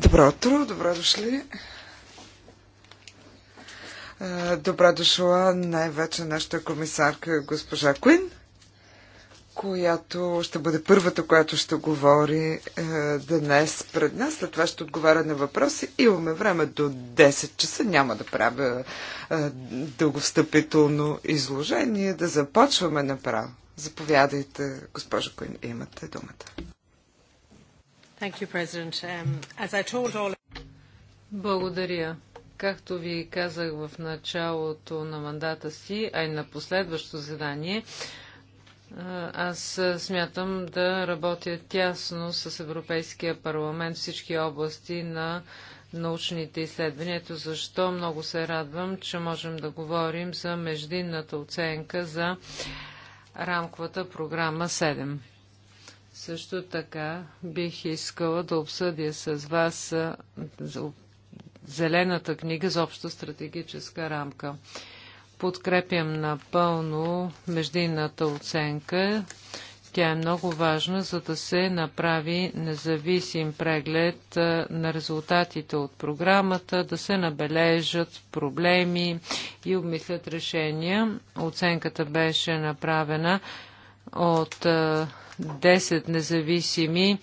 Добро утро, добро дошли. Е, добро дошла най-вече нашата комисарка госпожа Куин, която ще бъде първата, която ще говори е, днес пред нас. След това ще отговаря на въпроси. Имаме време до 10 часа. Няма да правя е, дълговстъпително изложение. Да започваме направо. Заповядайте, госпожо, ако имате думата. Um, Благодаря. Както ви казах в началото на мандата си, а и на последващо задание, аз смятам да работя тясно с Европейския парламент всички области на научните изследвания. Ето защо много се радвам, че можем да говорим за междинната оценка за рамковата програма 7. Също така бих искала да обсъдя с вас зелената книга за обща стратегическа рамка. Подкрепям напълно междинната оценка тя е много важна, за да се направи независим преглед на резултатите от програмата, да се набележат проблеми и обмислят решения. Оценката беше направена от 10 независими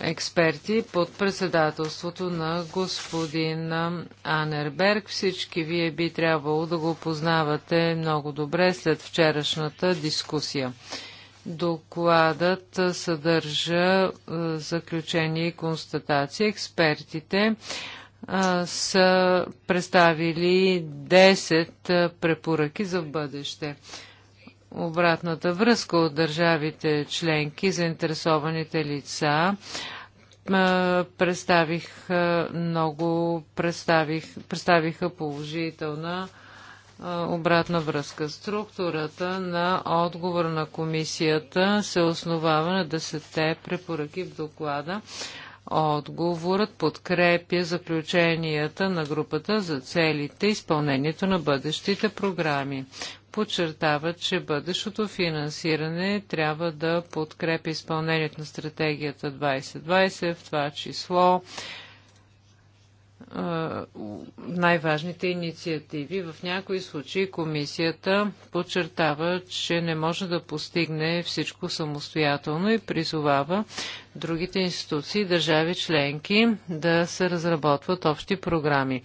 експерти под председателството на господин Анерберг. Всички вие би трябвало да го познавате много добре след вчерашната дискусия. Докладът съдържа заключение и констатации. Експертите са представили 10 препоръки за бъдеще. Обратната връзка от държавите членки, заинтересованите лица, представих много, представих, представиха положителна обратна връзка. Структурата на отговор на комисията се основава на 10 препоръки в доклада. Отговорът подкрепя заключенията на групата за целите изпълнението на бъдещите програми. Подчертава, че бъдещото финансиране трябва да подкрепи изпълнението на стратегията 2020, в това число най-важните инициативи. В някои случаи комисията подчертава, че не може да постигне всичко самостоятелно и призовава другите институции, държави членки да се разработват общи програми.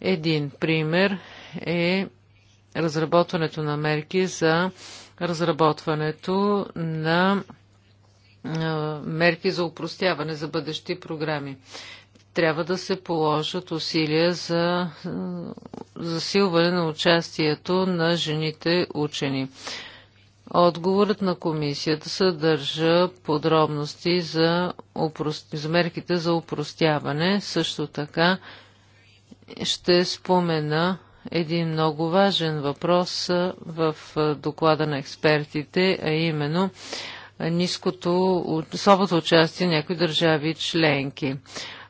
Един пример е разработването на мерки за разработването на мерки за упростяване за бъдещи програми трябва да се положат усилия за е, засилване на участието на жените учени. Отговорът на комисията съдържа подробности за, упрост... за мерките за упростяване. Също така ще спомена един много важен въпрос е, в е, доклада на експертите, а именно ниското, слабото участие на някои държави членки.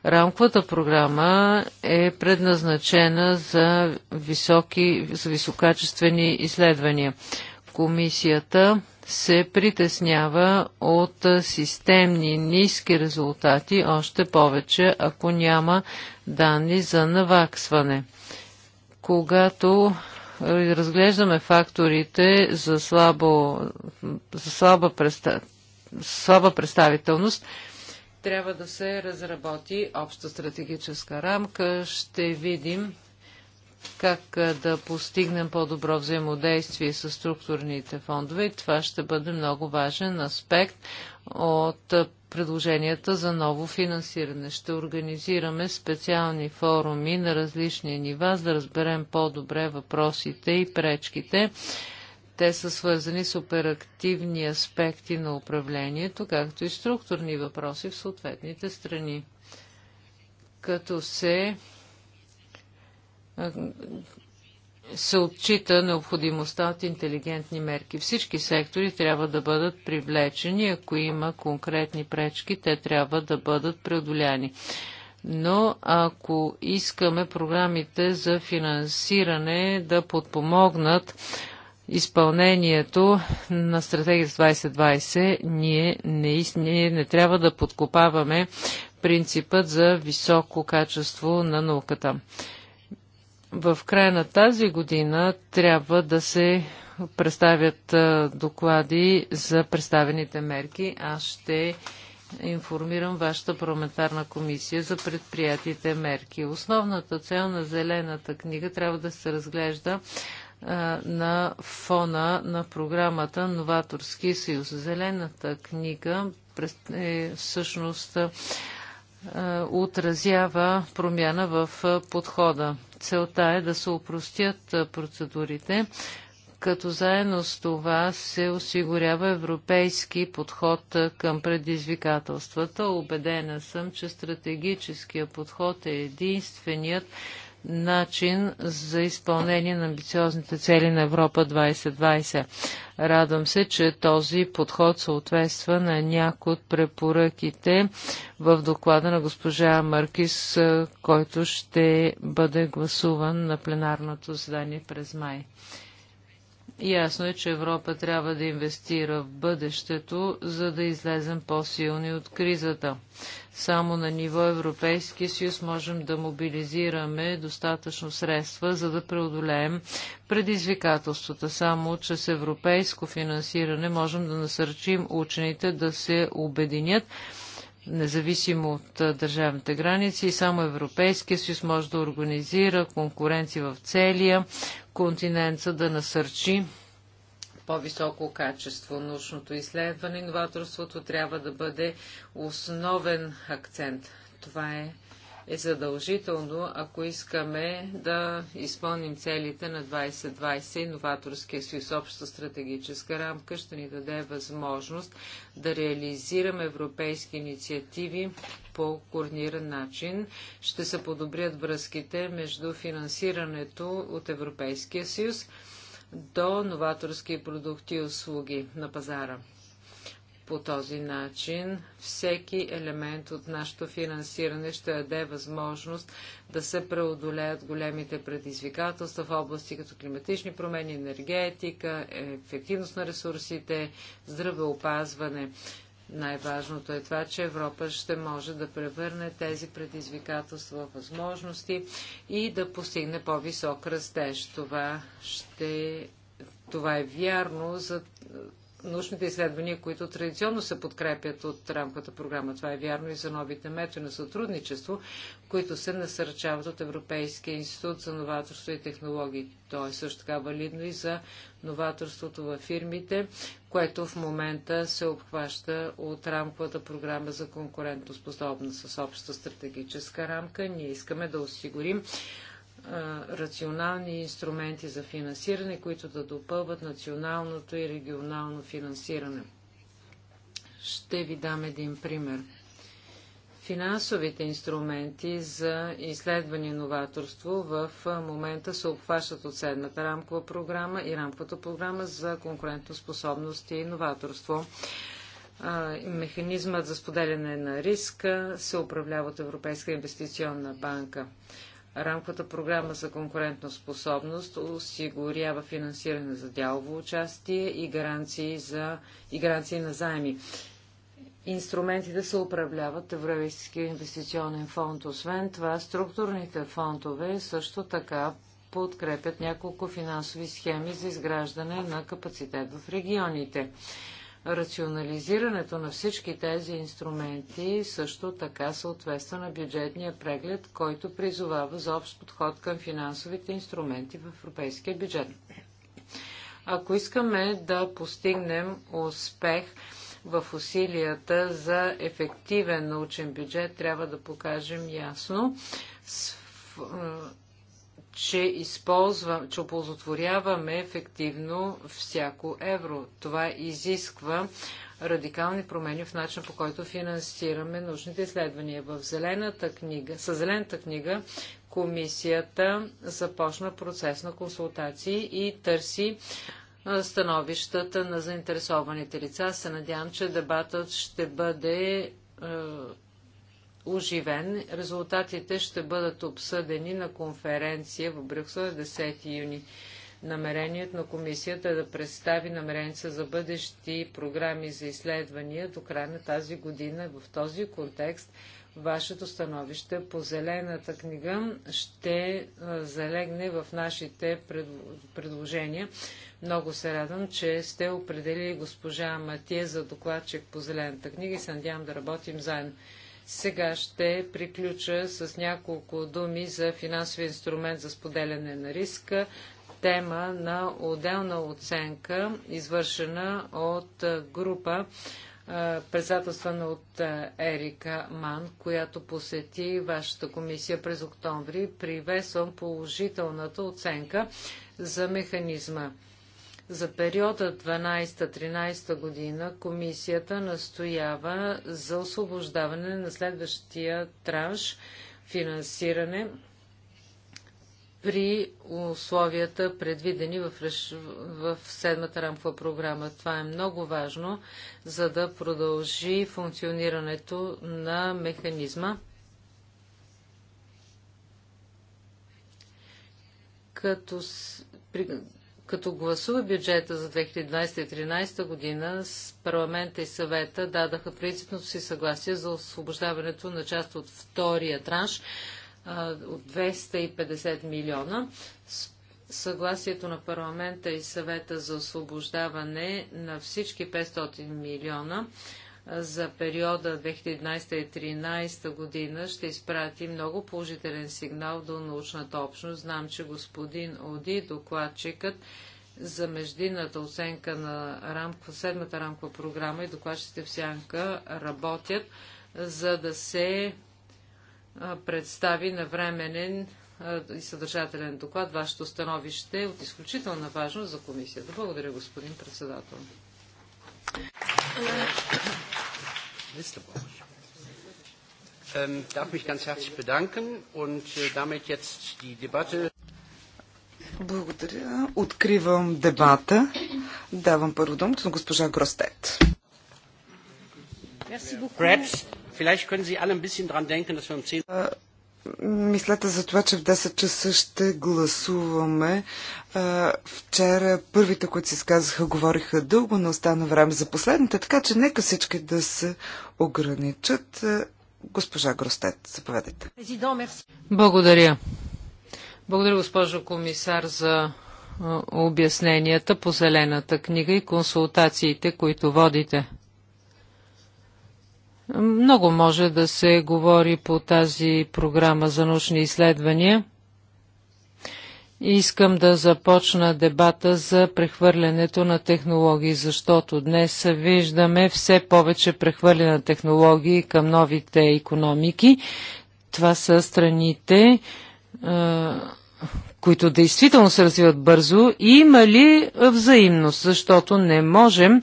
Рамковата програма е предназначена за, високи, за висококачествени изследвания. Комисията се притеснява от системни ниски резултати, още повече ако няма данни за наваксване. Когато разглеждаме факторите за, слабо, за слаба, слаба представителност, трябва да се разработи обща стратегическа рамка. Ще видим как да постигнем по-добро взаимодействие с структурните фондове. Това ще бъде много важен аспект от предложенията за ново финансиране. Ще организираме специални форуми на различни нива, за да разберем по-добре въпросите и пречките те са свързани с оперативни аспекти на управлението, както и структурни въпроси в съответните страни. Като се се отчита необходимостта от интелигентни мерки. Всички сектори трябва да бъдат привлечени. Ако има конкретни пречки, те трябва да бъдат преодоляни. Но ако искаме програмите за финансиране да подпомогнат изпълнението на стратегията 2020 ние не, ние не трябва да подкопаваме принципът за високо качество на науката. В края на тази година трябва да се представят доклади за представените мерки. Аз ще информирам вашата парламентарна комисия за предприятите мерки. Основната цел на Зелената книга трябва да се разглежда на фона на програмата Новаторски съюз. Зелената книга е всъщност отразява промяна в подхода. Целта е да се упростят процедурите, като заедно с това се осигурява европейски подход към предизвикателствата. Обедена съм, че стратегическия подход е единственият, начин за изпълнение на амбициозните цели на Европа 2020. Радвам се, че този подход съответства на някои от препоръките в доклада на госпожа Маркис, който ще бъде гласуван на пленарното заседание през май. Ясно е, че Европа трябва да инвестира в бъдещето, за да излезем по-силни от кризата. Само на ниво Европейски съюз можем да мобилизираме достатъчно средства, за да преодолеем предизвикателствата. Само чрез европейско финансиране можем да насърчим учените да се обединят независимо от държавните граници. Само Европейския съюз може да организира конкуренция в целия континент, за да насърчи по-високо качество. Научното изследване, новаторството трябва да бъде основен акцент. Това е е задължително, ако искаме да изпълним целите на 2020 иноваторския съюз. Обща стратегическа рамка ще ни даде възможност да реализираме европейски инициативи по координиран начин. Ще се подобрят връзките между финансирането от Европейския съюз до новаторски продукти и услуги на пазара. По този начин всеки елемент от нашето финансиране ще даде възможност да се преодолеят големите предизвикателства в области като климатични промени, енергетика, ефективност на ресурсите, здравеопазване. Най-важното е това, че Европа ще може да превърне тези предизвикателства в възможности и да постигне по-висок растеж. Това, ще... това е вярно за научните изследвания, които традиционно се подкрепят от рамката програма. Това е вярно и за новите методи на сътрудничество, които се насърчават от Европейския институт за новаторство и технологии. То е също така валидно и за новаторството във фирмите, което в момента се обхваща от рамковата програма за конкурентоспособност с обща стратегическа рамка. Ние искаме да осигурим рационални инструменти за финансиране, които да допълват националното и регионално финансиране. Ще ви дам един пример. Финансовите инструменти за изследване и новаторство в момента се обхващат от седмата рамкова програма и рамковата програма за конкурентоспособност и новаторство. Механизмът за споделяне на риска се управлява от Европейска инвестиционна банка. Рамката програма за конкурентна способност осигурява финансиране за дялово участие и гаранции, за, и гаранции на заеми. Инструментите се управляват Европейски инвестиционен фонд. Освен това, структурните фондове също така подкрепят няколко финансови схеми за изграждане на капацитет в регионите. Рационализирането на всички тези инструменти също така съответства на бюджетния преглед, който призовава за общ подход към финансовите инструменти в европейския бюджет. Ако искаме да постигнем успех, в усилията за ефективен научен бюджет трябва да покажем ясно че, използвам, че оползотворяваме ефективно всяко евро. Това изисква радикални промени в начина по който финансираме научните изследвания. В зелената книга, със зелената книга комисията започна процес на консултации и търси становищата на заинтересованите лица. Се надявам, че дебатът ще бъде оживен. Резултатите ще бъдат обсъдени на конференция в Брюксел 10 юни. Намерението на комисията е да представи намеренца за бъдещи програми за изследвания до края на тази година. В този контекст вашето становище по зелената книга ще залегне в нашите предложения. Много се радвам, че сте определили госпожа Матия за докладчик по зелената книга и се надявам да работим заедно. Сега ще приключа с няколко думи за финансови инструмент за споделяне на риска, тема на отделна оценка, извършена от група председателствана от Ерика Ман, която посети вашата комисия през октомври. Привесвам положителната оценка за механизма. За периода 12-13 година комисията настоява за освобождаване на следващия транш финансиране при условията, предвидени в, в седмата рамкова програма. Това е много важно, за да продължи функционирането на механизма. Като като гласува бюджета за 2012-2013 година, парламента и съвета дадаха принципното си съгласие за освобождаването на част от втория транш а, от 250 милиона. Съгласието на парламента и съвета за освобождаване на всички 500 милиона за периода 2011-2013 година ще изпрати много положителен сигнал до научната общност. Знам, че господин Оди, докладчикът за междинната оценка на рамко, седмата рамкова програма и докладчите в Сянка работят, за да се представи навременен и съдържателен доклад. Вашето становище е от изключителна важност за комисията. Благодаря, господин председател. Благодаря. Откривам дебата. Давам първо думата на госпожа Гростет. Мислете за това, че в 10 часа ще гласуваме. Вчера първите, които се изказаха, говориха дълго, но остана време за последните, така че нека всички да се ограничат. Госпожа Гростет, заповядайте. Благодаря. Благодаря, госпожо комисар, за обясненията по зелената книга и консултациите, които водите. Много може да се говори по тази програма за научни изследвания. Искам да започна дебата за прехвърлянето на технологии, защото днес виждаме все повече прехвърляне на технологии към новите економики. Това са страните, които действително се развиват бързо. И има ли взаимност, защото не можем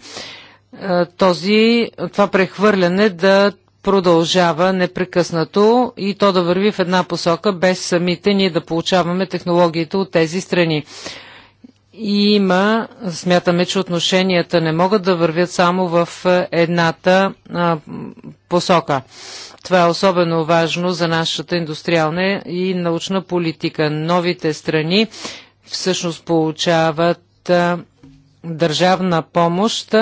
е, този, това прехвърляне да продължава непрекъснато и то да върви в една посока, без самите ние да получаваме технологиите от тези страни. И има, смятаме, че отношенията не могат да вървят само в едната а, посока. Това е особено важно за нашата индустриална и научна политика. Новите страни всъщност получават а, държавна помощ,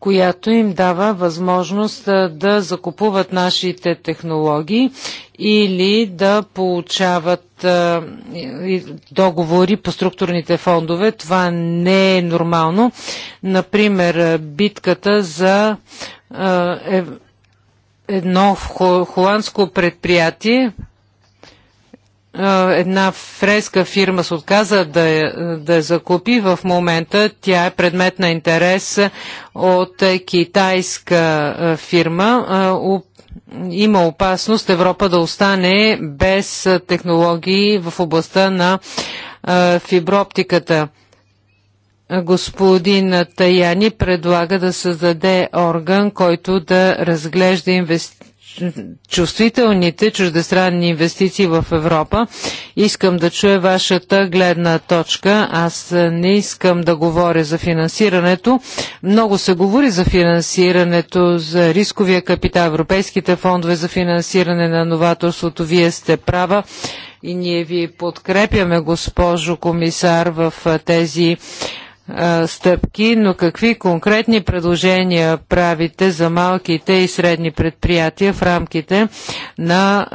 която им дава възможност да закупуват нашите технологии или да получават договори по структурните фондове. Това не е нормално. Например, битката за е, едно холандско предприятие, една френска фирма се отказа да, я, да я закупи. В момента тя е предмет на интерес от китайска фирма. Има опасност Европа да остане без технологии в областта на фиброптиката. Господин Таяни предлага да създаде орган, който да разглежда инвестиции чувствителните чуждестранни инвестиции в Европа. Искам да чуя вашата гледна точка. Аз не искам да говоря за финансирането. Много се говори за финансирането, за рисковия капитал, европейските фондове за финансиране на новаторството. Вие сте права и ние ви подкрепяме, госпожо комисар, в тези стъпки, но какви конкретни предложения правите за малките и средни предприятия в рамките на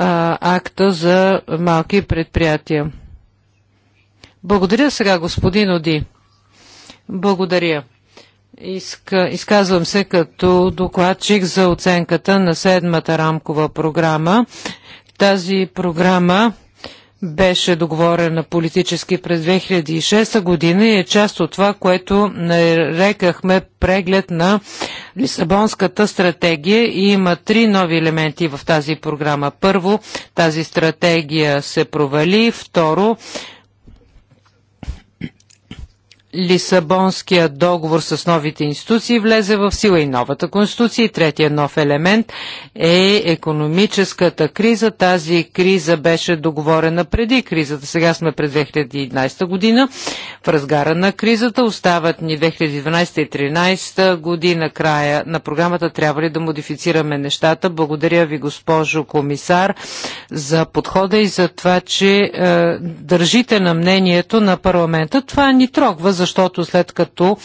акта за малки предприятия? Благодаря сега, господин Оди. Благодаря. изказвам се като докладчик за оценката на седмата рамкова програма. Тази програма беше договорена политически през 2006 година и е част от това, което нарекахме преглед на Лисабонската стратегия и има три нови елементи в тази програма. Първо, тази стратегия се провали. Второ, Лисабонския договор с новите институции влезе в сила и новата конституция. И третия нов елемент е економическата криза. Тази криза беше договорена преди кризата. Сега сме пред 2011 година. В разгара на кризата остават ни 2012 и 2013 година. Края на програмата трябва ли да модифицираме нещата? Благодаря ви, госпожо комисар, за подхода и за това, че е, държите на мнението на парламента. Това ни трогва защото след като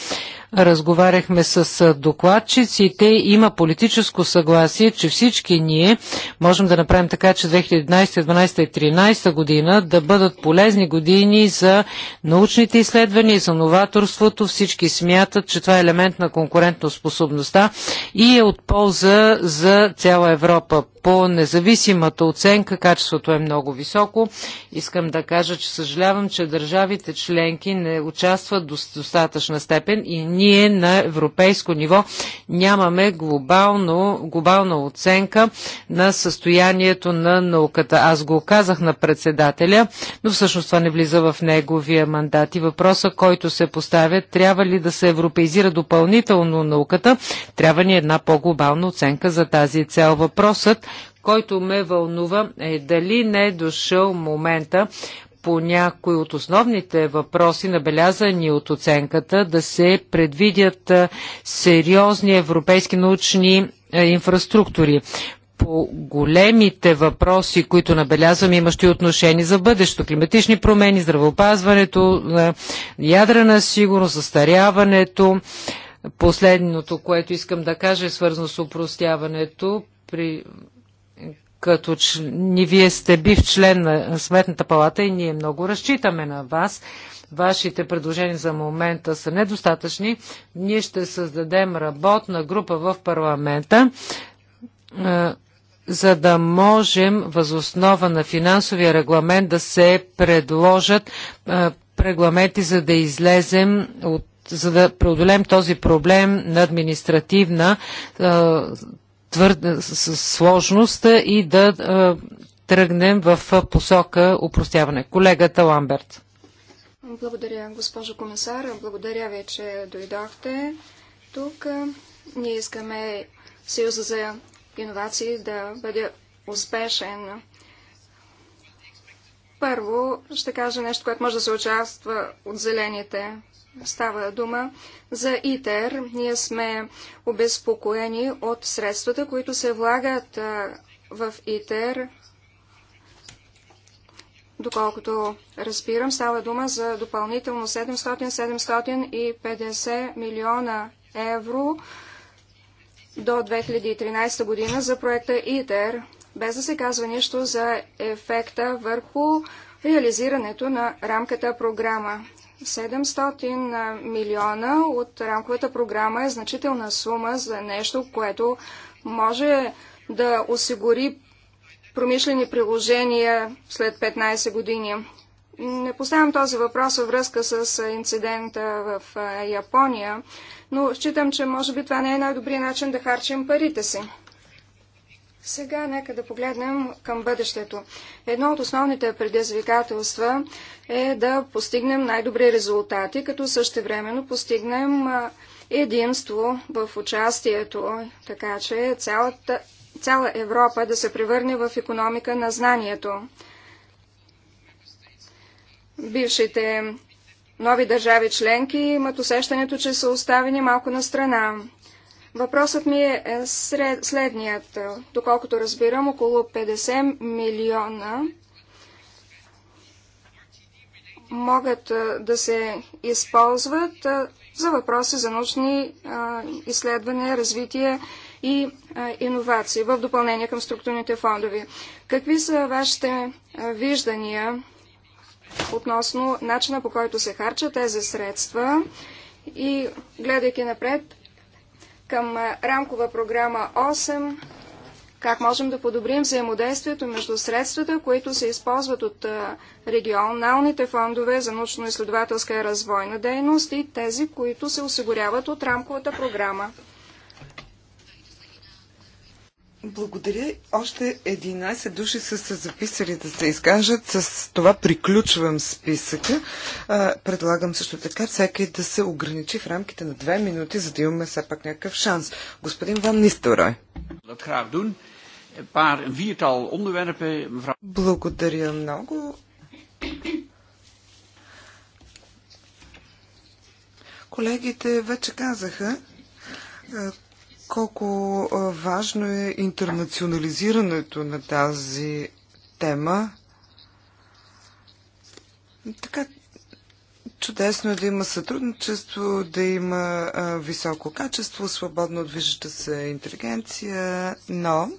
Разговаряхме с докладчиците. Има политическо съгласие, че всички ние можем да направим така, че 2011, 2012 и 2013 година да бъдат полезни години за научните изследвания за новаторството. Всички смятат, че това е елемент на конкурентоспособността и е от полза за цяла Европа. По независимата оценка качеството е много високо. Искам да кажа, че съжалявам, че държавите членки не участват до достатъчна степен и ние на европейско ниво нямаме глобално, глобална оценка на състоянието на науката. Аз го казах на председателя, но всъщност това не влиза в неговия мандат. И въпроса, който се поставя, трябва ли да се европеизира допълнително науката, трябва ни една по-глобална оценка за тази цел. Въпросът, който ме вълнува е дали не е дошъл момента, по някои от основните въпроси, набелязани от оценката, да се предвидят сериозни европейски научни инфраструктури. По големите въпроси, които набелязвам, имащи отношение за бъдещето, климатични промени, здравеопазването, ядрена сигурност, застаряването, Последното, което искам да кажа, е свързано с упростяването. При като ч... ни вие сте бив член на Сметната палата и ние много разчитаме на вас. Вашите предложения за момента са недостатъчни. Ние ще създадем работна група в парламента, за да можем възоснова на финансовия регламент да се предложат регламенти, за да излезем от за да преодолем този проблем на административна твърда, с сложност и да е, тръгнем в посока упростяване. Колегата Ламберт. Благодаря, госпожо комисар. Благодаря ви, че дойдохте тук. Ние искаме Съюза за иновации да бъде успешен. Първо ще кажа нещо, което може да се участва от зелените. Става дума за ИТЕР. Ние сме обезпокоени от средствата, които се влагат в ИТЕР. Доколкото разбирам, става дума за допълнително 700-750 милиона евро до 2013 година за проекта ИТЕР, без да се казва нищо за ефекта върху реализирането на рамката програма. 700 милиона от рамковата програма е значителна сума за нещо, което може да осигури промишлени приложения след 15 години. Не поставям този въпрос във връзка с инцидента в Япония, но считам, че може би това не е най-добрият начин да харчим парите си. Сега нека да погледнем към бъдещето. Едно от основните предизвикателства е да постигнем най-добри резултати, като същевременно постигнем единство в участието, така че цялата, цяла Европа да се превърне в економика на знанието. Бившите нови държави членки имат усещането, че са оставени малко на страна. Въпросът ми е, е сред, следният. Доколкото разбирам, около 50 милиона могат е, да се използват е, за въпроси за научни изследвания, развитие и иновации в допълнение към структурните фондове. Какви са вашите виждания относно начина по който се харчат тези средства и гледайки напред, към рамкова програма 8, как можем да подобрим взаимодействието между средствата, които се използват от регионалните фондове за научно-изследователска и развойна дейност и тези, които се осигуряват от рамковата програма. Благодаря. Още 11 души са се записали да се изкажат. С това приключвам списъка. Предлагам също така всеки да се ограничи в рамките на 2 минути, за да имаме все пак някакъв шанс. Господин Ван Нистерой. Благодаря много. Колегите вече казаха колко важно е интернационализирането на тази тема. Така, чудесно е да има сътрудничество, да има а, високо качество, свободно движеща се интелигенция, но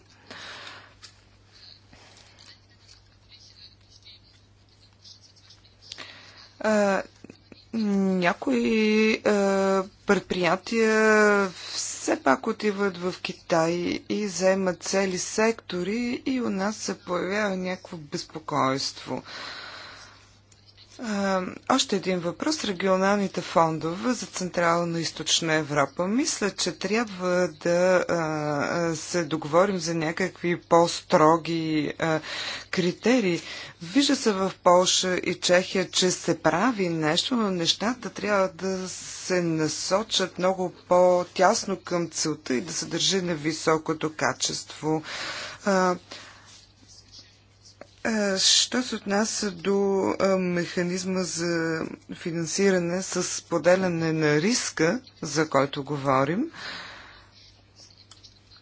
а, някои а, предприятия все пак отиват в Китай и заемат цели сектори и у нас се появява някакво безпокойство. Още един въпрос. Регионалните фондове за Централна и Източна Европа. Мисля, че трябва да се договорим за някакви по-строги критерии. Вижда се в Польша и Чехия, че се прави нещо, но нещата трябва да се насочат много по-тясно към целта и да се държи на високото качество. Що се отнася до механизма за финансиране с поделяне на риска, за който говорим,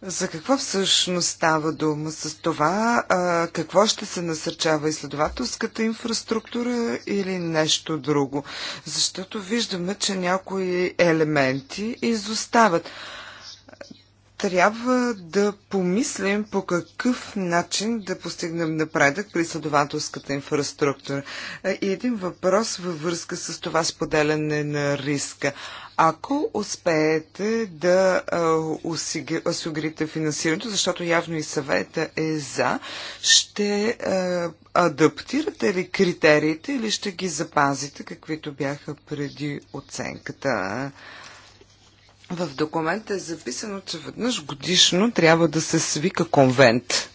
за какво всъщност става дума с това? А, какво ще се насърчава изследователската инфраструктура или нещо друго? Защото виждаме, че някои елементи изостават трябва да помислим по какъв начин да постигнем напредък при следователската инфраструктура. Е, и един въпрос във връзка с това споделяне на риска. Ако успеете да осигурите финансирането, защото явно и съвета е за, ще адаптирате ли критериите или ще ги запазите, каквито бяха преди оценката? В документа е записано, че веднъж годишно трябва да се свика конвент.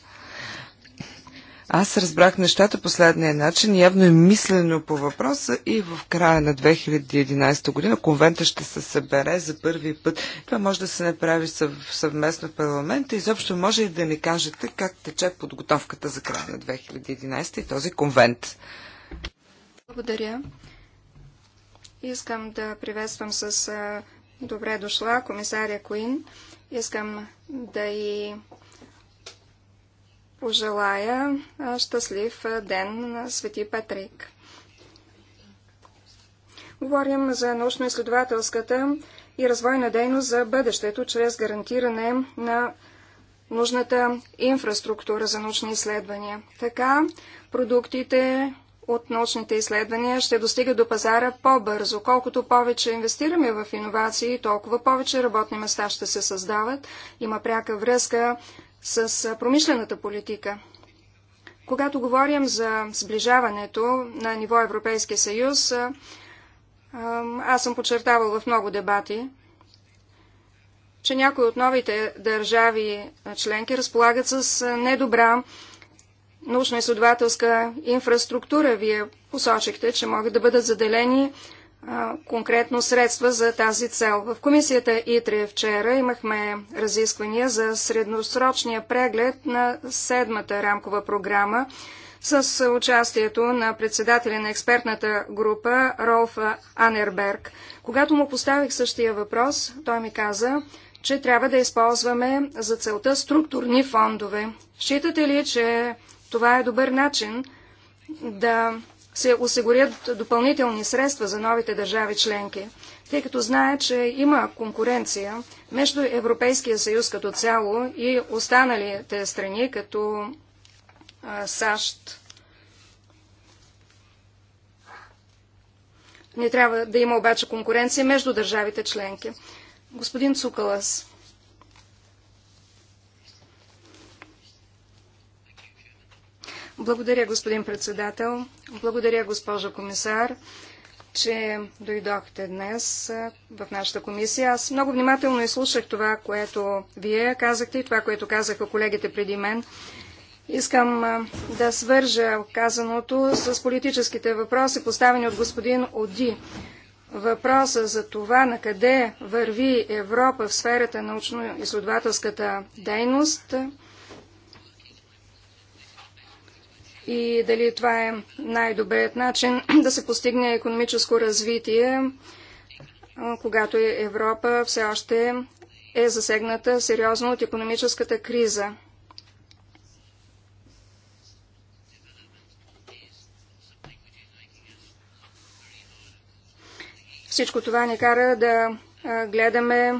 Аз разбрах нещата последния начин, явно е мислено по въпроса и в края на 2011 година конвента ще се събере за първи път. Това може да се направи съв, съвместно в парламента. Изобщо може и да ни кажете как тече подготовката за края на 2011 и този конвент. Благодаря. Искам да приветствам с Добре дошла, комисаря Куин. Искам да и пожелая щастлив ден на Свети Патрик. Говорим за научно-изследователската и развойна дейност за бъдещето, чрез гарантиране на нужната инфраструктура за научни изследвания. Така продуктите от научните изследвания ще достига до пазара по-бързо. Колкото повече инвестираме в иновации, толкова повече работни места ще се създават. Има пряка връзка с промишлената политика. Когато говорим за сближаването на ниво Европейския съюз, аз съм подчертавал в много дебати, че някои от новите държави членки разполагат с недобра научно-изследователска инфраструктура. Вие посочихте, че могат да бъдат заделени а, конкретно средства за тази цел. В комисията ИТРЕ вчера имахме разисквания за средносрочния преглед на седмата рамкова програма с участието на председателя на експертната група Ролф Анерберг. Когато му поставих същия въпрос, той ми каза, че трябва да използваме за целта структурни фондове. Считате ли, че това е добър начин да се осигурят допълнителни средства за новите държави членки, тъй като знае, че има конкуренция между Европейския съюз като цяло и останалите страни, като САЩ. Не трябва да има обаче конкуренция между държавите членки. Господин Цукалас. Благодаря, господин председател. Благодаря, госпожо комисар, че дойдохте днес в нашата комисия. Аз много внимателно изслушах това, което вие казахте и това, което казаха колегите преди мен. Искам да свържа казаното с политическите въпроси, поставени от господин Оди. Въпроса за това на къде върви Европа в сферата научно-изследователската дейност – и дали това е най-добрият начин да се постигне економическо развитие, когато е Европа все още е засегната сериозно от економическата криза. Всичко това ни кара да гледаме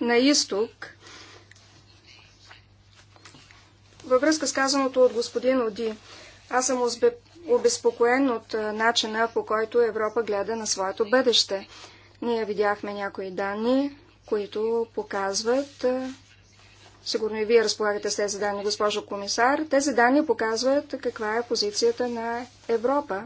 на изток връзка с казаното от господин Оди, аз съм обезпокоен от начина по който Европа гледа на своето бъдеще. Ние видяхме някои данни, които показват, сигурно и вие разполагате с тези данни, госпожо комисар, тези данни показват каква е позицията на Европа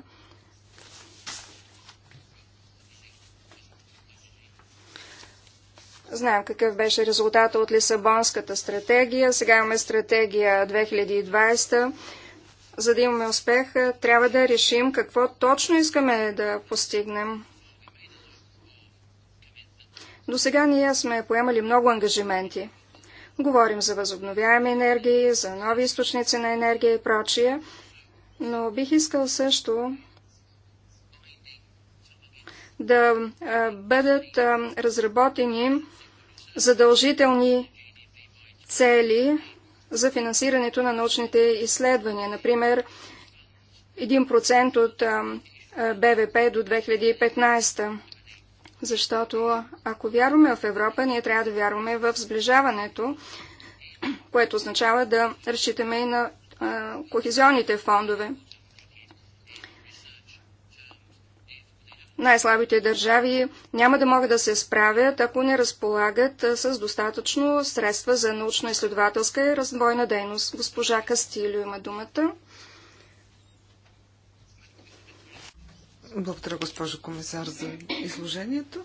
Знаем какъв беше резултата от Лисабонската стратегия. Сега имаме стратегия 2020. За да имаме успех, е, трябва да решим какво точно искаме да постигнем. До сега ние сме поемали много ангажименти. Говорим за възобновяеми енергии, за нови източници на енергия и прочие, но бих искал също да бъдат разработени задължителни цели за финансирането на научните изследвания. Например, 1% от БВП до 2015. Защото ако вярваме в Европа, ние трябва да вярваме в сближаването, което означава да разчитаме и на кохезионните фондове. Най-слабите държави няма да могат да се справят, ако не разполагат с достатъчно средства за научно-изследователска и развойна дейност. Госпожа Кастилио има думата. Благодаря, госпожо комисар, за изложението.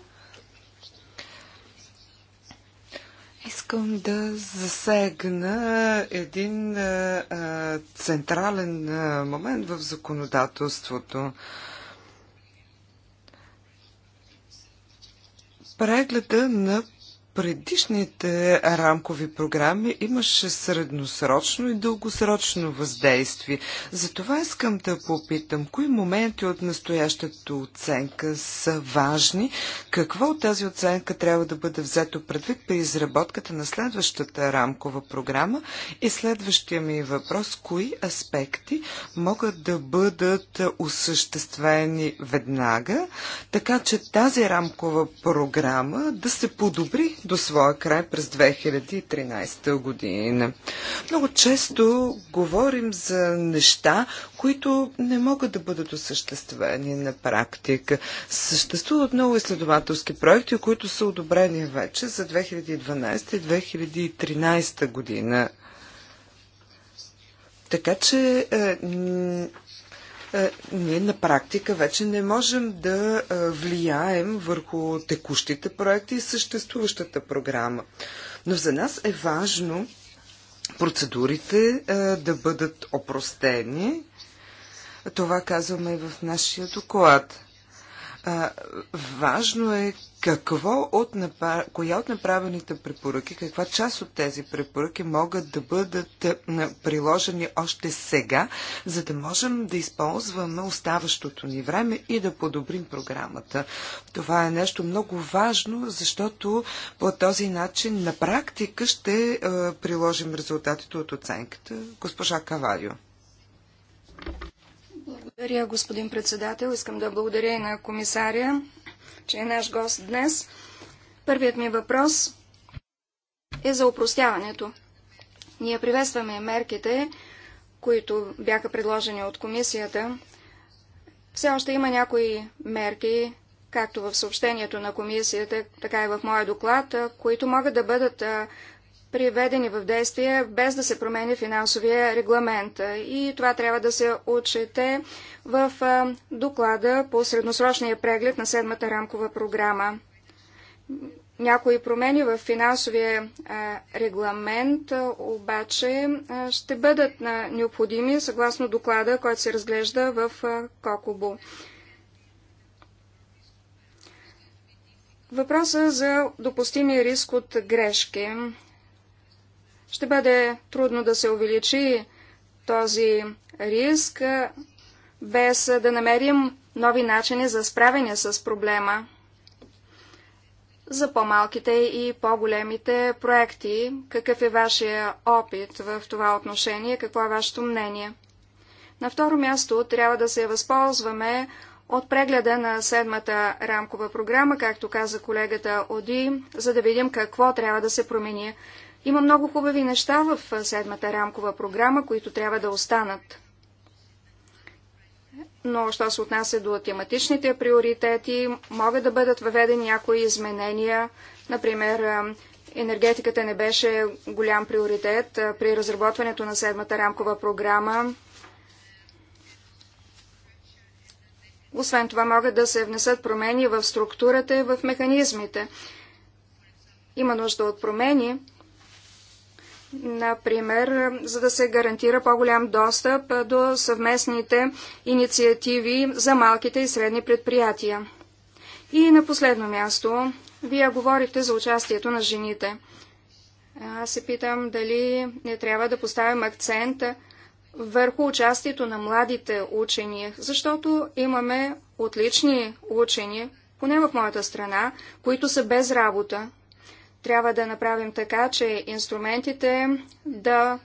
Искам да засегна един а, централен а, момент в законодателството. прегледа на предишните рамкови програми имаше средносрочно и дългосрочно въздействие. Затова искам да попитам, кои моменти от настоящата оценка са важни, какво от тази оценка трябва да бъде взето предвид при изработката на следващата рамкова програма и следващия ми въпрос, кои аспекти могат да бъдат осъществени веднага, така че тази рамкова програма да се подобри до своя край през 2013 година. Много често говорим за неща, които не могат да бъдат осъществени на практика. Съществуват много изследователски проекти, които са одобрени вече за 2012 и 2013 година. Така че е, е, ние на практика вече не можем да е, влияем върху текущите проекти и съществуващата програма. Но за нас е важно процедурите е, да бъдат опростени. Това казваме и в нашия доклад. Важно е какво от, коя от направените препоръки, каква част от тези препоръки могат да бъдат е, приложени още сега, за да можем да използваме оставащото ни време и да подобрим програмата? Това е нещо много важно, защото по този начин на практика ще е, приложим резултатите от оценката. Госпожа Кавалио. Благодаря, господин председател. Искам да благодаря и на комисаря че е наш гост днес. Първият ми въпрос е за упростяването. Ние приветстваме мерките, които бяха предложени от комисията. Все още има някои мерки, както в съобщението на комисията, така и в моя доклад, които могат да бъдат приведени в действие без да се промени финансовия регламент. И това трябва да се отчете в доклада по средносрочния преглед на седмата рамкова програма. Някои промени в финансовия регламент обаче ще бъдат необходими съгласно доклада, който се разглежда в Кокобо. Въпроса за допустимия риск от грешки ще бъде трудно да се увеличи този риск, без да намерим нови начини за справяне с проблема. За по-малките и по-големите проекти, какъв е вашия опит в това отношение, какво е вашето мнение? На второ място трябва да се възползваме от прегледа на седмата рамкова програма, както каза колегата Оди, за да видим какво трябва да се промени. Има много хубави неща в седмата рамкова програма, които трябва да останат. Но, що се отнася до тематичните приоритети, могат да бъдат въведени някои изменения. Например, енергетиката не беше голям приоритет при разработването на седмата рамкова програма. Освен това могат да се внесат промени в структурата и в механизмите. Има нужда от промени, например, за да се гарантира по-голям достъп до съвместните инициативи за малките и средни предприятия. И на последно място, вие говорихте за участието на жените. Аз се питам дали не трябва да поставим акцент върху участието на младите учени, защото имаме отлични учени, поне в моята страна, които са без работа, трябва да направим така, че инструментите да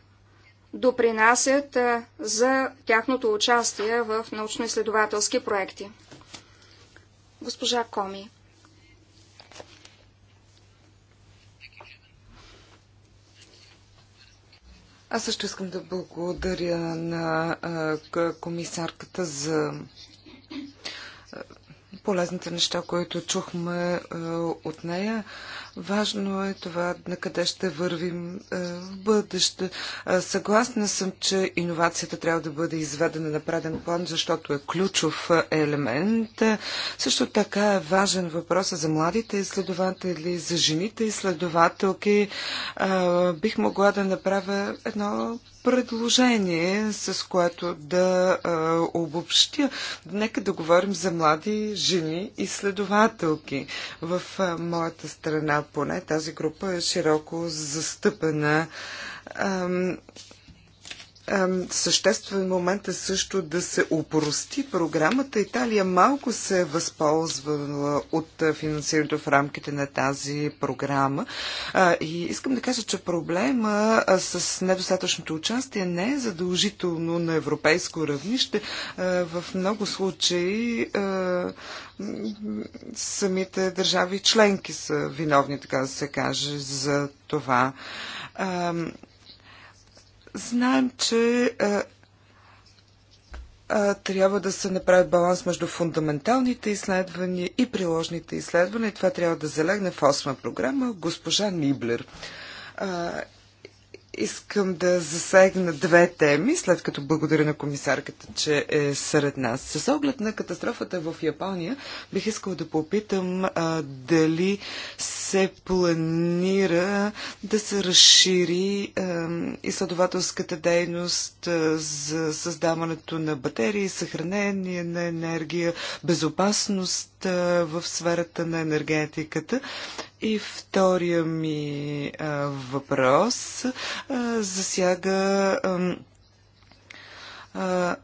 допринасят за тяхното участие в научно-изследователски проекти. Госпожа Коми. Аз също искам да благодаря на комисарката за полезните неща, които чухме е, от нея. Важно е това на къде ще вървим е, в бъдеще. Е, съгласна съм, че иновацията трябва да бъде изведена на преден план, защото е ключов е, елемент. Също така е важен въпрос за младите изследователи, за жените изследователки. Е, бих могла да направя едно предложение, с което да а, обобщя. Нека да говорим за млади жени изследователки. В а, моята страна поне тази група е широко застъпена. А, Съществен момент е също да се упрости програмата. Италия малко се е възползвала от финансирането в рамките на тази програма. И искам да кажа, че проблема с недостатъчното участие не е задължително на европейско равнище. В много случаи самите държави членки са виновни, така да се каже, за това. Знаем, че а, е, а, е, трябва да се направи баланс между фундаменталните изследвания и приложните изследвания. Това трябва да залегне в осма програма. Госпожа Ниблер. А, е, Искам да засегна две теми, след като благодаря на комисарката, че е сред нас. С оглед на катастрофата в Япония, бих искал да попитам а, дали се планира да се разшири а, изследователската дейност а, за създаването на батерии, съхранение на енергия, безопасност а, в сферата на енергетиката. И втория ми а, въпрос а, засяга а,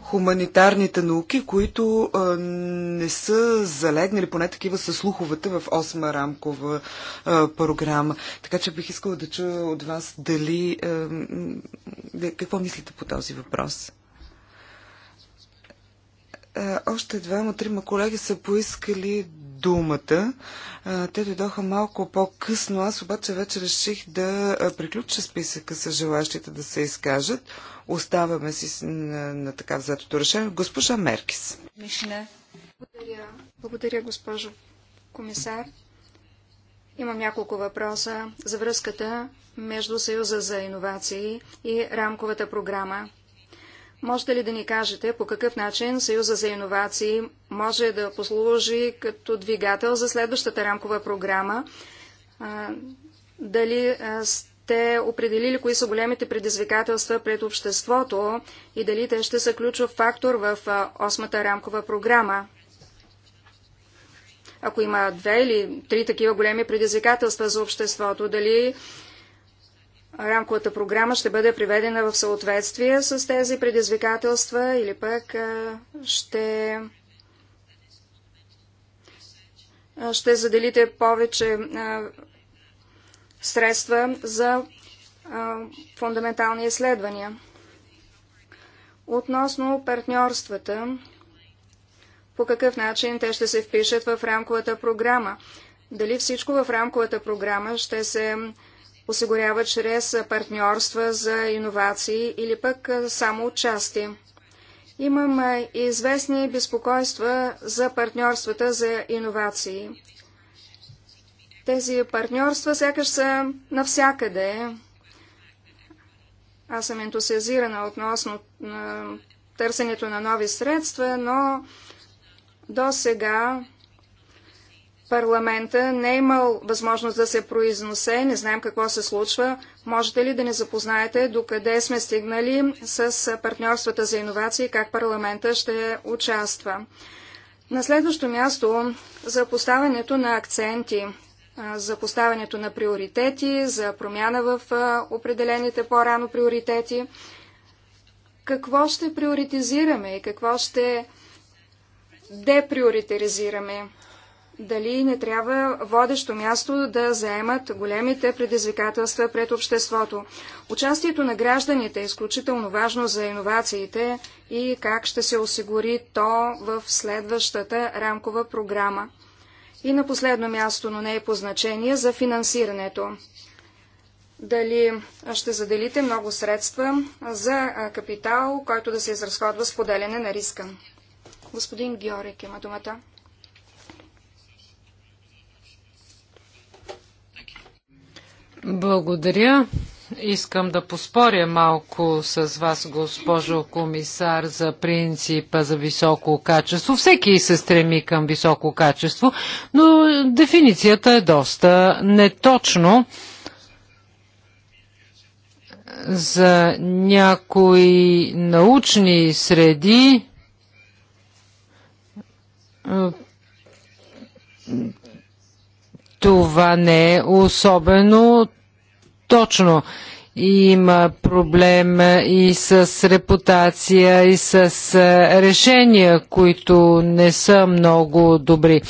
хуманитарните науки, които а, не са залегнали, поне такива са слуховете в 8 рамкова а, програма. Така че бих искала да чуя от вас дали. А, какво мислите по този въпрос? Е, още двама-трима колеги са поискали думата. Е, те дойдоха малко по-късно. Аз обаче вече реших да е, приключа списъка с желащите да се изкажат. Оставаме си на, на така взетото решение. Госпожа Меркис. Мишне. Благодаря. Благодаря, госпожо комисар. Имам няколко въпроса за връзката между Съюза за иновации и рамковата програма. Можете ли да ни кажете по какъв начин Съюза за иновации може да послужи като двигател за следващата рамкова програма? дали сте определили кои са големите предизвикателства пред обществото и дали те ще са ключов фактор в осмата рамкова програма? Ако има две или три такива големи предизвикателства за обществото, дали рамковата програма ще бъде приведена в съответствие с тези предизвикателства или пък ще ще заделите повече средства за фундаментални изследвания. Относно партньорствата, по какъв начин те ще се впишат в рамковата програма? Дали всичко в рамковата програма ще се осигурява чрез партньорства за иновации или пък само участие. Имам и известни безпокойства за партньорствата за иновации. Тези партньорства сякаш са навсякъде. Аз съм ентусиазирана относно търсенето на нови средства, но до сега парламента не е имал възможност да се произносе, не знаем какво се случва. Можете ли да ни запознаете до къде сме стигнали с партньорствата за иновации и как парламента ще участва? На следващо място за поставянето на акценти, за поставянето на приоритети, за промяна в определените по-рано приоритети. Какво ще приоритизираме и какво ще деприоритеризираме? дали не трябва водещо място да заемат големите предизвикателства пред обществото. Участието на гражданите е изключително важно за иновациите и как ще се осигури то в следващата рамкова програма. И на последно място, но не е по значение, за финансирането. Дали ще заделите много средства за капитал, който да се изразходва с поделяне на риска. Господин Георик има думата. Благодаря. Искам да поспоря малко с вас, госпожо комисар, за принципа за високо качество. Всеки се стреми към високо качество, но дефиницията е доста неточно. За някои научни среди това не е особено точно. Има проблем и с репутация, и с е, решения, които не са много добри.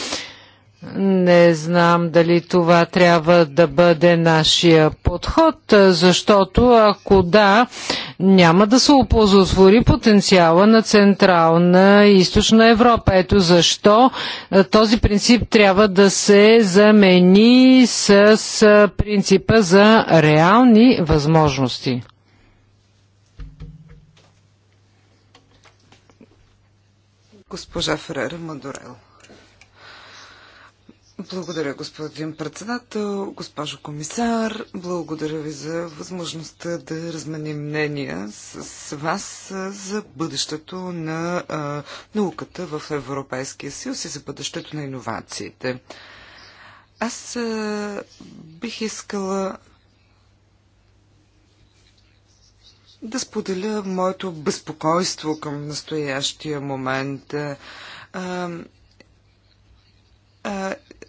Не знам дали това трябва да бъде нашия подход, защото ако да, няма да се опозотвори потенциала на Централна и Източна Европа. Ето защо този принцип трябва да се замени с принципа за реални възможности. Госпожа Ферера Мадорел. Благодаря, господин председател, госпожо комисар. Благодаря ви за възможността да разменим мнения с вас за бъдещето на а, науката в Европейския съюз и за бъдещето на иновациите. Аз а, бих искала да споделя моето безпокойство към настоящия момент. А,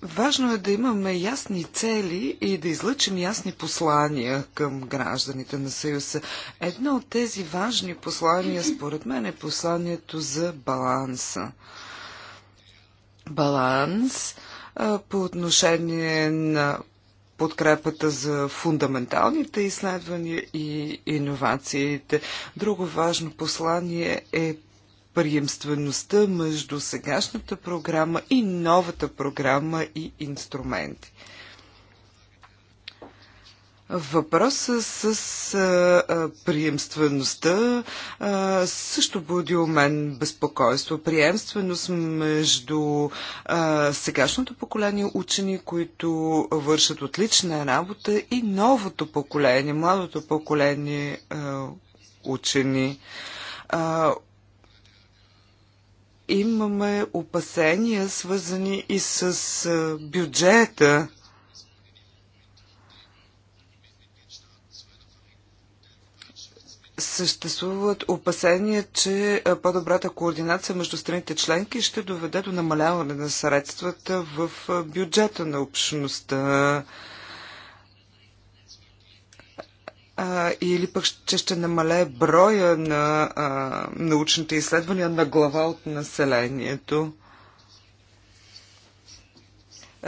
Важно е да имаме ясни цели и да излъчим ясни послания към гражданите на Съюза. Едно от тези важни послания, според мен, е посланието за баланса. Баланс а, по отношение на подкрепата за фундаменталните изследвания и иновациите. Друго важно послание е приемствеността между сегашната програма и новата програма и инструменти. Въпроса с а, приемствеността а, също буди у мен безпокойство. Приемственост между а, сегашното поколение учени, които вършат отлична работа, и новото поколение, младото поколение а, учени. А, имаме опасения, свързани и с бюджета. Съществуват опасения, че по-добрата координация между страните членки ще доведе до намаляване на средствата в бюджета на общността а, или пък че ще намалее броя на а, научните изследвания на глава от населението.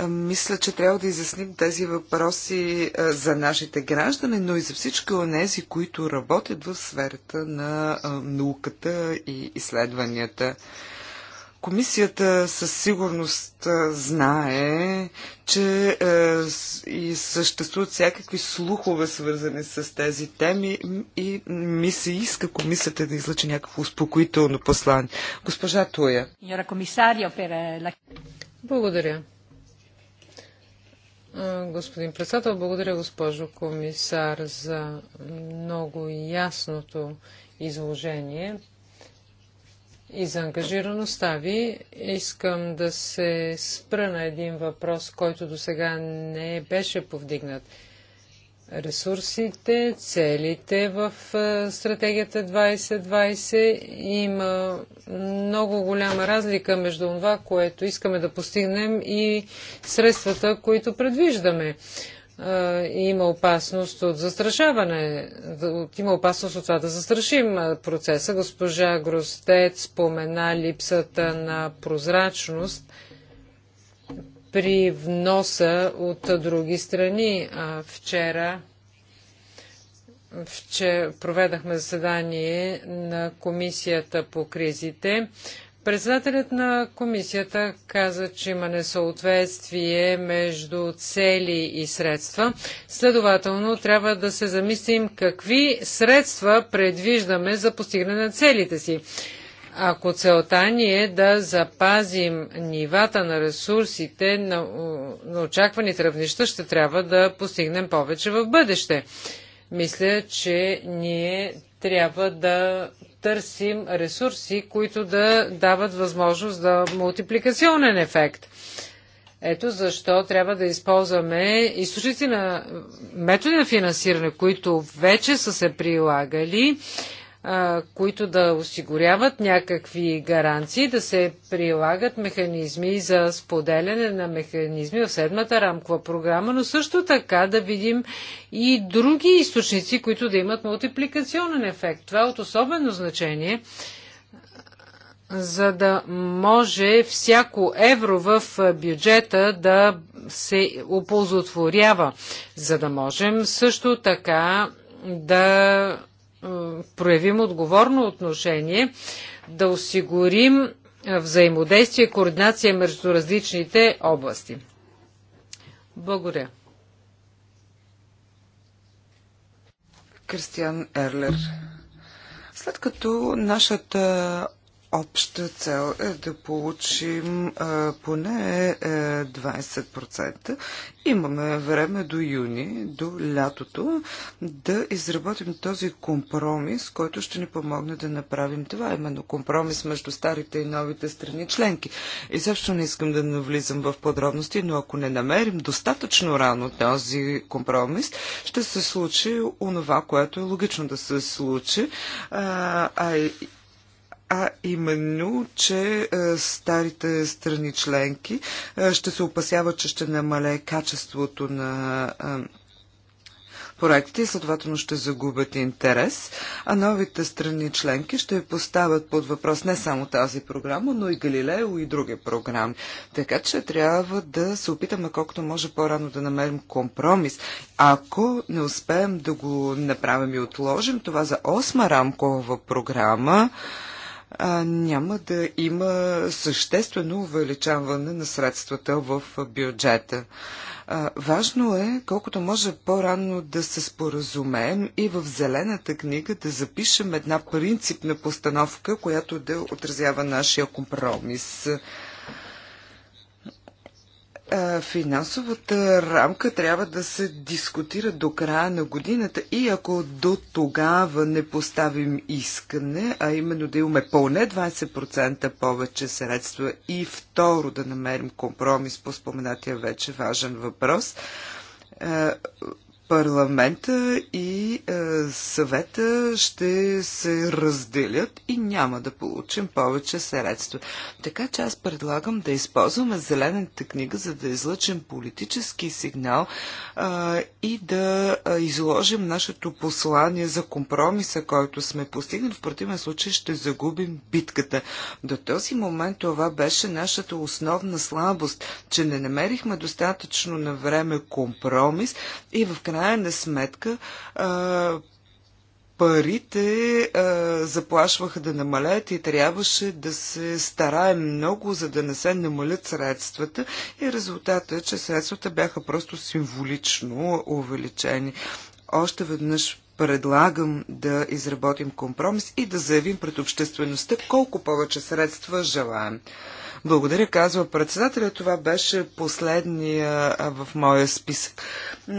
Мисля, че трябва да изясним тези въпроси за нашите граждани, но и за всички онези, които работят в сферата на науката и изследванията. Комисията със сигурност знае, че е, и съществуват всякакви слухове, свързани с тези теми и ми се иска комисията да излъчи някакво успокоително послание. Госпожа Туя. Благодаря. Господин председател, благодаря госпожо комисар за много ясното изложение и за ангажираността ви. Искам да се спра на един въпрос, който до сега не беше повдигнат. Ресурсите, целите в е, стратегията 2020 има много голяма разлика между това, което искаме да постигнем и средствата, които предвиждаме има опасност от застрашаване, има опасност от това да застрашим процеса. Госпожа Гростец спомена липсата на прозрачност при вноса от други страни. Вчера Вчера проведахме заседание на Комисията по кризите. Председателят на комисията каза, че има несъответствие между цели и средства. Следователно, трябва да се замислим какви средства предвиждаме за постигане на целите си. Ако целта ни е да запазим нивата на ресурсите на, на очакваните равнища, ще трябва да постигнем повече в бъдеще. Мисля, че ние трябва да търсим ресурси, които да дават възможност за да мултипликационен ефект. Ето защо трябва да използваме източници на методи на финансиране, които вече са се прилагали които да осигуряват някакви гаранции, да се прилагат механизми за споделяне на механизми в седмата рамкова програма, но също така да видим и други източници, които да имат мултипликационен ефект. Това е от особено значение, за да може всяко евро в бюджета да се оползотворява, за да можем също така да проявим отговорно отношение, да осигурим взаимодействие и координация между различните области. Благодаря. Кристиан Ерлер. След като нашата обща цел е да получим а, поне е, 20%. Имаме време до юни, до лятото, да изработим този компромис, който ще ни помогне да направим това, именно компромис между старите и новите страни членки. И също не искам да навлизам в подробности, но ако не намерим достатъчно рано този компромис, ще се случи онова, което е логично да се случи, а, а а именно, че е, старите страни членки е, ще се опасяват, че ще намалее качеството на е, проекти и следователно ще загубят интерес, а новите страни членки ще поставят под въпрос не само тази програма, но и Галилео и други програми. Така че трябва да се опитаме колкото може по-рано да намерим компромис. Ако не успеем да го направим и отложим, това за осма рамкова програма, а, няма да има съществено увеличаване на средствата в бюджета. А, важно е, колкото може по-рано да се споразумеем и в зелената книга да запишем една принципна постановка, която да отразява нашия компромис. Е, финансовата рамка трябва да се дискутира до края на годината и ако до тогава не поставим искане, а именно да имаме поне 20% повече средства и второ да намерим компромис по споменатия вече важен въпрос, е, парламента и е, съвета ще се разделят и няма да получим повече средства. Така че аз предлагам да използваме зелената книга, за да излъчим политически сигнал е, и да е, изложим нашето послание за компромиса, който сме постигнали. В противен случай ще загубим битката. До този момент това беше нашата основна слабост, че не намерихме достатъчно на време компромис и в крайна крайна сметка парите а, заплашваха да намалят и трябваше да се старае много, за да не се намалят средствата и резултата е, че средствата бяха просто символично увеличени. Още веднъж предлагам да изработим компромис и да заявим пред обществеността колко повече средства желаем. Благодаря, казва председателя. Това беше последния в моя списък.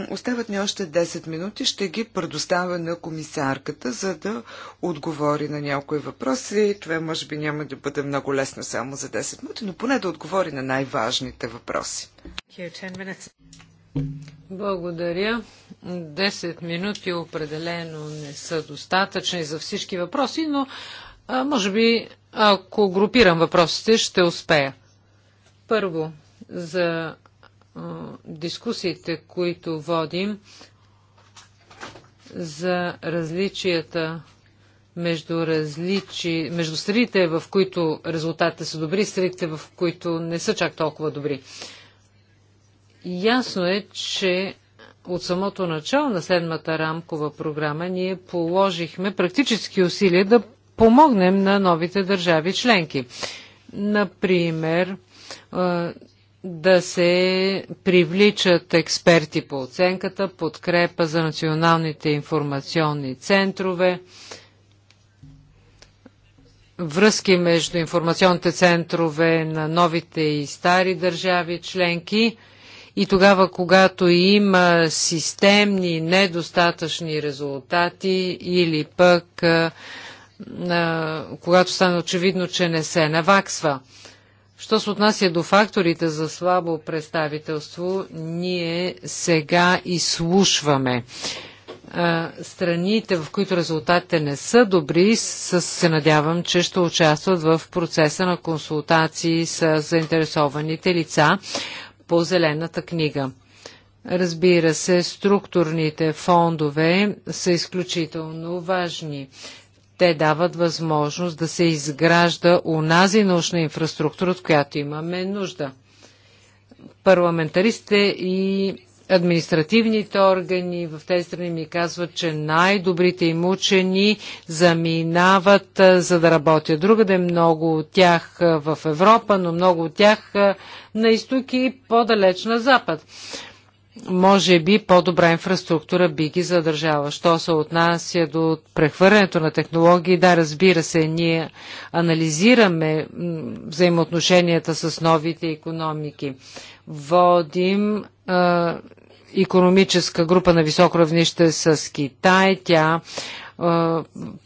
Остават ни още 10 минути. Ще ги предоставя на комисарката, за да отговори на някои въпроси. Това може би няма да бъде много лесно само за 10 минути, но поне да отговори на най-важните въпроси. Благодаря. 10 минути определено не са достатъчни за всички въпроси, но а, може би, ако групирам въпросите, ще успея. Първо, за дискусиите, които водим, за различията между, различи, между средите, в които резултатите са добри, средите, в които не са чак толкова добри. Ясно е, че от самото начало на седмата рамкова програма ние положихме практически усилия да помогнем на новите държави членки. Например, да се привличат експерти по оценката, подкрепа за националните информационни центрове, връзки между информационните центрове на новите и стари държави членки и тогава, когато има системни недостатъчни резултати или пък когато стане очевидно, че не се наваксва. Що се отнася до факторите за слабо представителство, ние сега изслушваме страните, в които резултатите не са добри, се надявам, че ще участват в процеса на консултации с заинтересованите лица по зелената книга. Разбира се, структурните фондове са изключително важни. Те дават възможност да се изгражда унази научна инфраструктура, от която имаме нужда. Парламентаристите и административните органи в тези страни ми казват, че най-добрите им учени заминават за да работят. Другаде много от тях в Европа, но много от тях на изток и по-далеч на запад може би по-добра инфраструктура би ги задържала. Що се отнася до прехвърлянето на технологии, да, разбира се, ние анализираме взаимоотношенията с новите економики. Водим а, економическа група на високо равнище с Китай. Тя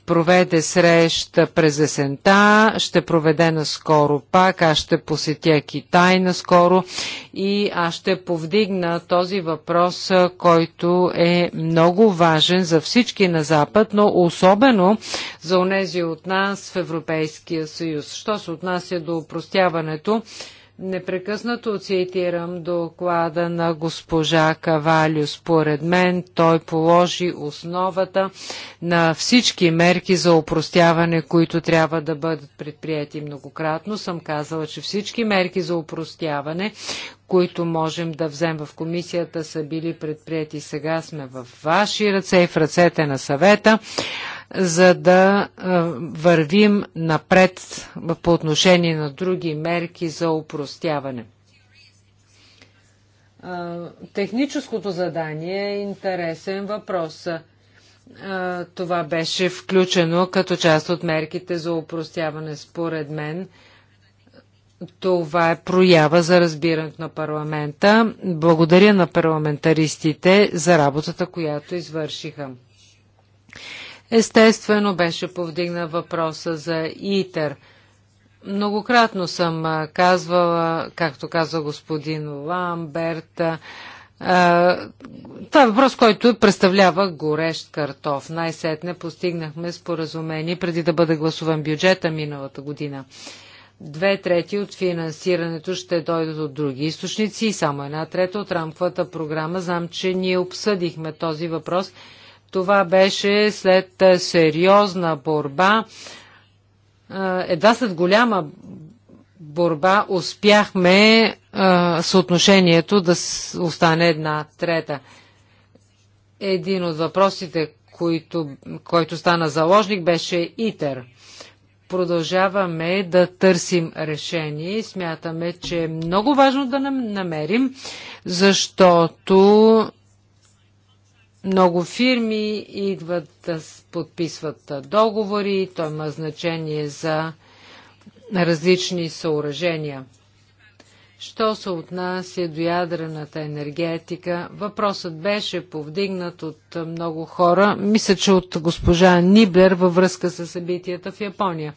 проведе среща през есента, ще проведе наскоро пак, аз ще посетя Китай наскоро и аз ще повдигна този въпрос, който е много важен за всички на Запад, но особено за онези от нас в Европейския съюз. Що се отнася до упростяването, Непрекъснато цитирам доклада на госпожа Кавалю. Според мен той положи основата на всички мерки за упростяване, които трябва да бъдат предприяти многократно. Съм казала, че всички мерки за упростяване, които можем да взем в комисията, са били предприяти. Сега сме в ваши ръце и в ръцете на съвета за да вървим напред по отношение на други мерки за упростяване. Техническото задание е интересен въпрос. Това беше включено като част от мерките за упростяване, според мен. Това е проява за разбирането на парламента. Благодаря на парламентаристите за работата, която извършиха. Естествено беше повдигна въпроса за ИТЕР. Многократно съм казвала, както каза господин Ламберт, това е въпрос, който представлява горещ картоф. Най-сетне постигнахме споразумение преди да бъде гласуван бюджета миналата година. Две трети от финансирането ще дойдат от други източници и само една трета от рамковата програма. Знам, че ние обсъдихме този въпрос – това беше след сериозна борба. Едва след голяма борба успяхме съотношението да остане една трета. Един от въпросите, който, който стана заложник, беше ИТЕР. Продължаваме да търсим решение и смятаме, че е много важно да намерим, защото много фирми идват, да подписват договори, то има значение за различни съоръжения. Що се отнася до ядрената енергетика, въпросът беше повдигнат от много хора, мисля, че от госпожа Ниблер във връзка с събитията в Япония.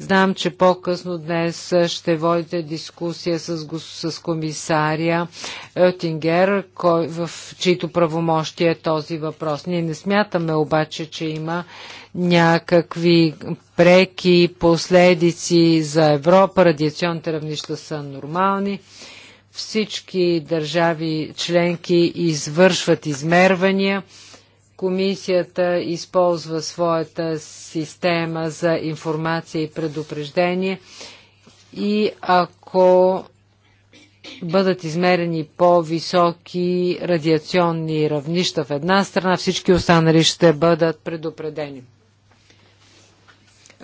Знам, че по-късно днес ще водите дискусия с, с комисаря е, Тингер, кой, в чието правомощие е този въпрос. Ние не смятаме обаче, че има някакви преки последици за Европа. Радиационните равнища са нормални всички държави членки извършват измервания Комисията използва своята система за информация и предупреждение и ако бъдат измерени по-високи радиационни равнища в една страна, всички останали ще бъдат предупредени.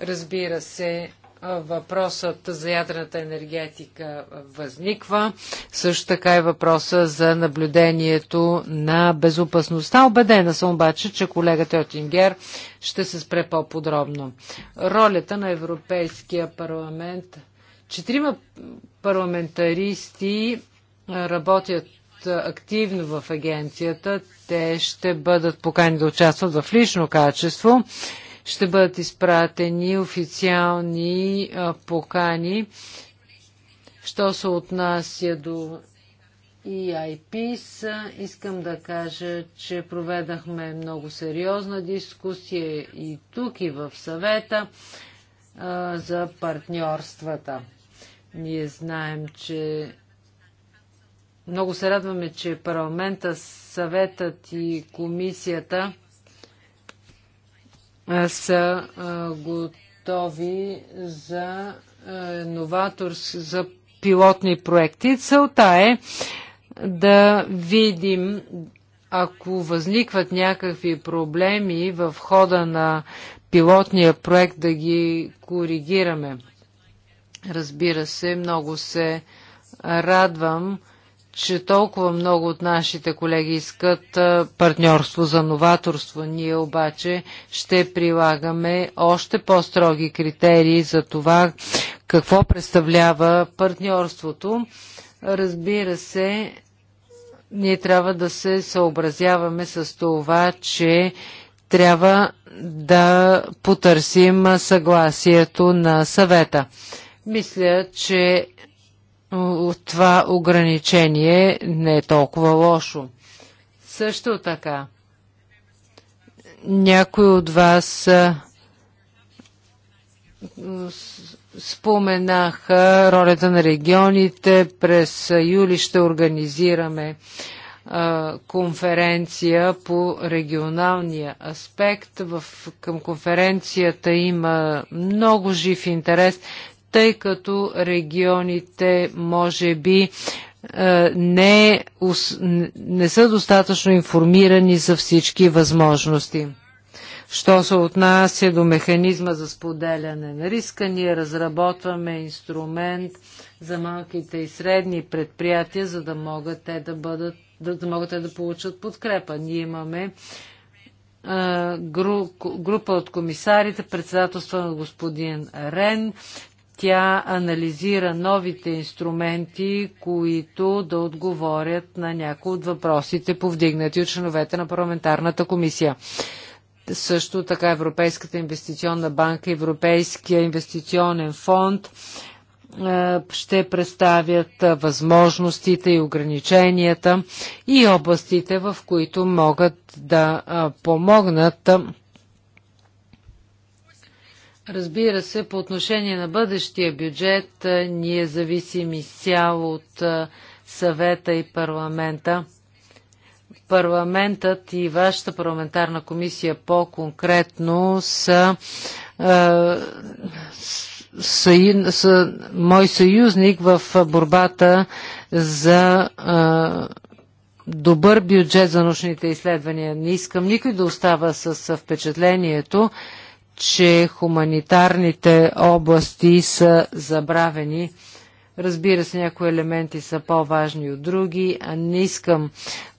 Разбира се, въпросът за ядрената енергетика възниква. Също така и въпроса за наблюдението на безопасността. Обедена съм обаче, че колегата Отингер ще се спре по-подробно. Ролята на Европейския парламент. Четирима парламентаристи работят активно в агенцията. Те ще бъдат покани да участват в лично качество ще бъдат изпратени официални покани. Що се отнася до EIPs, искам да кажа, че проведахме много сериозна дискусия и тук, и в съвета за партньорствата. Ние знаем, че много се радваме, че парламента, съветът и комисията са готови за новаторски, за пилотни проекти. Целта е да видим, ако възникват някакви проблеми в хода на пилотния проект, да ги коригираме. Разбира се, много се радвам, че толкова много от нашите колеги искат партньорство за новаторство. Ние обаче ще прилагаме още по-строги критерии за това какво представлява партньорството. Разбира се, ние трябва да се съобразяваме с това, че трябва да потърсим съгласието на съвета. Мисля, че от това ограничение не е толкова лошо. Също така, някой от вас споменаха ролята на регионите. През юли ще организираме конференция по регионалния аспект. В, към конференцията има много жив интерес тъй като регионите може би е, не, не са достатъчно информирани за всички възможности. Що се отнася до механизма за споделяне на риска, ние разработваме инструмент за малките и средни предприятия, за да могат те да, бъдат, да, да, могат те да получат подкрепа. Ние имаме е, група от комисарите, председателство на господин Рен, тя анализира новите инструменти, които да отговорят на някои от въпросите, повдигнати от членовете на парламентарната комисия също така Европейската инвестиционна банка, Европейския инвестиционен фонд е, ще представят възможностите и ограниченията и областите, в които могат да помогнат Разбира се, по отношение на бъдещия бюджет, ние зависим изцяло от съвета и парламента. Парламентът и вашата парламентарна комисия по-конкретно са, са, са мой съюзник в борбата за добър бюджет за научните изследвания. Не искам никой да остава с впечатлението, че хуманитарните области са забравени. Разбира се, някои елементи са по-важни от други, а не искам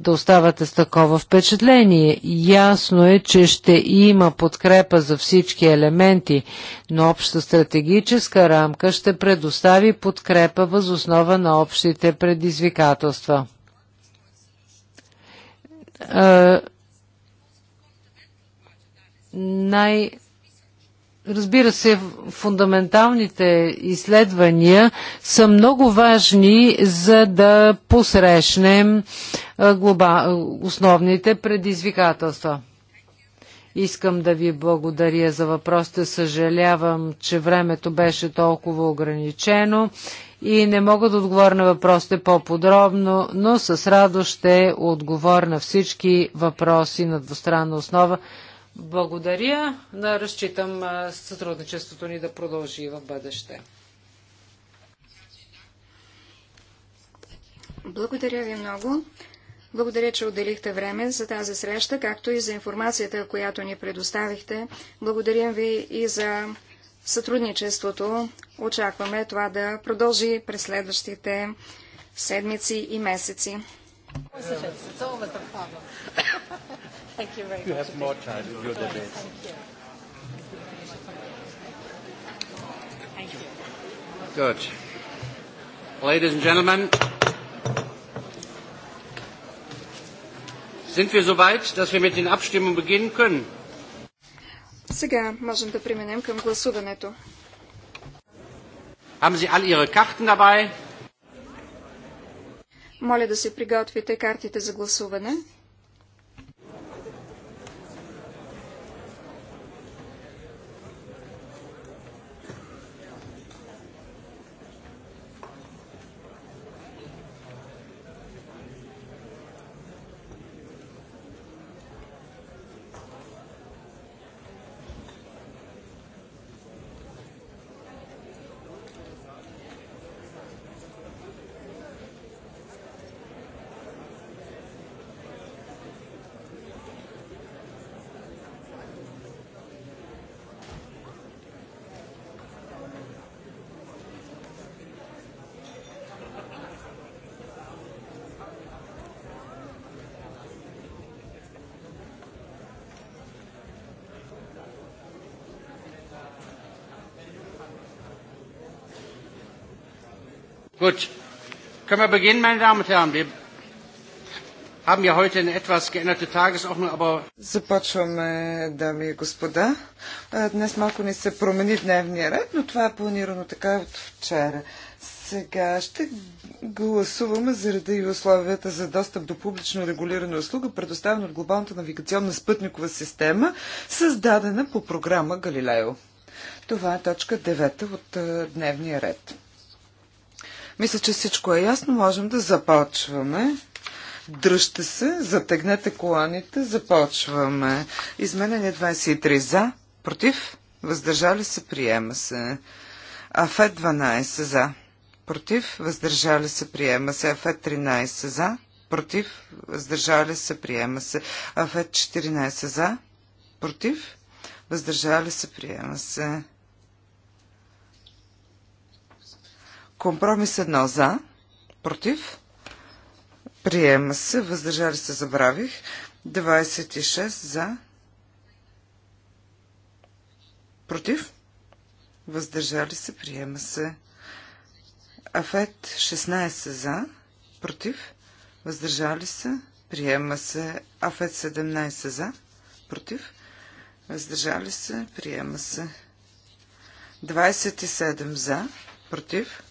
да оставате с такова впечатление. Ясно е, че ще има подкрепа за всички елементи, но обща стратегическа рамка ще предостави подкрепа възоснова на общите предизвикателства е, най- Разбира се, фундаменталните изследвания са много важни, за да посрещнем глоба, основните предизвикателства. Искам да ви благодаря за въпросите. Съжалявам, че времето беше толкова ограничено и не мога да отговоря на въпросите по-подробно, но с радост ще отговоря на всички въпроси на двустранна основа. Благодаря. Да разчитам сътрудничеството ни да продължи в бъдеще. Благодаря ви много. Благодаря, че отделихте време за тази среща, както и за информацията, която ни предоставихте. Благодарим ви и за сътрудничеството. Очакваме това да продължи през следващите седмици и месеци. Е, Thank you very much. You have more time in your debate. Thank you. Thank you. Good. Ladies and gentlemen, sind wir soweit, dass wir mit den Abstimmungen beginnen können? Сега можем да преминем към гласуването. Haben Sie all Ihre Karten dabei? Моля да се приготвите картите за гласуване. Gut. Können wir beginnen, meine Damen und Herren? Wir haben ja heute eine etwas geänderte Tagesordnung, aber... Започваме, дами и господа. Е, днес малко ни се промени дневния ред, но това е планирано така от вчера. Сега ще гласуваме заради и условията за достъп до публично регулирана услуга, предоставена от глобалната навигационна спътникова система, създадена по програма Галилео. Това е точка 9 от е, дневния ред. Мисля, че всичко е ясно. Можем да започваме. Дръжте се, затегнете коланите, започваме. Изменение 23 за, против, въздържали се, приема се. Афет 12 за, против, въздържали се, приема се. Афет 13 за, против, въздържали се, приема се. Афет 14 за, против, въздържали се, приема се. Компромис едно за, против, приема се, въздържали се, забравих. 26 за, против, въздържали се, приема се. Афет 16 за, против, въздържали се, приема се. Афет 17 за, против, въздържали се, приема се. 27 за, против,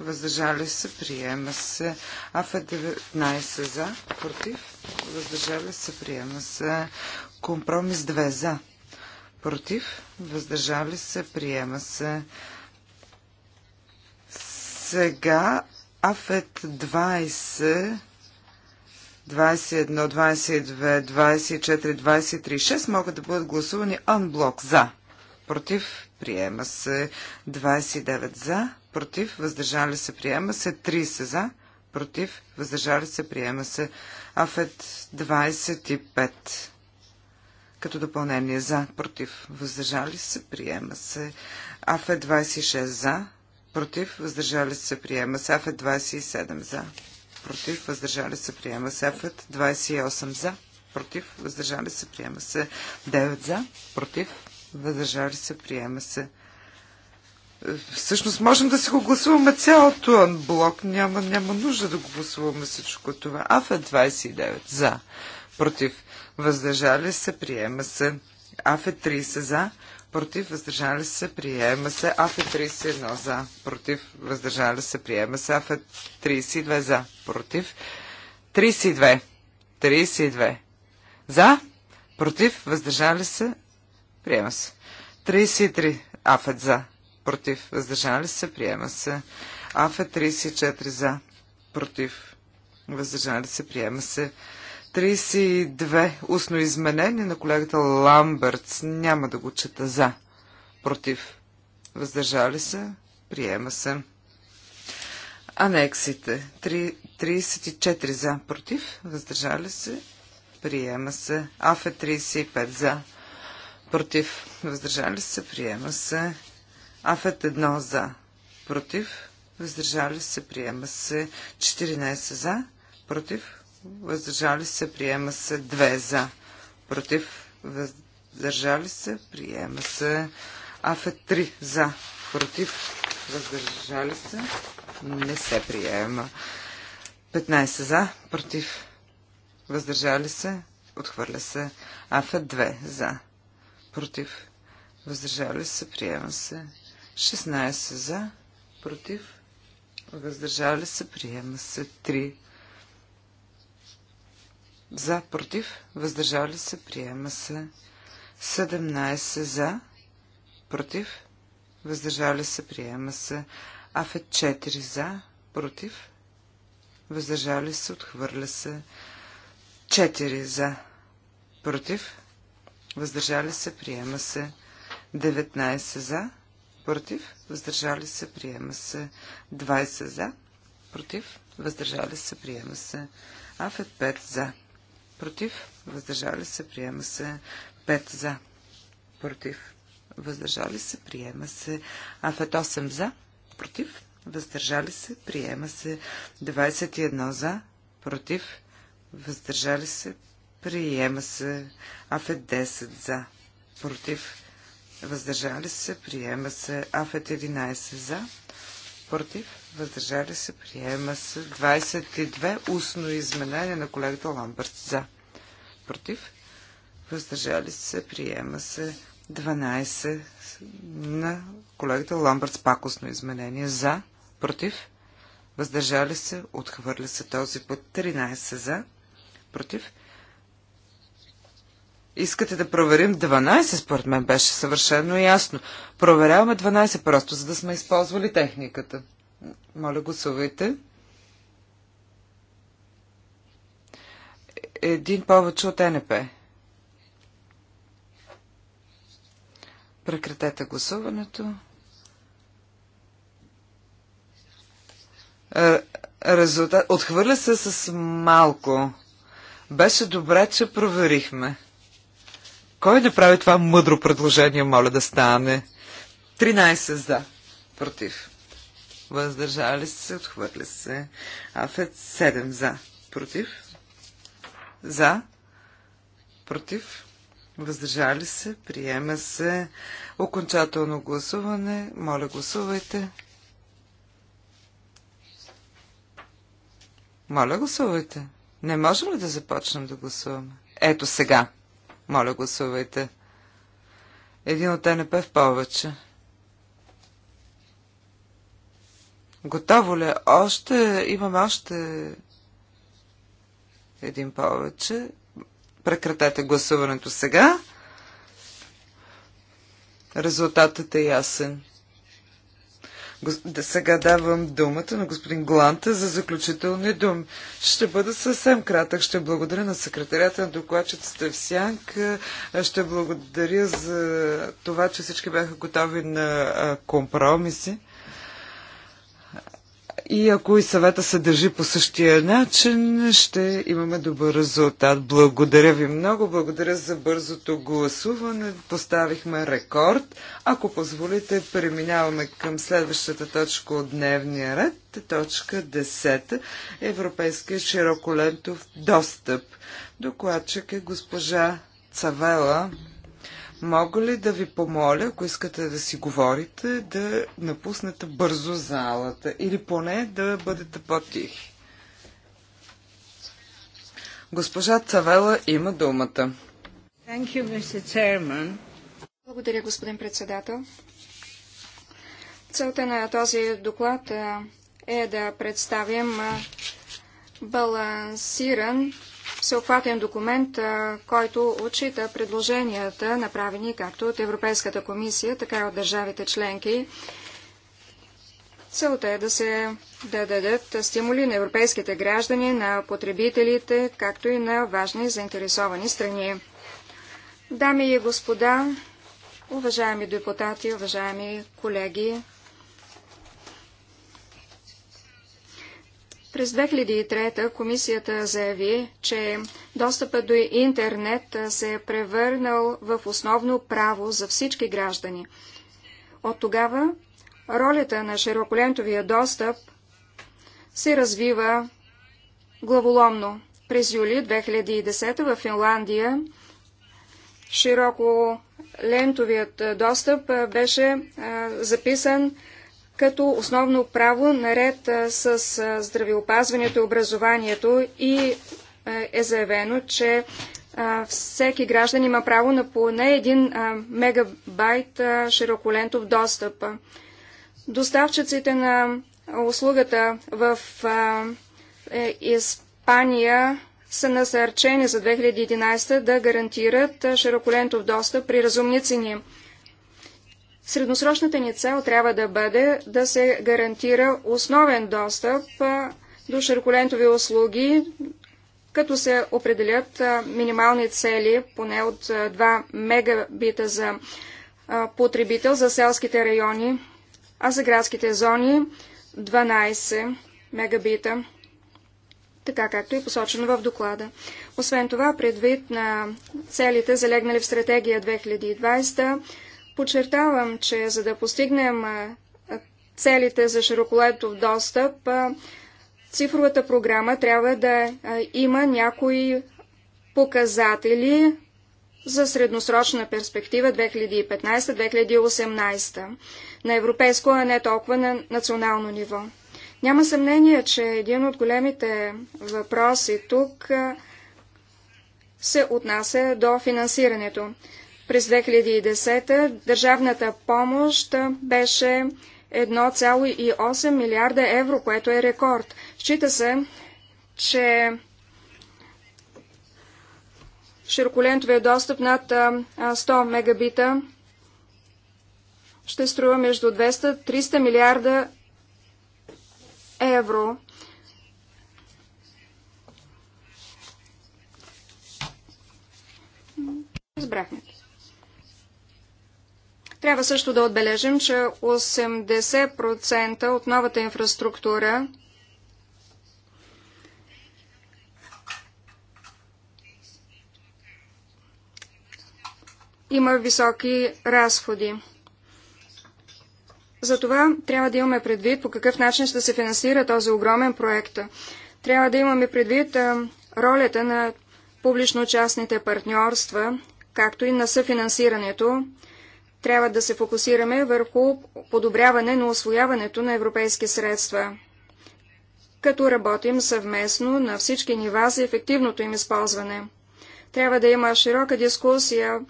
въздържали се, приема се. АФА 19 за, против, въздържали се, приема се. Компромис 2 за, против, въздържали се, приема се. Сега АФЕТ 20 21, 22, 24, 23, могат да бъдат гласувани анблок за. Против приема се 29 за против, въздържали се, приема се. 30 за, против, въздържали се, приема се. Афет 25 като допълнение за, против, въздържали се, приема се. Афет 26 за, против, въздържали се, приема се. Афет 27 за, против, въздържали се, приема се. Афет 28 за, против, въздържали се, приема се. 9 за, против, въздържали се, приема се. Всъщност можем да си го гласуваме цялото анблок. Няма, няма нужда да го гласуваме всичко това. е 29 за. Против. Въздържали се. Приема се. е 30 за. Против. Въздържали се. Приема се. е 31 за. Против. Въздържали се. Приема се. е 32 за. Против. 32. 32. За. Против. Въздържали се. Приема се. 33. АФЕТ за против, въздържали се, приема се. АФ 34 за, против, въздържали се, приема се. 32 устно изменение на колегата Ламбъртс. Няма да го чета за, против, въздържали се, приема се. Анексите. 34 за, против, въздържали се, приема се. АФ 35 за, против, въздържали се, приема се. Афет 1 за, против, въздържали се, приема се 14 за, против, въздържали се, приема се 2 за, против, въздържали се, приема се Афет 3 за, против, въздържали се, не се приема. 15 за, против, въздържали се, отхвърля се. Афет 2 за, против, въздържали се, приема се. 16 за, против, въздържали се, приема се 3. За, против, въздържали се, приема се 17 за, против, въздържали се, приема се Афе 4 за, против, въздържали се, отхвърля се 4 за, против, въздържали се, приема се 19 за, против, въздържали се, приема се. 20 за, против, въздържали се, приема се. Афет 5 за, против, въздържали се, приема се. 5 за, против, въздържали се, приема се. Афет 8 за, против, въздържали се, приема се. 21 за, против, въздържали се, приема се. Афет 10 за, против, въздържали се, приема се АФЕТ 11 за, против, въздържали се, приема се 22 устно изменение на колегата Ламбърт за, против, въздържали се, приема се 12 на колегата Ламбърт пак устно изменение за, против, въздържали се, отхвърля се този път 13 за, против, Искате да проверим 12, според мен беше съвършено ясно. Проверяваме 12 просто, за да сме използвали техниката. Моля, гласувайте. Един повече от НП. Прекратете гласуването. Е, резултат... Отхвърля се с малко. Беше добре, че проверихме. Кой да прави това мъдро предложение, моля да стане? 13 за. Против. Въздържали се, отхвърли се. Афет 7 за. Против. За. Против. Въздържали се. Приема се. Окончателно гласуване. Моля, гласувайте. Моля, гласувайте. Не можем ли да започнем да гласуваме? Ето сега. Моля, гласувайте. Един от НП в повече. Готово ли? Е? Още имам още един повече. Прекратете гласуването сега. Резултатът е ясен. Сега давам думата на господин Гланта за заключителни думи. Ще бъда съвсем кратък. Ще благодаря на секретарята на докладчицата в Сянк, Ще благодаря за това, че всички бяха готови на компромиси. И ако и съвета се държи по същия начин, ще имаме добър резултат. Благодаря ви много, благодаря за бързото гласуване. Поставихме рекорд. Ако позволите, преминаваме към следващата точка от дневния ред. Точка 10. Европейския широколентов достъп. Докладчик е госпожа Цавела. Мога ли да ви помоля, ако искате да си говорите, да напуснете бързо залата или поне да бъдете по-тихи? Госпожа Цавела има думата. You, Благодаря, господин председател. Целта на този доклад е да представим балансиран всеобхватен документ, който отчита предложенията, направени както от Европейската комисия, така и от държавите членки. Целта е да се да дадат стимули на европейските граждани, на потребителите, както и на важни заинтересовани страни. Дами и господа, уважаеми депутати, уважаеми колеги, През 2003 комисията заяви, че достъпът до интернет се е превърнал в основно право за всички граждани. От тогава ролята на широколентовия достъп се развива главоломно. През юли 2010 в Финландия широколентовият достъп беше записан като основно право наред с здравеопазването и образованието и е заявено, че всеки граждан има право на поне един мегабайт широколентов достъп. Доставчиците на услугата в е, Испания са насърчени за 2011 да гарантират широколентов достъп при разумни цени. Средносрочната ни цел трябва да бъде да се гарантира основен достъп до широколентови услуги, като се определят минимални цели поне от 2 мегабита за потребител за селските райони, а за градските зони 12 мегабита, така както е посочено в доклада. Освен това, предвид на целите, залегнали в стратегия 2020, Подчертавам, че за да постигнем целите за широколетов достъп, цифровата програма трябва да има някои показатели за средносрочна перспектива 2015-2018 на европейско, а не толкова на национално ниво. Няма съмнение, че един от големите въпроси тук се отнася до финансирането. През 2010 държавната помощ беше 1,8 милиарда евро, което е рекорд. Счита се, че широколентовия достъп над 100 мегабита ще струва между 200-300 милиарда евро. Разбрахме. Трябва също да отбележим, че 80% от новата инфраструктура има високи разходи. Затова трябва да имаме предвид по какъв начин ще се финансира този огромен проект. Трябва да имаме предвид ролята на публично-частните партньорства, както и на съфинансирането, трябва да се фокусираме върху подобряване на освояването на европейски средства, като работим съвместно на всички нива за ефективното им използване. Трябва да има широка дискусия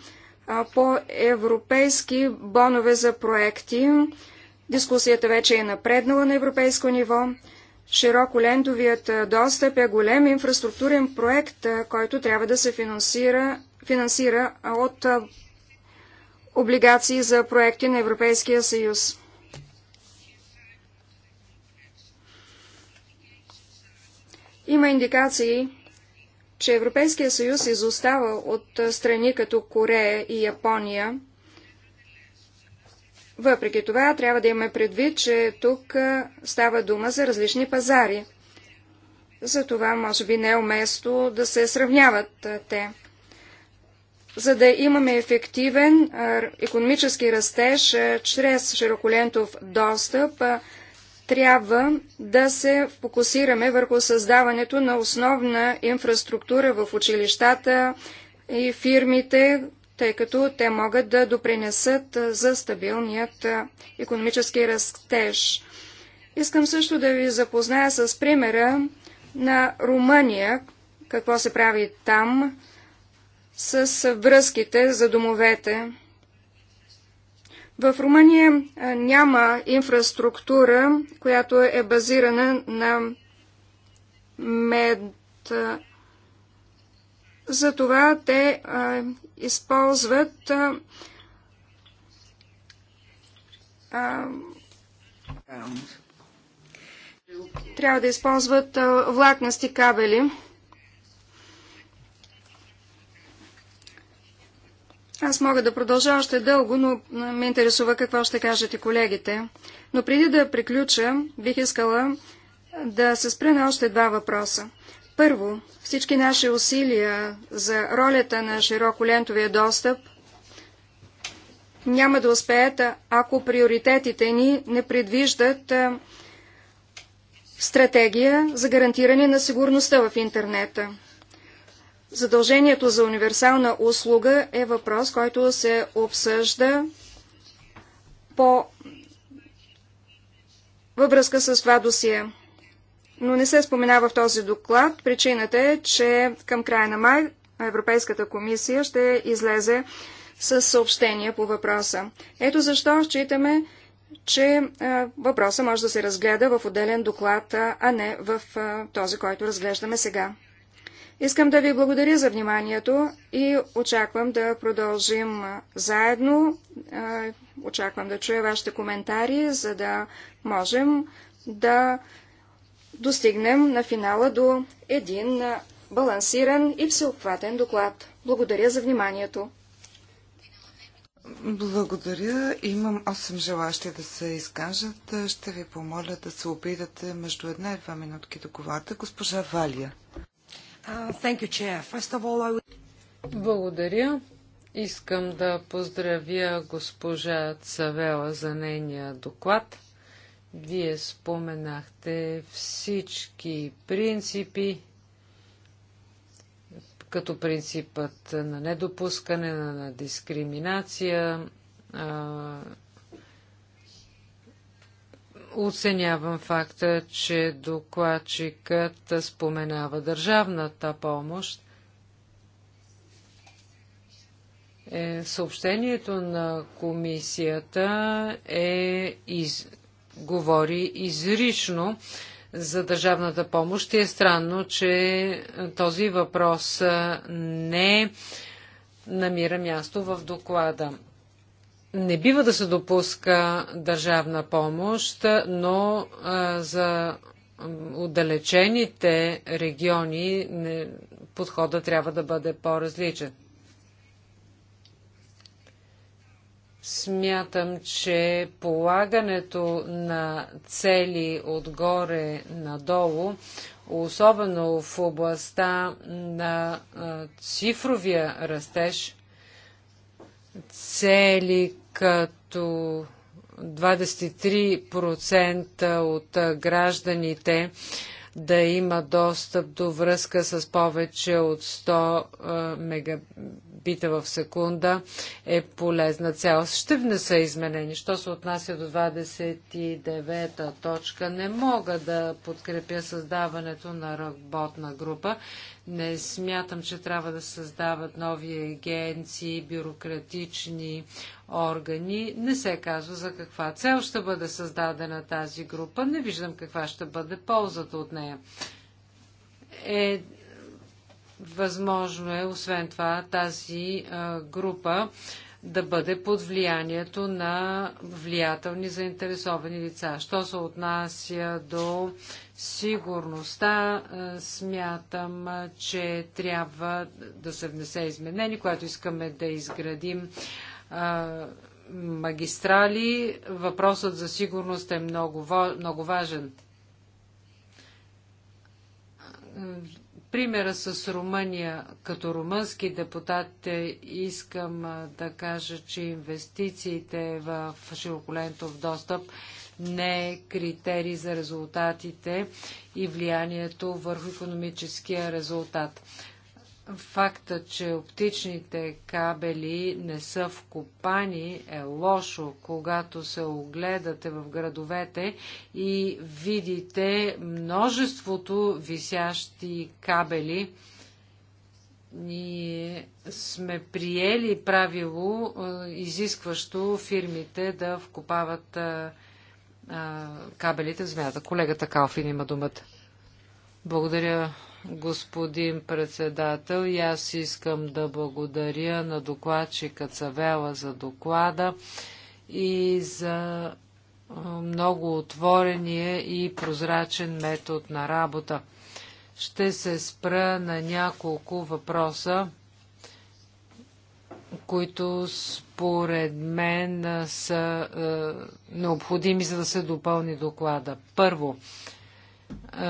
по европейски бонове за проекти. Дискусията вече е напреднала на европейско ниво. Широко лентовият достъп е голем инфраструктурен проект, който трябва да се финансира, финансира от облигации за проекти на Европейския съюз. Има индикации, че Европейския съюз изостава от страни като Корея и Япония. Въпреки това, трябва да имаме предвид, че тук става дума за различни пазари. Затова, може би, не е уместо да се сравняват те за да имаме ефективен економически растеж чрез широколентов достъп, трябва да се фокусираме върху създаването на основна инфраструктура в училищата и фирмите, тъй като те могат да допринесат за стабилният економически растеж. Искам също да ви запозная с примера на Румъния, какво се прави там с връзките за домовете. В Румъния няма инфраструктура, която е базирана на мед. Затова те а, използват а, а, трябва да използват влакнасти кабели. Аз мога да продължа още дълго, но ме интересува какво ще кажете колегите. Но преди да приключа, бих искала да се спра на още два въпроса. Първо, всички наши усилия за ролята на широколентовия достъп няма да успеят, ако приоритетите ни не предвиждат стратегия за гарантиране на сигурността в интернета. Задължението за универсална услуга е въпрос, който се обсъжда по... във връзка с това досие. Но не се споменава в този доклад. Причината е, че към края на май Европейската комисия ще излезе с съобщение по въпроса. Ето защо считаме, че въпроса може да се разгледа в отделен доклад, а не в този, който разглеждаме сега. Искам да ви благодаря за вниманието и очаквам да продължим заедно. Очаквам да чуя вашите коментари, за да можем да достигнем на финала до един балансиран и всеобхватен доклад. Благодаря за вниманието. Благодаря. Имам 8 желащи да се изкажат. Ще ви помоля да се обидате между една и два минутки до колата. Госпожа Валия. Uh, Благодаря. Искам да поздравя госпожа Цавела за нейния доклад. Вие споменахте всички принципи, като принципът на недопускане, на дискриминация, Оценявам факта, че докладчикът споменава държавната помощ. Е, съобщението на комисията е из... говори изрично за държавната помощ и е странно, че този въпрос не намира място в доклада не бива да се допуска държавна помощ, но а, за отдалечените региони не, подхода трябва да бъде по-различен. Смятам, че полагането на цели отгоре надолу, особено в областта на цифровия растеж, цели, като 23% от гражданите да има достъп до връзка с повече от 100 мегабита в секунда е полезна цел. Ще внеса изменения. Що се отнася до 29-та точка, не мога да подкрепя създаването на работна група. Не смятам, че трябва да създават нови агенции, бюрократични органи. Не се казва за каква цел ще бъде създадена тази група. Не виждам каква ще бъде ползата от нея. Е, възможно е, освен това, тази а, е, група да бъде под влиянието на влиятелни заинтересовани лица. Що се отнася до сигурността, е, смятам, че трябва да се внесе изменени, което искаме да изградим магистрали, въпросът за сигурност е много, много важен. Примера с Румъния, като румънски депутат, е, искам да кажа, че инвестициите в широколентов достъп не е критерий за резултатите и влиянието върху економическия резултат. Факта, че оптичните кабели не са вкопани е лошо, когато се огледате в градовете и видите множеството висящи кабели. Ние сме приели правило, е, изискващо фирмите да вкопават е, е, кабелите в земята. Колегата Калфин има думата. Благодаря, господин председател. И аз искам да благодаря на докладчика Цавела за доклада и за много отворения и прозрачен метод на работа. Ще се спра на няколко въпроса, които според мен са е, необходими, за да се допълни доклада. Първо, е,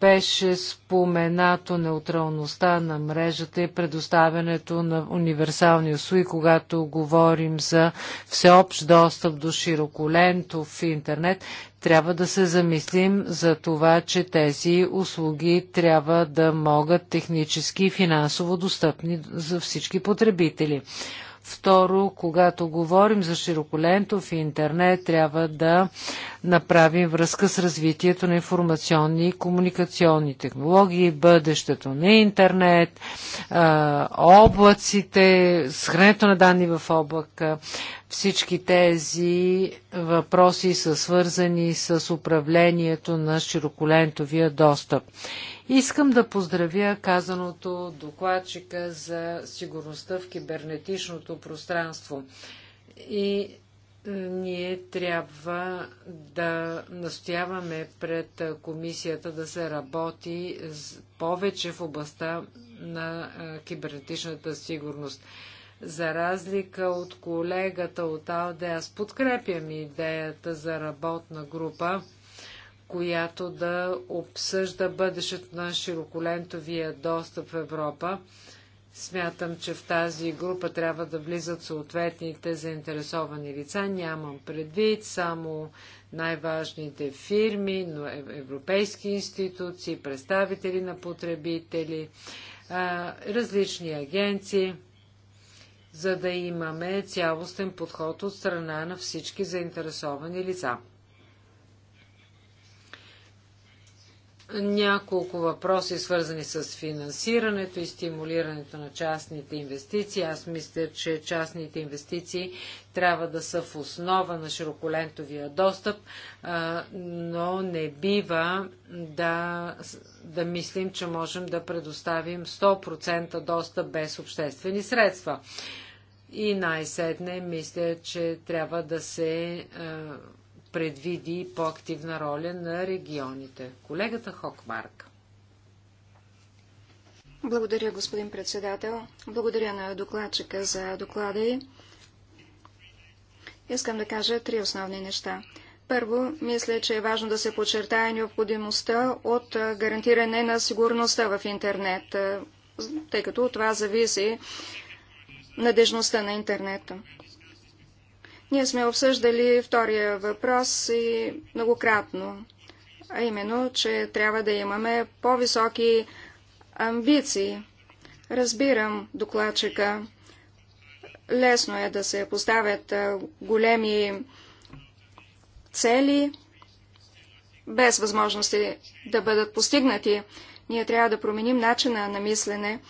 беше споменато неутралността на мрежата и предоставянето на универсални услуги, когато говорим за всеобщ достъп до широколентов интернет, трябва да се замислим за това, че тези услуги трябва да могат технически и финансово достъпни за всички потребители. Второ, когато говорим за широколентов и интернет, трябва да направим връзка с развитието на информационни и комуникационни технологии, бъдещето на интернет, облаците, схрането на данни в облака. Всички тези въпроси са свързани с управлението на широколентовия достъп. Искам да поздравя казаното докладчика за сигурността в кибернетичното пространство. И ние трябва да настояваме пред комисията да се работи повече в областта на кибернетичната сигурност. За разлика от колегата от АЛДЕ, аз подкрепям идеята за работна група която да обсъжда бъдещето на широколентовия достъп в Европа. Смятам, че в тази група трябва да влизат съответните заинтересовани лица. Нямам предвид само най-важните фирми, но е- европейски институции, представители на потребители, различни агенции, за да имаме цялостен подход от страна на всички заинтересовани лица. няколко въпроси, свързани с финансирането и стимулирането на частните инвестиции. Аз мисля, че частните инвестиции трябва да са в основа на широколентовия достъп, но не бива да, да мислим, че можем да предоставим 100% достъп без обществени средства. И най-сетне мисля, че трябва да се предвиди по-активна роля на регионите. Колегата Хокмарк. Благодаря, господин председател. Благодаря на докладчика за доклада й. Искам да кажа три основни неща. Първо, мисля, че е важно да се подчертае необходимостта от гарантиране на сигурността в интернет, тъй като от това зависи надежността на интернета. Ние сме обсъждали втория въпрос и многократно, а именно, че трябва да имаме по-високи амбиции. Разбирам докладчика. Лесно е да се поставят големи цели, без възможности да бъдат постигнати. Ние трябва да променим начина на мислене,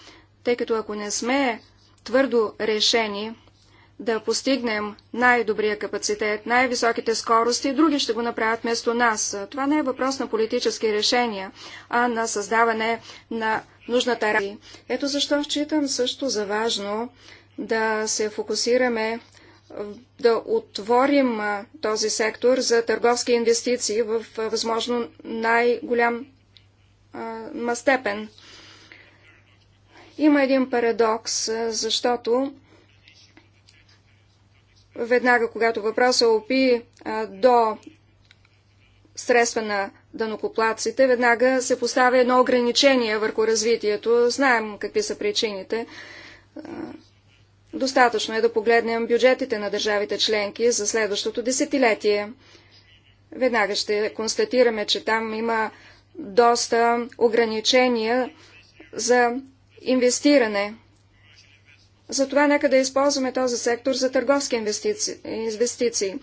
тъй като ако не сме твърдо решени да постигнем най-добрия капацитет, най-високите скорости, други ще го направят вместо нас. Това не е въпрос на политически решения, а на създаване на нужната рази. Ето защо считам също за важно да се фокусираме да отворим този сектор за търговски инвестиции в възможно най-голям степен. Има един парадокс, защото веднага, когато въпроса опи а, до средства на дънокоплаците, веднага се поставя едно ограничение върху развитието. Знаем какви са причините. достатъчно е да погледнем бюджетите на държавите членки за следващото десетилетие. Веднага ще констатираме, че там има доста ограничения за инвестиране затова нека да използваме този сектор за търговски инвестиции.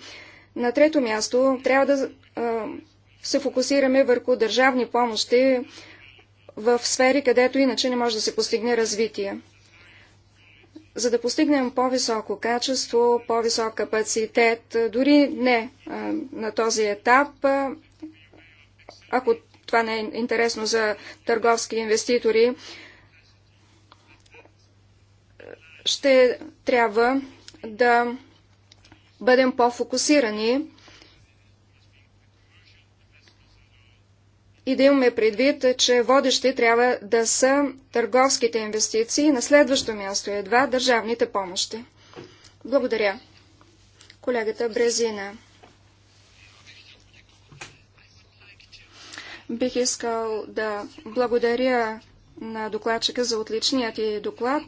На трето място трябва да а, се фокусираме върху държавни помощи в сфери, където иначе не може да се постигне развитие. За да постигнем по-високо качество, по-висок капацитет, дори не а, на този етап, а, ако това не е интересно за търговски инвеститори, ще трябва да бъдем по-фокусирани и да имаме предвид, че водещи трябва да са търговските инвестиции, на следващо място едва държавните помощи. Благодаря. Колегата Брезина. Бих искал да благодаря на докладчика за отличният и доклад.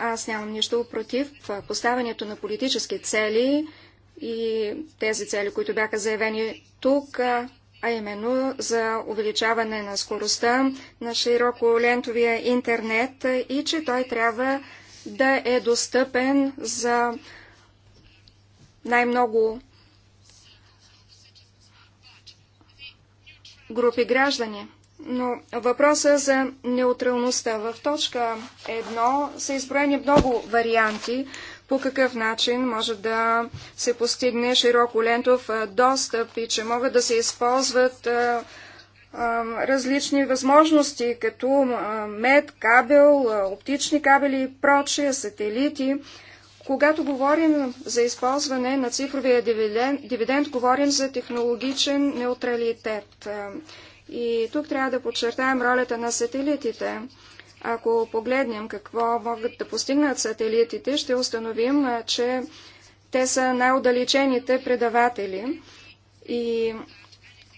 Аз нямам нищо против поставянето на политически цели и тези цели, които бяха заявени тук, а именно за увеличаване на скоростта на широко лентовия интернет и че той трябва да е достъпен за най-много групи граждани. Но въпроса за неутралността. В точка 1 са изброени много варианти, по какъв начин може да се постигне широко лентов достъп и че могат да се използват различни възможности, като мед, кабел, оптични кабели и прочие, сателити. Когато говорим за използване на цифровия дивиденд говорим за технологичен неутралитет. И тук трябва да подчертаем ролята на сателитите. Ако погледнем какво могат да постигнат сателитите, ще установим, че те са най-удалечените предаватели и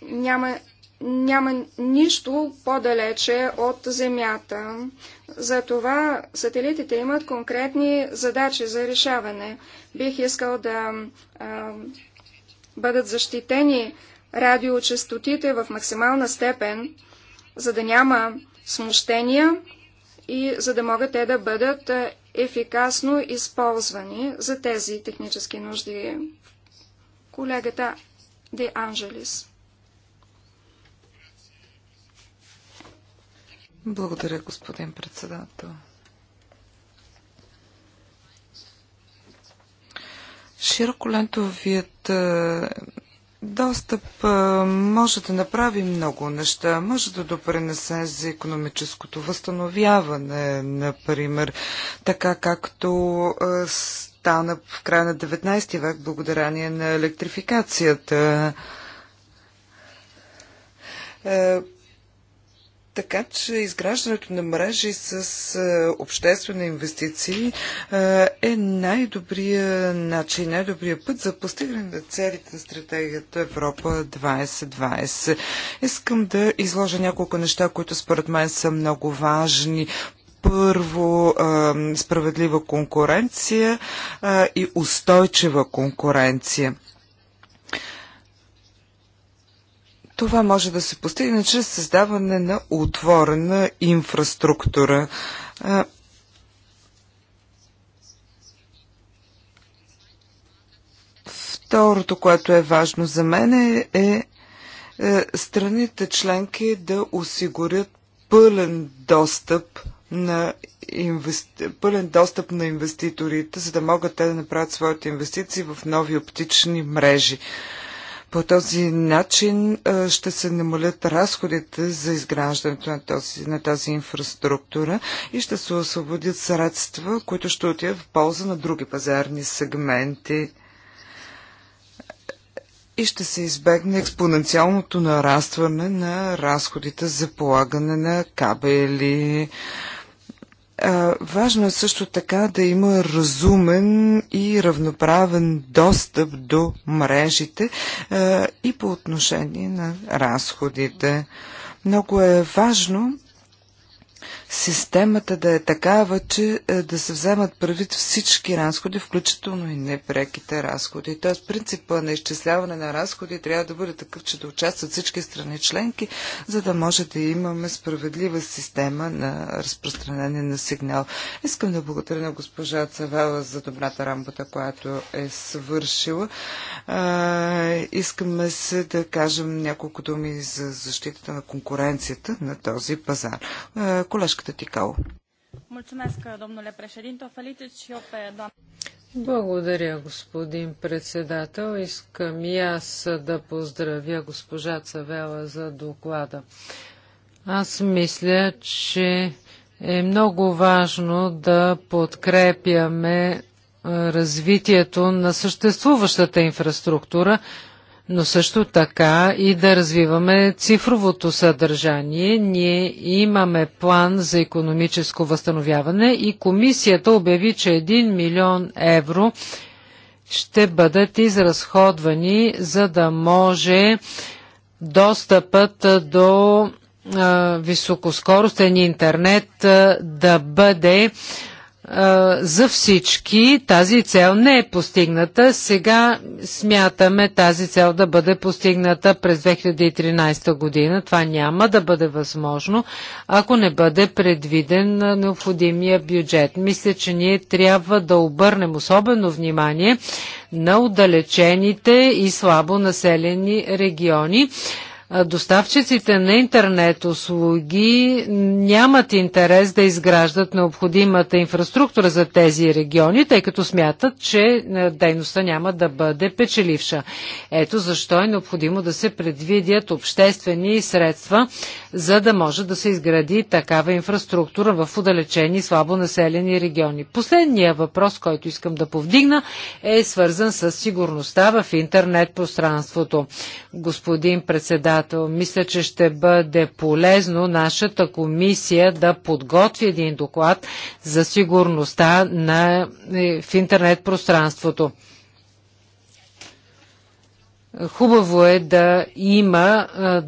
няма, няма нищо по-далече от Земята. Затова сателитите имат конкретни задачи за решаване. Бих искал да а, бъдат защитени радиочастотите в максимална степен, за да няма смущения и за да могат те да бъдат ефикасно използвани за тези технически нужди. Колегата Де Анжелис. Благодаря, господин председател. Широколентовият достъп може да направи много неща. Може да допренесе за економическото възстановяване, например, така както стана в края на 19 век благодарение на електрификацията е, така че изграждането на мрежи с е, обществени инвестиции е, е най-добрия начин, най-добрия път за постигане на целите на стратегията Европа 2020. Искам да изложа няколко неща, които според мен са много важни първо е, справедлива конкуренция и устойчива конкуренция. Това може да се постигне чрез създаване на отворена инфраструктура. Второто, което е важно за мен е, е, е страните членки да осигурят пълен достъп на инвести... пълен достъп на инвеститорите, за да могат те да направят своите инвестиции в нови оптични мрежи. По този начин ще се намалят разходите за изграждането на, този, на тази инфраструктура и ще се освободят средства, които ще отидат в полза на други пазарни сегменти и ще се избегне експоненциалното нарастване на разходите за полагане на кабели Важно е също така да има разумен и равноправен достъп до мрежите и по отношение на разходите. Много е важно системата да е такава, че е, да се вземат правит всички разходи, включително и непреките разходи. Т.е. принципа на изчисляване на разходи трябва да бъде такъв, че да участват всички страни членки, за да може да имаме справедлива система на разпространение на сигнал. Искам да благодаря на госпожа Цавела за добрата работа, която е свършила. искаме се да кажем няколко думи за защитата на конкуренцията на този пазар. Колежка благодаря, господин председател. Искам и аз да поздравя госпожа Цавела за доклада. Аз мисля, че е много важно да подкрепяме развитието на съществуващата инфраструктура, но също така и да развиваме цифровото съдържание. Ние имаме план за економическо възстановяване и комисията обяви, че 1 милион евро ще бъдат изразходвани, за да може достъпът до високоскоростен интернет да бъде за всички тази цел не е постигната. Сега смятаме тази цел да бъде постигната през 2013 година. Това няма да бъде възможно, ако не бъде предвиден на необходимия бюджет. Мисля, че ние трябва да обърнем особено внимание на отдалечените и слабо населени региони доставчиците на интернет услуги нямат интерес да изграждат необходимата инфраструктура за тези региони, тъй като смятат, че дейността няма да бъде печеливша. Ето защо е необходимо да се предвидят обществени средства за да може да се изгради такава инфраструктура в отдалечени слабо населени региони. Последният въпрос, който искам да повдигна, е свързан с сигурността в интернет пространството. Господин председател, мисля, че ще бъде полезно нашата комисия да подготви един доклад за сигурността на, е, в интернет пространството. Хубаво е да има е,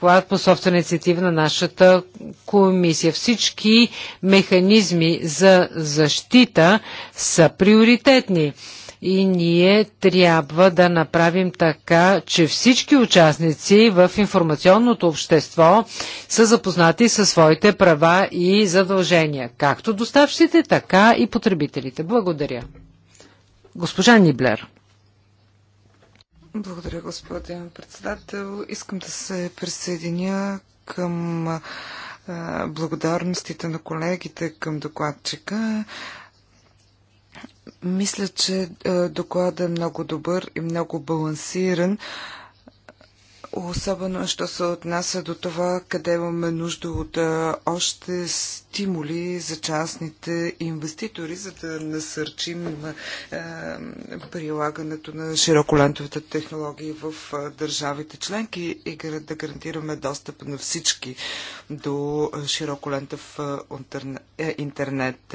доклад по собствена инициатива на нашата комисия. Всички механизми за защита са приоритетни и ние трябва да направим така, че всички участници в информационното общество са запознати със своите права и задължения, както доставчиците, така и потребителите. Благодаря. Госпожа Ниблер. Благодаря, господин председател. Искам да се присъединя към благодарностите на колегите към докладчика. Мисля, че докладът е много добър и много балансиран. Особено, що се отнася до това, къде имаме нужда от още стимули за частните инвеститори, за да насърчим е, прилагането на широколентовите технологии в е, държавите членки и да гарантираме достъп на всички до широколентов е, интернет.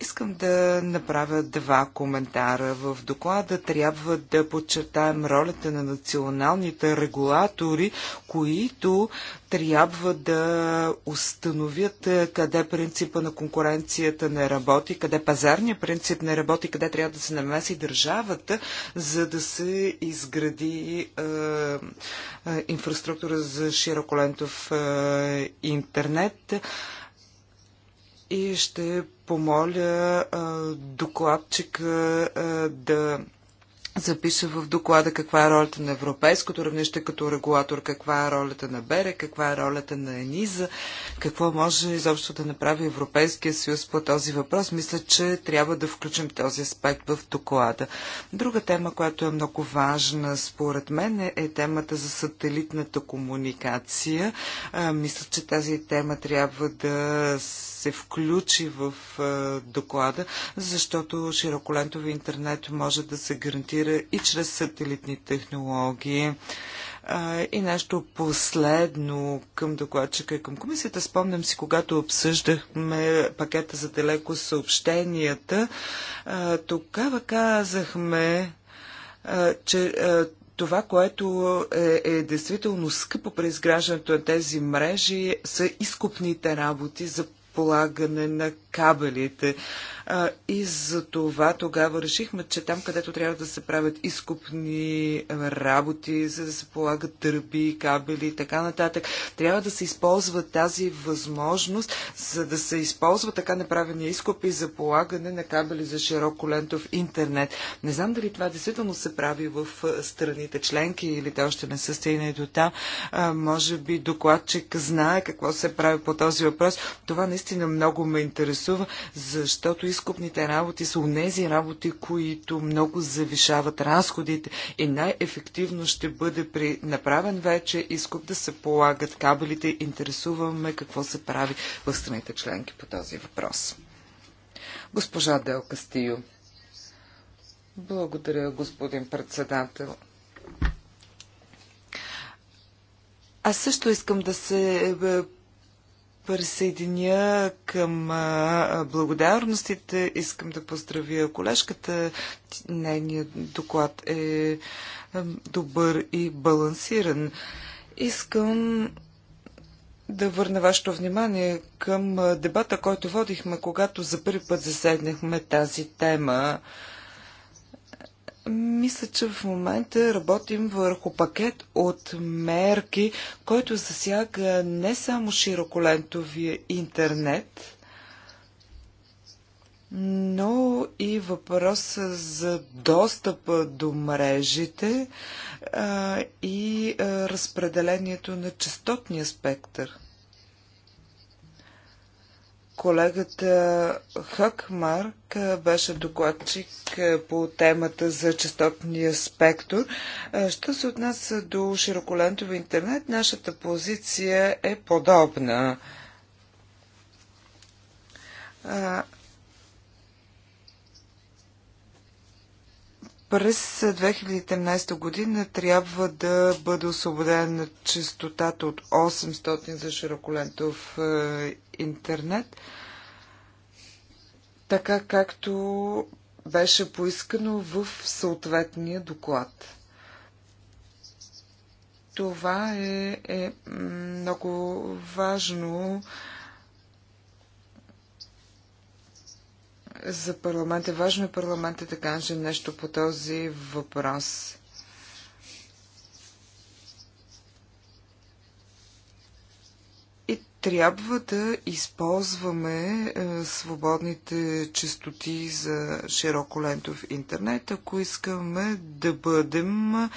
Искам да направя два коментара. В доклада трябва да подчертаем ролята на националните регулатори, които трябва да установят е, къде принципа на конкуренцията не работи, къде пазарния принцип не работи, къде трябва да се намеси държавата, за да се изгради е, е, инфраструктура за широколентов е, интернет. И ще помоля е, докладчика е, да запише в доклада каква е ролята на европейското равнище като регулатор, каква е ролята на БЕРЕ, каква е ролята на ЕНИЗА, какво може изобщо да направи Европейския съюз по този въпрос. Мисля, че трябва да включим този аспект в доклада. Друга тема, която е много важна според мен е темата за сателитната комуникация. мисля, че тази тема трябва да се включи в доклада, защото широколентови интернет може да се гарантира разбира, и чрез сателитни технологии. И нещо последно към докладчика и към комисията. Спомням си, когато обсъждахме пакета за далеко съобщенията, тогава казахме, че това, което е, е действително скъпо при изграждането на тези мрежи, са изкупните работи за полагане на кабелите. А, и за това тогава решихме, че там, където трябва да се правят изкупни работи, за да се полагат тръби, кабели и така нататък, трябва да се използва тази възможност, за да се използва така направения изкуп и за полагане на кабели за широко лентов интернет. Не знам дали това действително се прави в страните членки или те още не са стигнали до там. А, може би докладчик знае какво се прави по този въпрос. Това наистина много ме интересува, защото изкупните работи са унези работи, които много завишават разходите и най-ефективно ще бъде при направен вече изкуп да се полагат кабелите. Интересуваме какво се прави в страните членки по този въпрос. Госпожа Дел Кастио. Благодаря, господин председател. Аз също искам да се присъединя към благодарностите. Искам да поздравя колежката. Нейният доклад е добър и балансиран. Искам да върна вашето внимание към дебата, който водихме, когато за първи път заседнахме тази тема. Мисля, че в момента работим върху пакет от мерки, който засяга не само широколентовия интернет, но и въпроса за достъпа до мрежите а, и а, разпределението на частотния спектър. Колегата Марк беше докладчик е, по темата за частотния спектър. Е, що се отнася до широколентови интернет, нашата позиция е подобна. Е, през 2013 година трябва да бъде освободена частотата от 800 за широколентов интернет, така както беше поискано в съответния доклад. Това е, е много важно за парламента. Важно е парламента да каже нещо по този въпрос. трябва да използваме е, свободните частоти за широколентов интернет, ако искаме да бъдем е,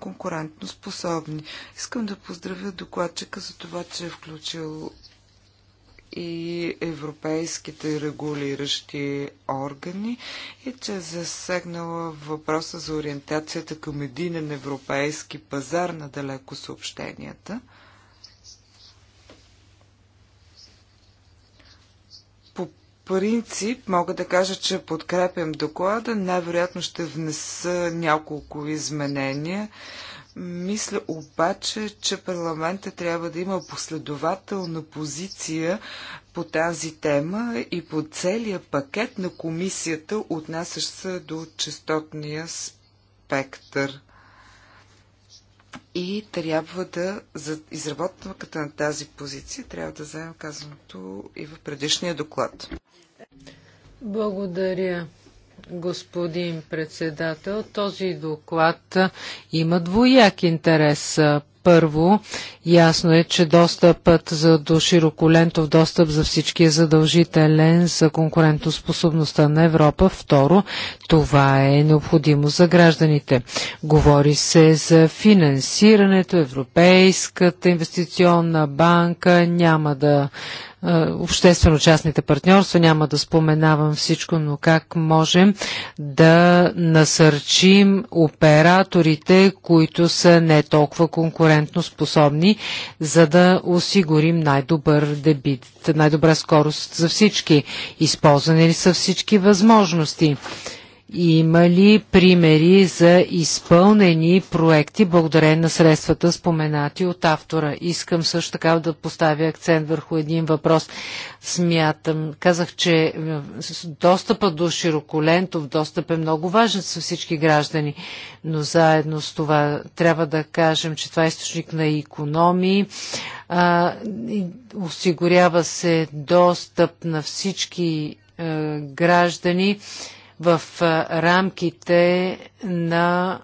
конкурентно способни. Искам да поздравя докладчика за това, че е включил и европейските регулиращи органи и че е засегнала въпроса за ориентацията към единен европейски пазар на далеко съобщенията. принцип мога да кажа, че подкрепям доклада. Най-вероятно ще внеса няколко изменения. Мисля обаче, че парламента трябва да има последователна позиция по тази тема и по целия пакет на комисията, отнасящ се до частотния спектър и трябва да, за изработката на тази позиция, трябва да вземем казаното и в предишния доклад. Благодаря господин председател. Този доклад има двояк интерес. Първо, ясно е, че достъпът за до широколентов достъп за всички е задължителен за конкурентоспособността на Европа. Второ, това е необходимо за гражданите. Говори се за финансирането, Европейската инвестиционна банка няма да е, обществено-частните партньорства. Няма да споменавам всичко, но как можем да насърчим операторите, които са не толкова конкурентно способни, за да осигурим най-добър дебит, най-добра скорост за всички. Използвани ли са всички възможности? възможности. Има ли примери за изпълнени проекти благодарение на средствата споменати от автора? Искам също така да поставя акцент върху един въпрос. Смятам, казах, че е, достъпа до широколентов достъп е много важен за всички граждани, но заедно с това трябва да кажем, че това е източник на економии. А, осигурява се достъп на всички а, е, граждани в рамките на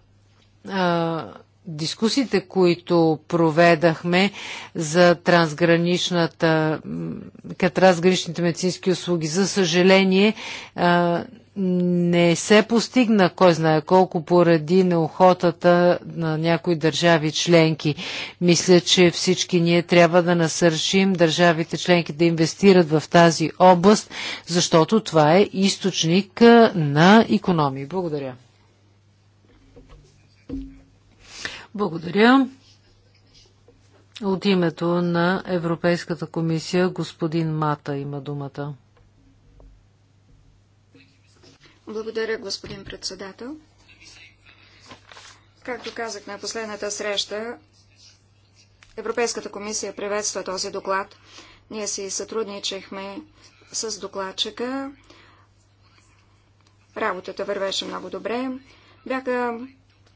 а, дискусиите, които проведахме за трансграничната, трансграничните медицински услуги. За съжаление, а, не се постигна, кой знае колко, поради неохотата на някои държави членки. Мисля, че всички ние трябва да насършим държавите членки да инвестират в тази област, защото това е източник на економии. Благодаря. Благодаря. От името на Европейската комисия господин Мата има думата. Благодаря, господин председател. Както казах на последната среща, Европейската комисия приветства този доклад. Ние си сътрудничахме с докладчика. Работата вървеше много добре. Бяха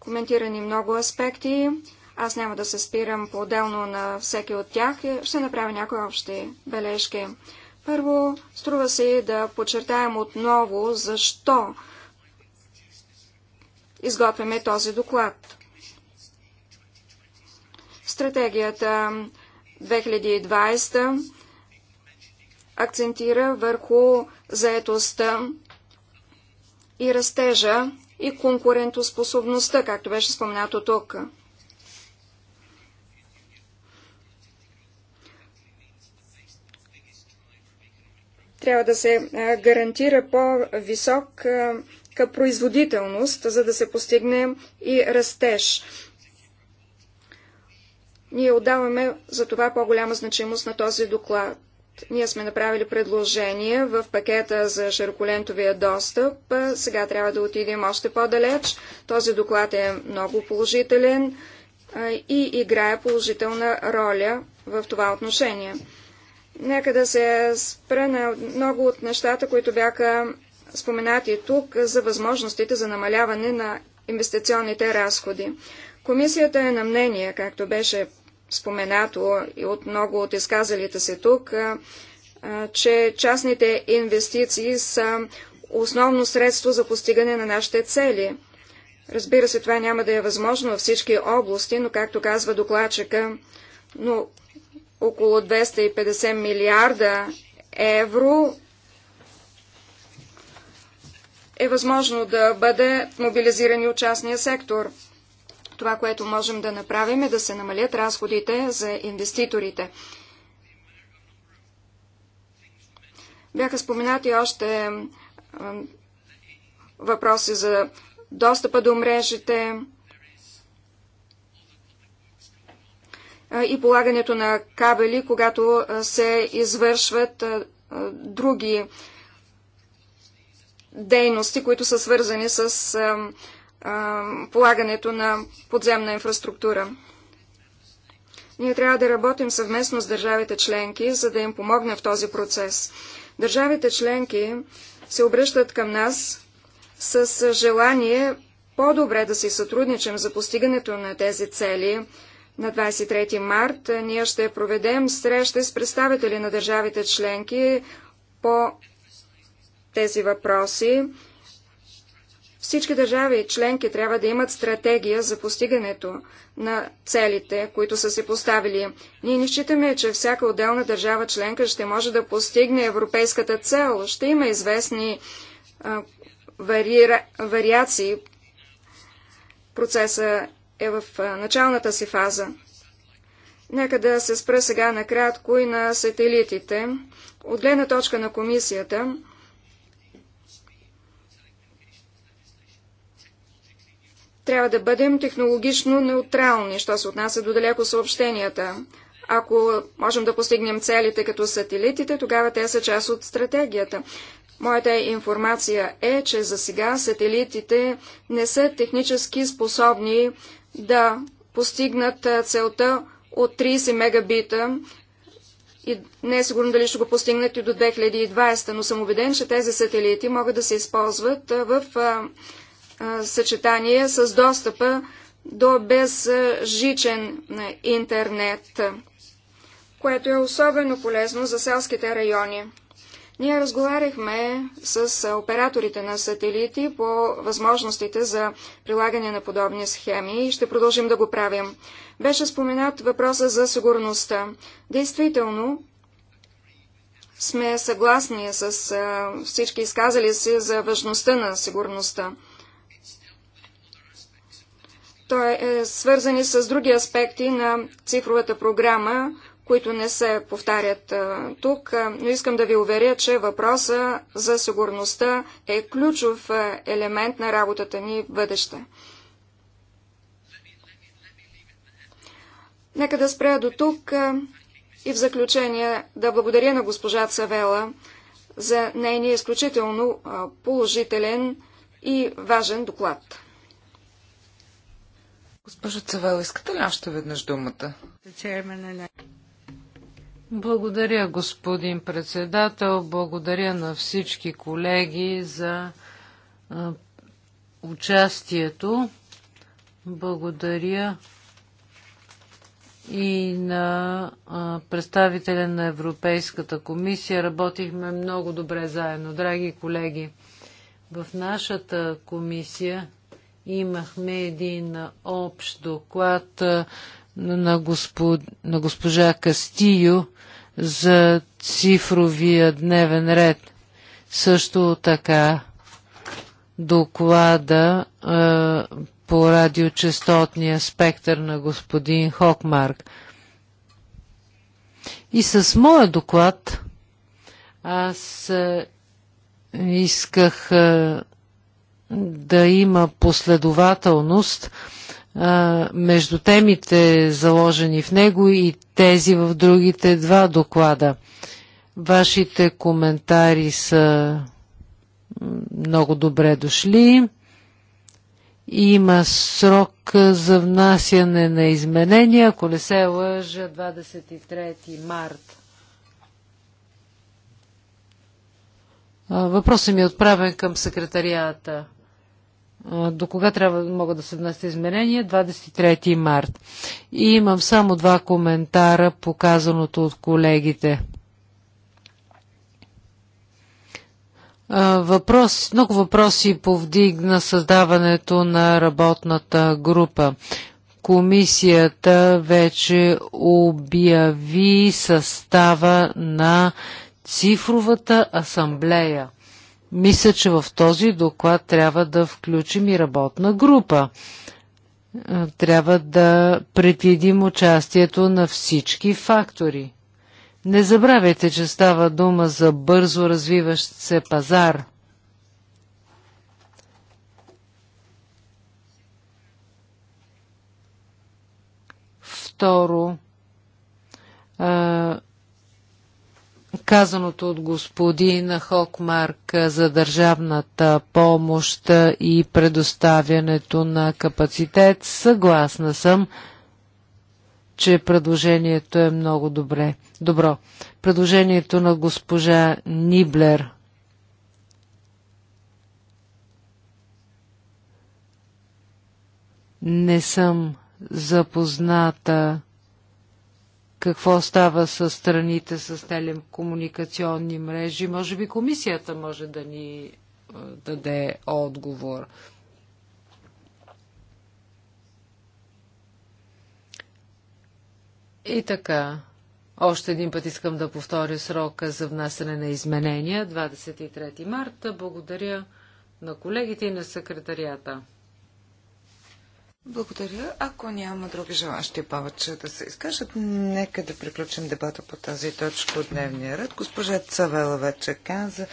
коментирани много аспекти. Аз няма да се спирам по-отделно на всеки от тях. Ще направя някои общи бележки. Първо, струва се да подчертаем отново защо изготвяме този доклад. Стратегията 2020 акцентира върху заетостта и растежа и конкурентоспособността, както беше споменато тук. трябва да се гарантира по-висока производителност, за да се постигне и растеж. Ние отдаваме за това по-голяма значимост на този доклад. Ние сме направили предложение в пакета за широколентовия достъп. Сега трябва да отидем още по-далеч. Този доклад е много положителен и играе положителна роля в това отношение. Нека да се спра на много от нещата, които бяха споменати тук за възможностите за намаляване на инвестиционните разходи. Комисията е на мнение, както беше споменато и от много от изказалите се тук, че частните инвестиции са основно средство за постигане на нашите цели. Разбира се, това няма да е възможно във всички области, но както казва докладчика, но около 250 милиарда евро е възможно да бъде мобилизиран и от частния сектор. Това, което можем да направим е да се намалят разходите за инвеститорите. Бяха споменати още въпроси за достъпа до мрежите, и полагането на кабели, когато се извършват други дейности, които са свързани с полагането на подземна инфраструктура. Ние трябва да работим съвместно с държавите членки, за да им помогне в този процес. Държавите членки се обръщат към нас с желание по-добре да си сътрудничим за постигането на тези цели, на 23 март ние ще проведем среща с представители на държавите членки по тези въпроси. Всички държави и членки трябва да имат стратегия за постигането на целите, които са се поставили. Ние не считаме, че всяка отделна държава членка ще може да постигне европейската цел. Ще има известни а, вари, вариации. Процеса е в началната си фаза. Нека да се спра сега накратко и на сателитите. От гледна точка на комисията, трябва да бъдем технологично неутрални, що се отнася до далеко съобщенията. Ако можем да постигнем целите като сателитите, тогава те са част от стратегията. Моята информация е, че за сега сателитите не са технически способни да постигнат целта от 30 мегабита и не е сигурно дали ще го постигнат и до 2020, но съм убеден, че тези сателити могат да се използват в съчетание с достъпа до безжичен интернет, което е особено полезно за селските райони. Ние разговаряхме с операторите на сателити по възможностите за прилагане на подобни схеми и ще продължим да го правим. Беше споменат въпроса за сигурността. Действително, сме съгласни с всички изказали се за важността на сигурността. Той е свързан и с други аспекти на цифровата програма, които не се повтарят а, тук, но искам да ви уверя, че въпроса за сигурността е ключов елемент на работата ни в бъдеще. Нека да спря до тук и в заключение да благодаря на госпожа Цавела за нейния изключително положителен и важен доклад. Госпожа Цавела, искате ли още веднъж думата? Благодаря, господин председател. Благодаря на всички колеги за а, участието. Благодаря и на а, представителя на Европейската комисия. Работихме много добре заедно, драги колеги. В нашата комисия имахме един общ доклад. А, на, господ, на госпожа Кастио за цифровия дневен ред. Също така доклада е, по радиочастотния спектър на господин Хокмарк. И с моя доклад аз е, исках е, да има последователност между темите заложени в него и тези в другите два доклада. Вашите коментари са много добре дошли. Има срок за внасяне на изменения, ако не се лъжа, 23 март. Въпросът ми е отправен към секретарията. До кога трябва могат да се внесат изменения? 23 март. И имам само два коментара, показаното от колегите. Въпрос, много въпроси повдигна създаването на работната група. Комисията вече обяви състава на цифровата асамблея. Мисля, че в този доклад трябва да включим и работна група. Трябва да предвидим участието на всички фактори. Не забравяйте, че става дума за бързо развиващ се пазар. Второ, а, казаното от господин Хокмарк за държавната помощ и предоставянето на капацитет. Съгласна съм, че предложението е много добре. Добро. Предложението на госпожа Ниблер не съм запозната какво става с страните с телекомуникационни мрежи. Може би комисията може да ни даде отговор. И така, още един път искам да повторя срока за внасяне на изменения 23 марта. Благодаря на колегите и на секретарията. Благодаря. Ако няма други желащи повече да се изкажат, нека да приключим дебата по тази точка от дневния ред. Госпожа Цавела вече каза,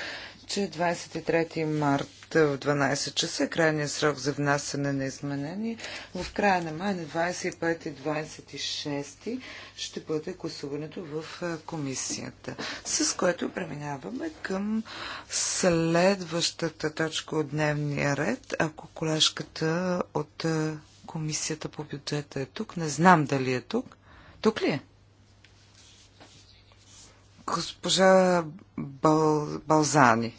че 23 март в 12 часа е крайният срок за внасяне на изменени. В края на май на 25 и 26 ще бъде гласуването в комисията, с което преминаваме към следващата точка от дневния ред, ако колежката от Комисията по бюджета е тук. Не знам дали е тук. Тук ли е? Госпожа Бал... Балзани.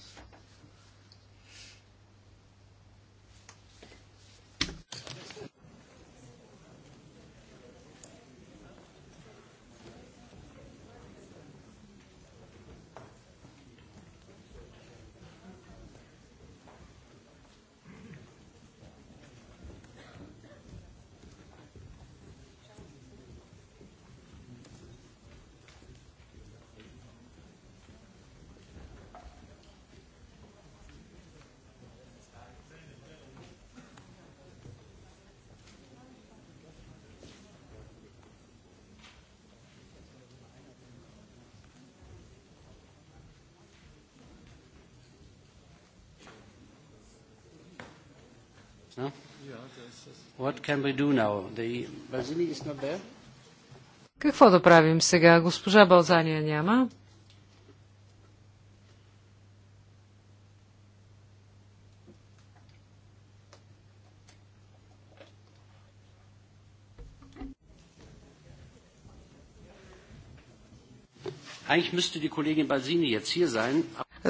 No? What can we do now? The Balzani is not there? Какво да правим сега? Госпожа Балзания няма.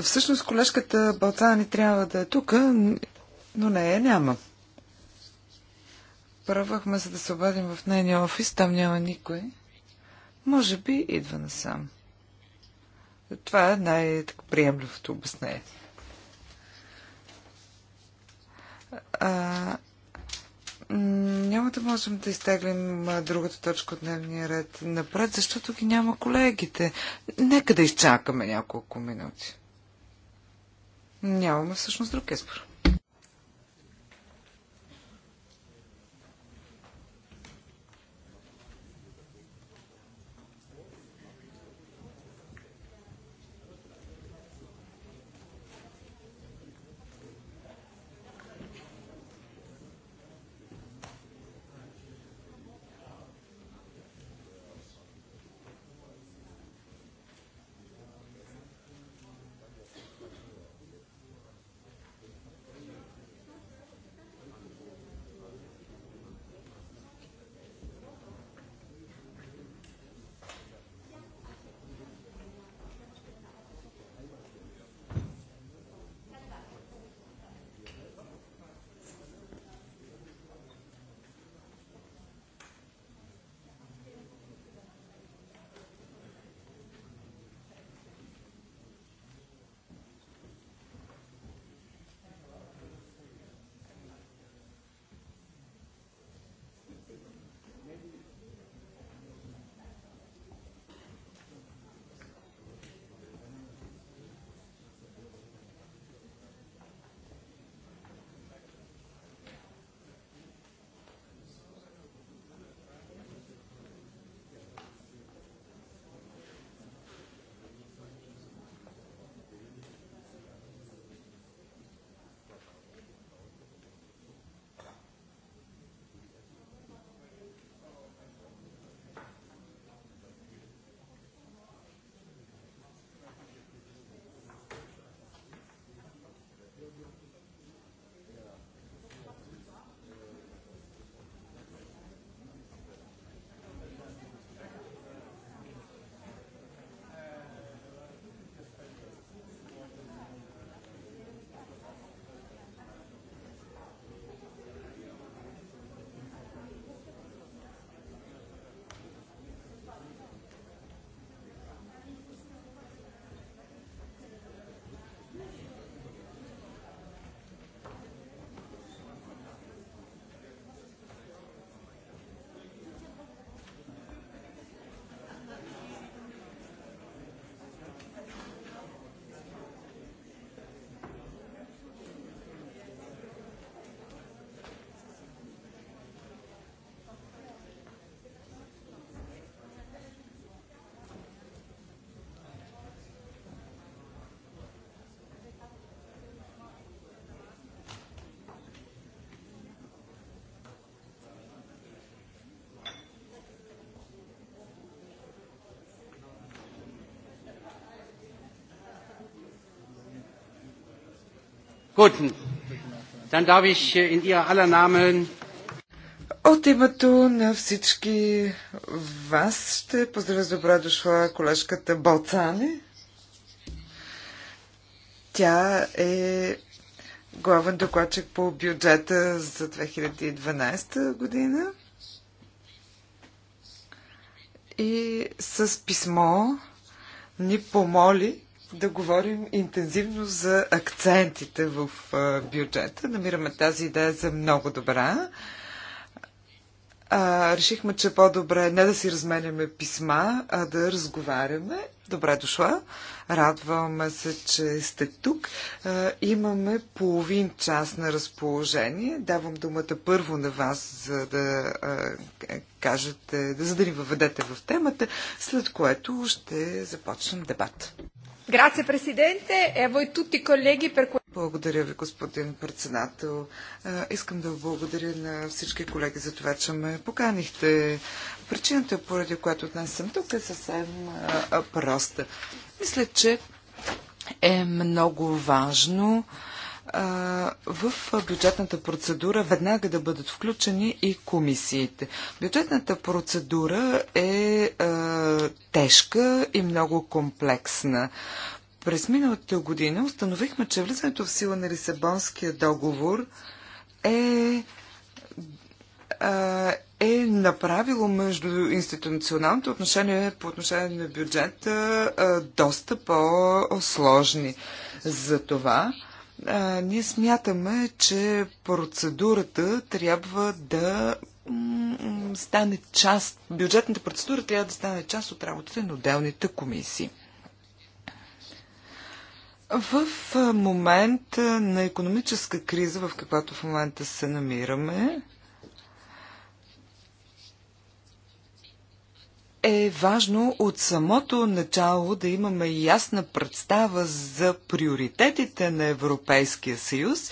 Всъщност колежката Балзани трябва да е тук, но не я няма. Пробвахме се да се обадим в нейния офис, там няма никой. Може би идва насам. Това е най-приемливото обяснение. А, няма да можем да изтеглим другата точка от дневния ред напред, защото ги няма колегите. Нека да изчакаме няколко минути. Нямаме всъщност друг избор. dann darf ich äh, in aller Namen от името на всички вас ще поздравя с добра дошла колежката Балцани. Тя е главен докладчик по бюджета за 2012 година. И с писмо ни помоли да говорим интензивно за акцентите в бюджета. Намираме тази идея за много добра. А, решихме, че е по-добре не да си разменяме писма, а да разговаряме. Добре дошла. Радваме се, че сте тук. А, имаме половин час на разположение. Давам думата първо на вас, за да а, кажете, за да ни въведете в темата, след което ще започнем дебат. Грация, президенте. Ево и тути колеги, благодаря ви, господин председател. Искам да благодаря на всички колеги за това, че ме поканихте. Причината, поради която днес съм тук, е съвсем проста. Мисля, че е много важно в бюджетната процедура веднага да бъдат включени и комисиите. Бюджетната процедура е, е тежка и много комплексна. През миналата година установихме, че влизането в сила на Лисабонския договор е, е направило между институционалното отношение по отношение на бюджета доста по-сложни. За това ние смятаме, че процедурата трябва да стане част, бюджетната процедура трябва да стане част от работата на отделните комисии. В момент на економическа криза, в каквато в момента се намираме, е важно от самото начало да имаме ясна представа за приоритетите на Европейския съюз.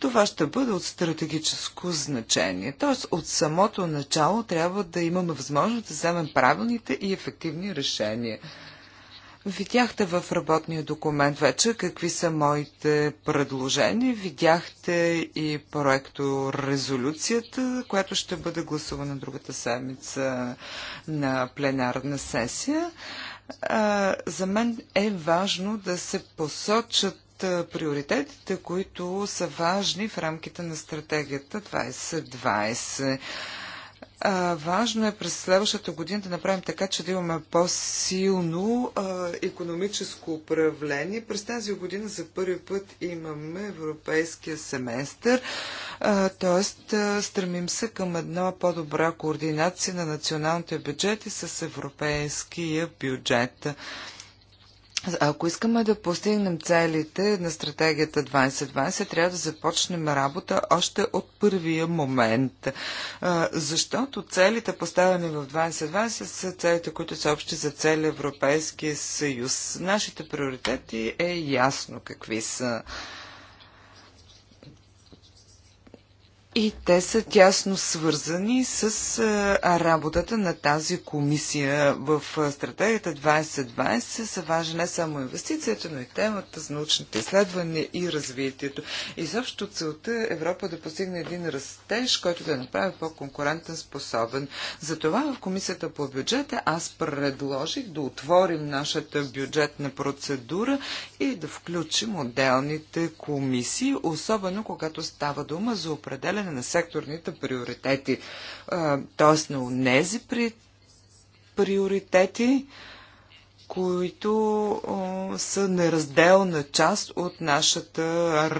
Това ще бъде от стратегическо значение. Тоест, от самото начало трябва да имаме възможност да вземем правилните и ефективни решения. Видяхте в работния документ вече какви са моите предложения. Видяхте и проекто резолюцията, която ще бъде гласувана другата седмица на пленарна сесия. За мен е важно да се посочат приоритетите, които са важни в рамките на стратегията 2020. -20. Важно е през следващата година да направим така, че да имаме по-силно економическо управление. През тази година за първи път имаме европейския семестър, т.е. стремим се към една по-добра координация на националните бюджети с европейския бюджет. Ако искаме да постигнем целите на стратегията 2020, трябва да започнем работа още от първия момент. Защото целите поставени в 2020 са целите, които са общи за цели Европейския съюз. Нашите приоритети е ясно какви са. И те са тясно свързани с работата на тази комисия в стратегията 2020 са важни не само инвестицията, но и темата за научните изследвания и развитието. И целта е Европа да постигне един растеж, който да направи по-конкурентен способен. Затова в комисията по бюджета аз предложих да отворим нашата бюджетна процедура и да включим отделните комисии, особено когато става дума за определен определяне на секторните приоритети, т.е. на тези приоритети, които о, са неразделна част от нашата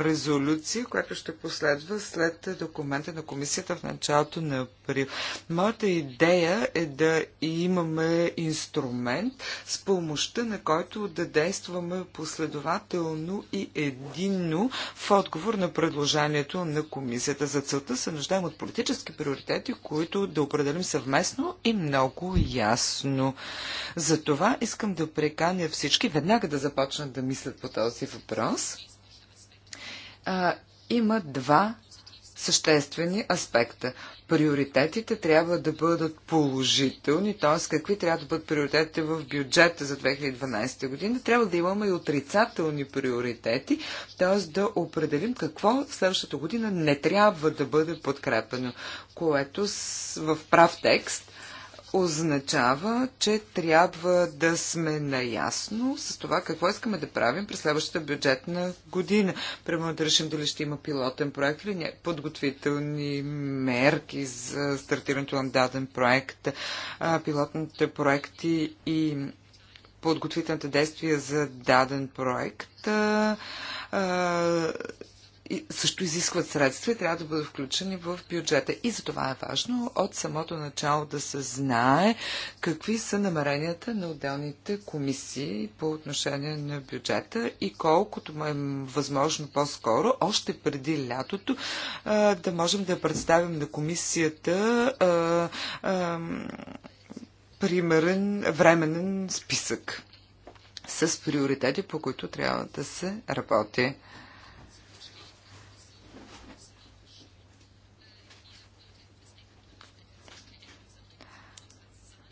резолюция, която ще последва след документа на комисията в началото на пари. Моята идея е да имаме инструмент, с помощта на който да действаме последователно и единно в отговор на предложението на комисията. За целта се нуждаем от политически приоритети, които да определим съвместно и много ясно. За това искам да преканя всички веднага да започнат да мислят по този въпрос. А, има два съществени аспекта. Приоритетите трябва да бъдат положителни, т.е. какви трябва да бъдат приоритетите в бюджета за 2012 година. Трябва да имаме и отрицателни приоритети, т.е. да определим какво в следващата година не трябва да бъде подкрепено, което в прав текст означава, че трябва да сме наясно с това какво искаме да правим през следващата бюджетна година. Примерно да решим дали ще има пилотен проект или не, подготвителни мерки за стартирането на даден проект, пилотните проекти и подготвителните действия за даден проект също изискват средства и трябва да бъдат включени в бюджета. И за това е важно от самото начало да се знае какви са намеренията на отделните комисии по отношение на бюджета и колкото е възможно по-скоро, още преди лятото, да можем да представим на комисията примерен временен списък с приоритети, по които трябва да се работи.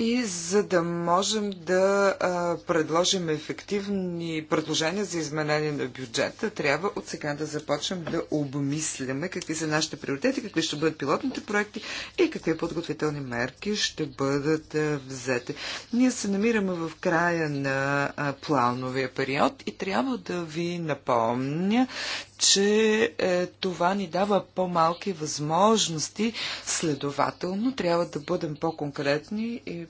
и за да можем да а, предложим ефективни предложения за изменение на бюджета, трябва от сега да започнем да обмисляме какви са нашите приоритети, какви ще бъдат пилотните проекти и какви подготвителни мерки ще бъдат а, Ние се намираме в края на а, плановия период и трябва да ви напомня, че е, това ни дава по-малки възможности, следователно трябва да бъдем по-конкретни и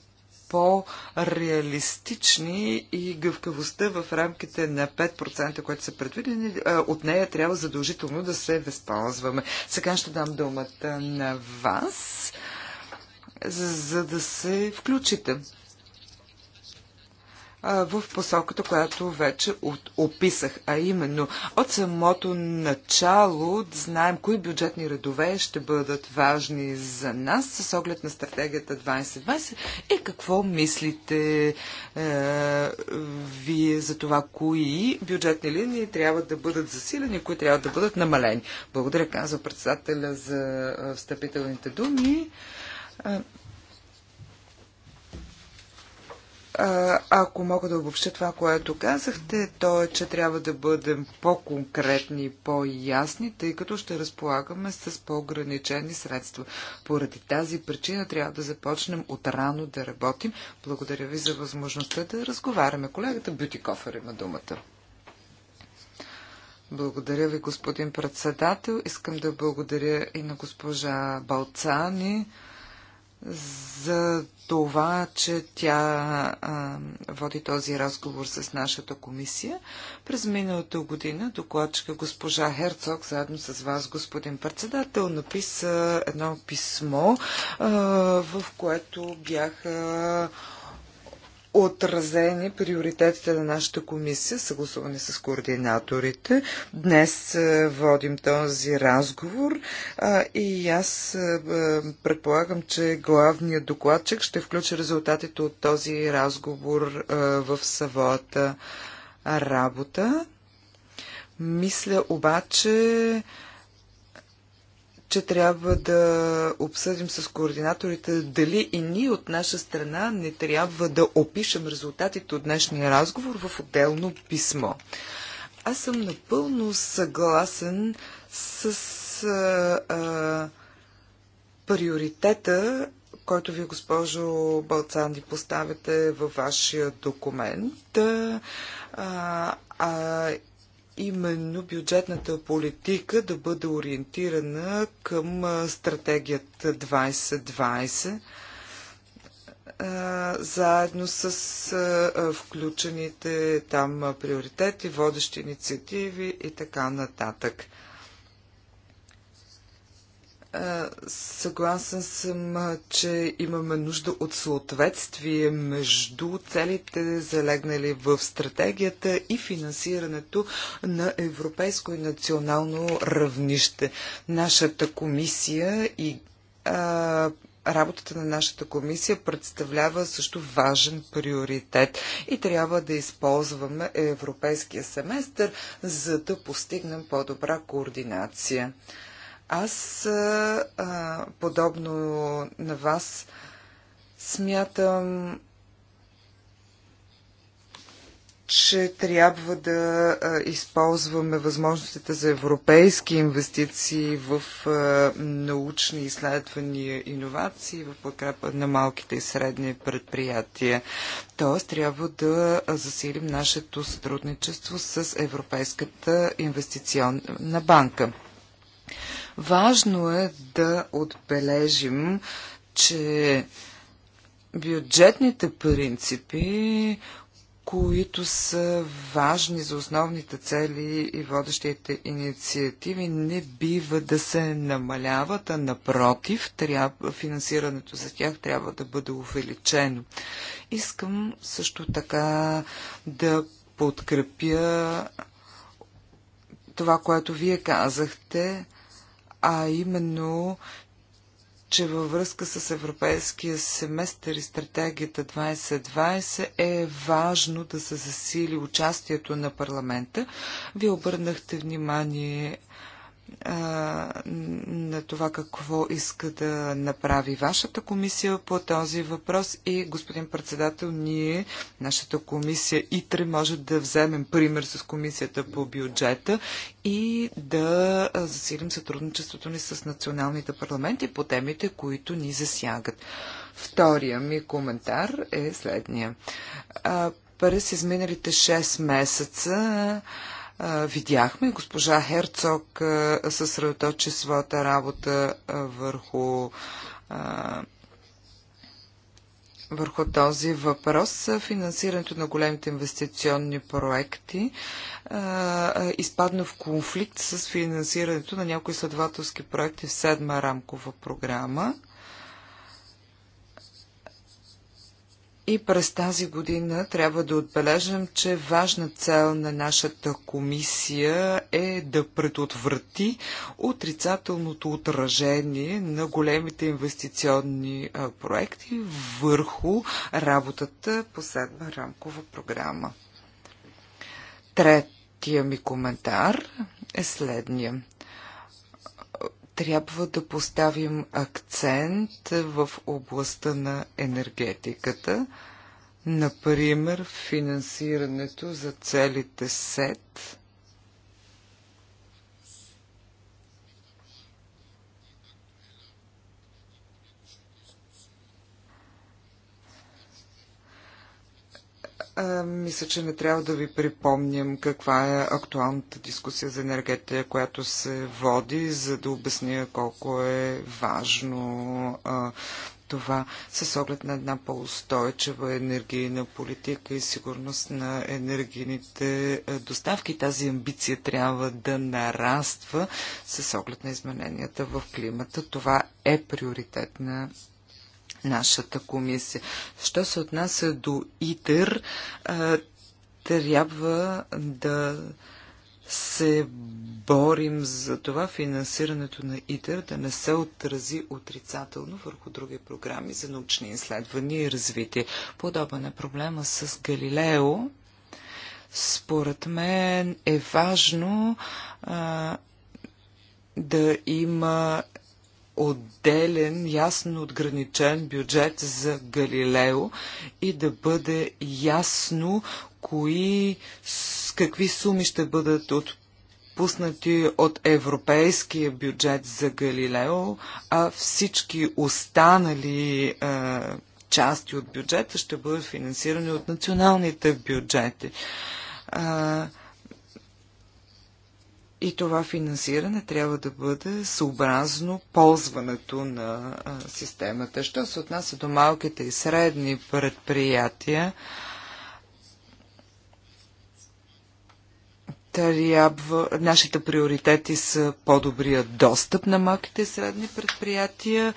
по-реалистични и гъвкавостта в рамките на 5%, които са предвидени, е, от нея трябва задължително да се възползваме. Сега ще дам думата на вас, за, за да се включите в посоката, която вече описах, а именно от самото начало да знаем кои бюджетни редове ще бъдат важни за нас с оглед на стратегията 2020 и какво мислите е, вие за това, кои бюджетни линии трябва да бъдат засилени, кои трябва да бъдат намалени. Благодаря, казва председателя за встъпителните думи. Ако мога да обобща това, което казахте, то е, че трябва да бъдем по-конкретни и по-ясни, тъй като ще разполагаме с по-ограничени средства. Поради тази причина трябва да започнем от рано да работим. Благодаря ви за възможността да разговаряме. Колегата Бютикофер има думата. Благодаря ви, господин председател. Искам да благодаря и на госпожа Балцани за това, че тя а, води този разговор с нашата комисия. През миналата година докладчика госпожа Херцог, заедно с вас, господин председател, написа едно писмо, а, в което бяха отразени приоритетите на нашата комисия, съгласувани с координаторите. Днес е, водим този разговор и аз е, е, предполагам, че главният докладчик ще включи резултатите от този разговор в своята работа. Мисля обаче, че трябва да обсъдим с координаторите дали и ние от наша страна не трябва да опишем резултатите от днешния разговор в отделно писмо. Аз съм напълно съгласен с а, а, приоритета, който ви, госпожо Балцанди, поставяте във вашия документ. А, а, именно бюджетната политика да бъде ориентирана към стратегията 2020 заедно с включените там приоритети, водещи инициативи и така нататък. Съгласен съм, че имаме нужда от съответствие между целите, залегнали в стратегията и финансирането на европейско и национално равнище. Нашата комисия и работата на нашата комисия представлява също важен приоритет и трябва да използваме европейския семестър, за да постигнем по-добра координация. Аз, а, подобно на вас, смятам, че трябва да използваме възможностите за европейски инвестиции в научни изследвания, иновации, в подкрепа на малките и средни предприятия. Тоест, трябва да засилим нашето сътрудничество с Европейската инвестиционна банка. Важно е да отбележим, че бюджетните принципи, които са важни за основните цели и водещите инициативи, не бива да се намаляват, а напротив, трябва, финансирането за тях трябва да бъде увеличено. Искам също така да подкрепя това, което вие казахте а именно, че във връзка с европейския семестър и стратегията 2020 е важно да се засили участието на парламента. Вие обърнахте внимание на това какво иска да направи вашата комисия по този въпрос и господин председател, ние, нашата комисия ИТРЕ, може да вземем пример с комисията по бюджета и да засилим сътрудничеството ни с националните парламенти по темите, които ни засягат. Втория ми коментар е следния. През изминалите 6 месеца Видяхме, госпожа Херцог съсредоточи своята работа върху върху този въпрос. Финансирането на големите инвестиционни проекти изпадна в конфликт с финансирането на някои следователски проекти в седма рамкова програма. И през тази година трябва да отбележим, че важна цел на нашата комисия е да предотврати отрицателното отражение на големите инвестиционни проекти върху работата по седма рамкова програма. Третия ми коментар е следния трябва да поставим акцент в областта на енергетиката, например финансирането за целите СЕТ А, мисля, че не трябва да ви припомням каква е актуалната дискусия за енергетика, която се води, за да обясня колко е важно а, това с оглед на една по-устойчива енергийна политика и сигурност на енергийните доставки. Тази амбиция трябва да нараства с оглед на измененията в климата. Това е приоритет на нашата комисия. Що се отнася до ИТЕР, трябва да се борим за това финансирането на ИТЕР да не се отрази отрицателно върху други програми за научни изследвания и развитие. Подобен е проблема с Галилео. Според мен е важно а, да има отделен, ясно отграничен бюджет за Галилео и да бъде ясно кои, с какви суми ще бъдат от отпуснати от европейския бюджет за Галилео, а всички останали е, части от бюджета ще бъдат финансирани от националните бюджети. Е, и това финансиране трябва да бъде съобразно ползването на а, системата. Що се отнася до малките и средни предприятия, трябва, нашите приоритети са по-добрия достъп на малките и средни предприятия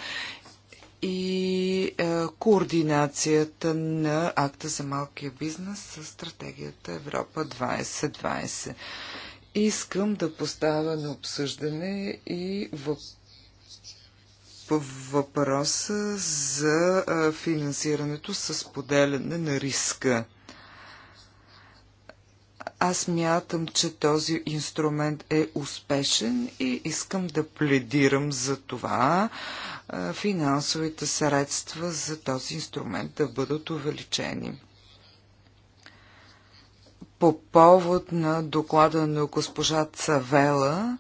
и е, координацията на акта за малкия бизнес с стратегията Европа 2020. Искам да поставя на обсъждане и въпроса за финансирането с поделяне на риска. Аз мятам, че този инструмент е успешен и искам да пледирам за това финансовите средства за този инструмент да бъдат увеличени по повод на доклада на госпожа Цавела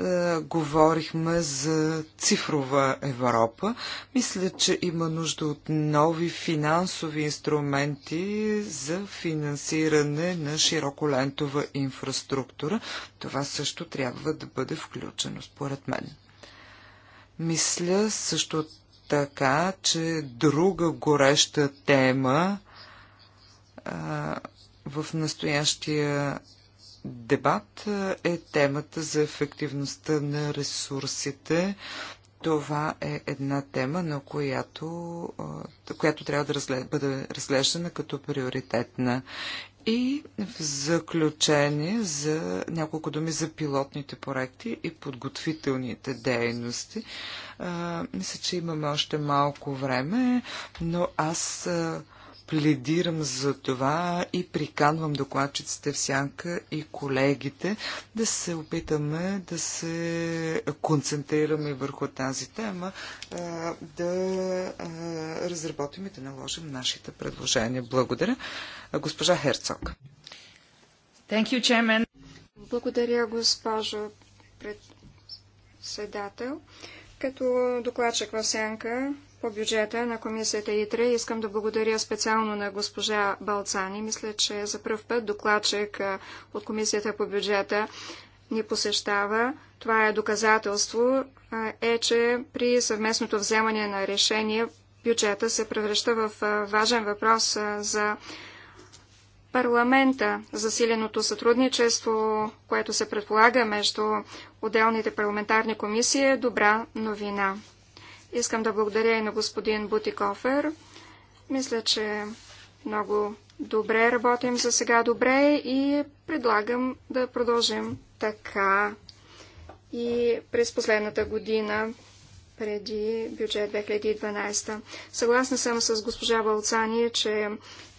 е, говорихме за цифрова Европа. Мисля, че има нужда от нови финансови инструменти за финансиране на широколентова инфраструктура. Това също трябва да бъде включено, според мен. Мисля също така, че друга гореща тема в настоящия дебат е темата за ефективността на ресурсите. Това е една тема, на която, която трябва да разглед, бъде разглеждана като приоритетна. И в заключение за няколко думи за пилотните проекти и подготвителните дейности. А, мисля, че имаме още малко време, но аз а, пледирам за това и приканвам докладчиците в сянка и колегите да се опитаме да се концентрираме върху тази тема, да разработим и да наложим нашите предложения. Благодаря. Госпожа Херцог. Thank you, chairman. Благодаря, госпожо председател. Като докладчик в сянка по бюджета на комисията ИТРА. Искам да благодаря специално на госпожа Балцани. Мисля, че за първ път докладчик от комисията по бюджета ни посещава. Това е доказателство, е, че при съвместното вземане на решение бюджета се превръща в важен въпрос за парламента. Засиленото сътрудничество, което се предполага между отделните парламентарни комисии, е добра новина. Искам да благодаря и на господин Бутикофер. Мисля, че много добре работим за сега добре и предлагам да продължим така. И през последната година, преди бюджет 2012. Съгласна съм с госпожа Балцани, че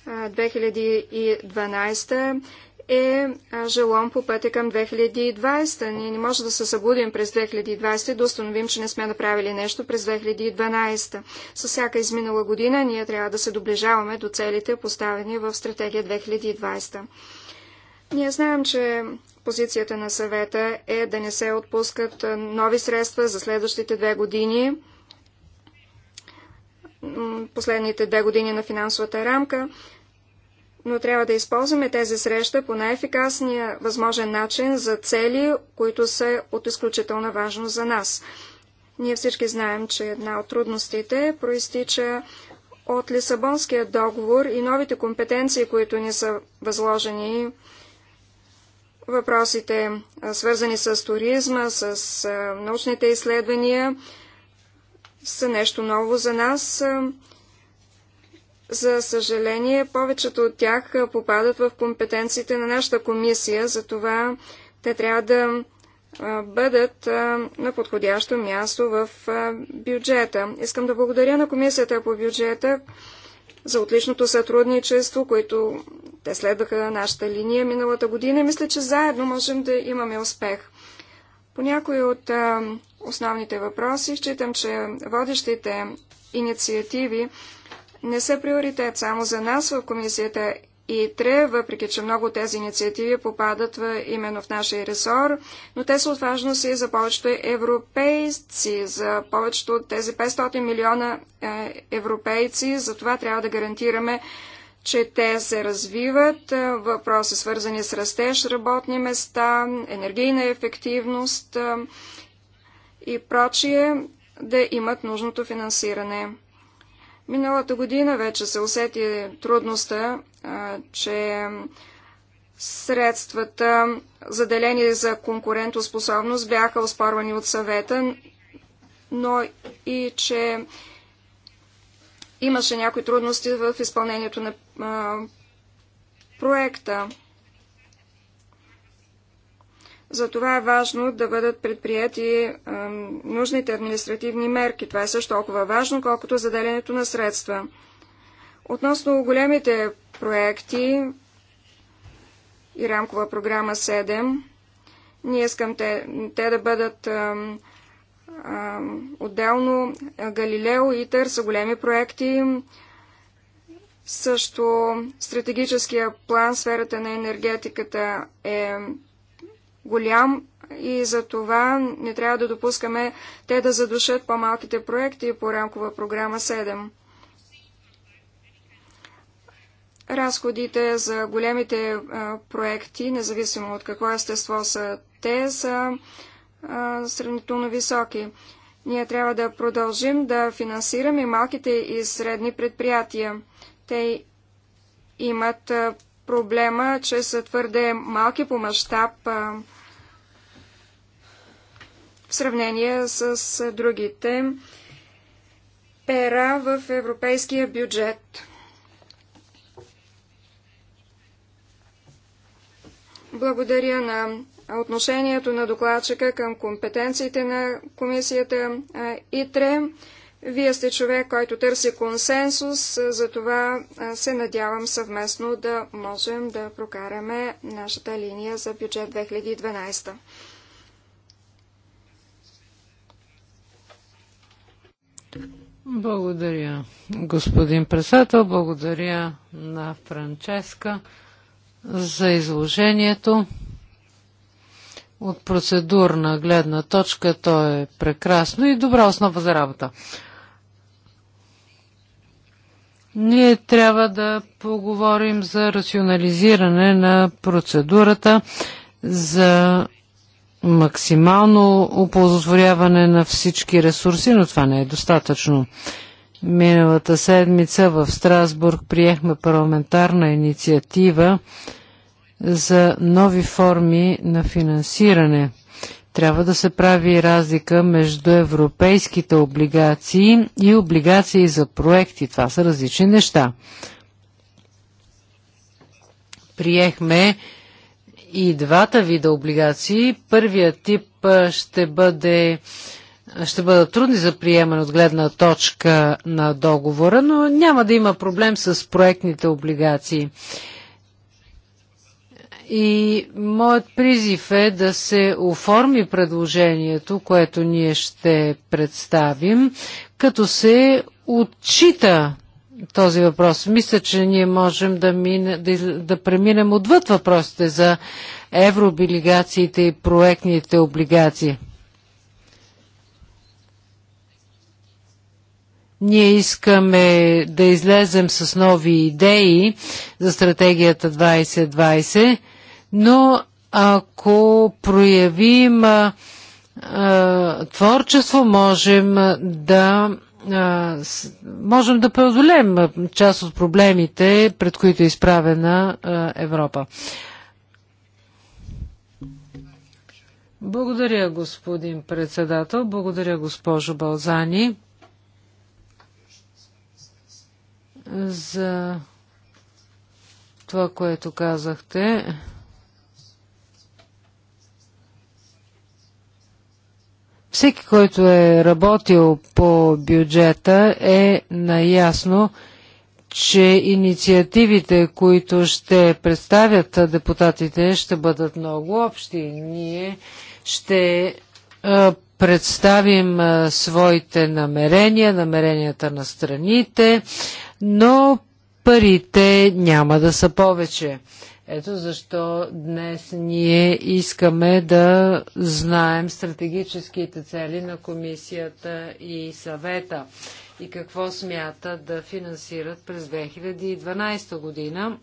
2012 е желом по пътя към 2020. Ние не може да се събудим през 2020 и да установим, че не сме направили нещо през 2012. Със всяка изминала година ние трябва да се доближаваме до целите, поставени в стратегия 2020. Ние знаем, че позицията на съвета е да не се отпускат нови средства за следващите две години, последните две години на финансовата рамка но трябва да използваме тези среща по най-ефикасния възможен начин за цели, които са от изключителна важност за нас. Ние всички знаем, че една от трудностите проистича от Лисабонския договор и новите компетенции, които ни са възложени, въпросите свързани с туризма, с научните изследвания, са нещо ново за нас. За съжаление, повечето от тях попадат в компетенциите на нашата комисия, затова те трябва да бъдат на подходящо място в бюджета. Искам да благодаря на комисията по бюджета за отличното сътрудничество, което те следваха на нашата линия миналата година. Мисля, че заедно можем да имаме успех. По някои от основните въпроси считам, че водещите инициативи не са приоритет само за нас в комисията ИТРЕ, въпреки че много тези инициативи попадат в, именно в нашия ресор, но те са от важност и за повечето европейци, за повечето от тези 500 милиона е, европейци. Затова трябва да гарантираме, че те се развиват. Е, въпроси свързани с растеж, работни места, енергийна ефективност е, и прочие да имат нужното финансиране. Миналата година вече се усети трудността, че средствата, заделени за конкурентоспособност, бяха оспорвани от съвета, но и че имаше някои трудности в изпълнението на проекта. Затова е важно да бъдат предприяти нужните административни мерки. Това е също толкова важно, колкото заделянето на средства. Относно големите проекти и рамкова програма 7, ние искам те, те да бъдат а, а, отделно. Галилео и Тър са големи проекти. Също стратегическия план сферата на енергетиката е голям и за това не трябва да допускаме те да задушат по-малките проекти по рамкова програма 7. Разходите за големите а, проекти, независимо от какво естество са те, са а, сравнително високи. Ние трябва да продължим да финансираме малките и средни предприятия. Те имат а, проблема, че са твърде малки по мащаб в сравнение с другите пера в европейския бюджет. Благодаря на отношението на докладчика към компетенциите на комисията ИТРЕ. Вие сте човек, който търси консенсус, затова се надявам съвместно да можем да прокараме нашата линия за бюджет 2012. Благодаря, господин председател. Благодаря на Франческа за изложението. От процедурна гледна точка то е прекрасно и добра основа за работа. Ние трябва да поговорим за рационализиране на процедурата за максимално оползотворяване на всички ресурси, но това не е достатъчно. Миналата седмица в Страсбург приехме парламентарна инициатива за нови форми на финансиране. Трябва да се прави разлика между европейските облигации и облигации за проекти. Това са различни неща. Приехме и двата вида облигации. Първият тип ще бъде ще бъдат трудни за приемане от гледна точка на договора, но няма да има проблем с проектните облигации. И моят призив е да се оформи предложението, което ние ще представим, като се отчита този въпрос. Мисля, че ние можем да, мине, да, да преминем отвъд въпросите за еврооблигациите и проектните облигации. Ние искаме да излезем с нови идеи за стратегията 2020, но ако проявим а, творчество, можем да можем да преодолеем част от проблемите, пред които е изправена Европа. Благодаря, господин председател. Благодаря, госпожо Балзани, за това, което казахте. Всеки, който е работил по бюджета, е наясно, че инициативите, които ще представят депутатите, ще бъдат много общи. Ние ще представим своите намерения, намеренията на страните, но парите няма да са повече. Ето защо днес ние искаме да знаем стратегическите цели на комисията и съвета и какво смята да финансират през 2012 година,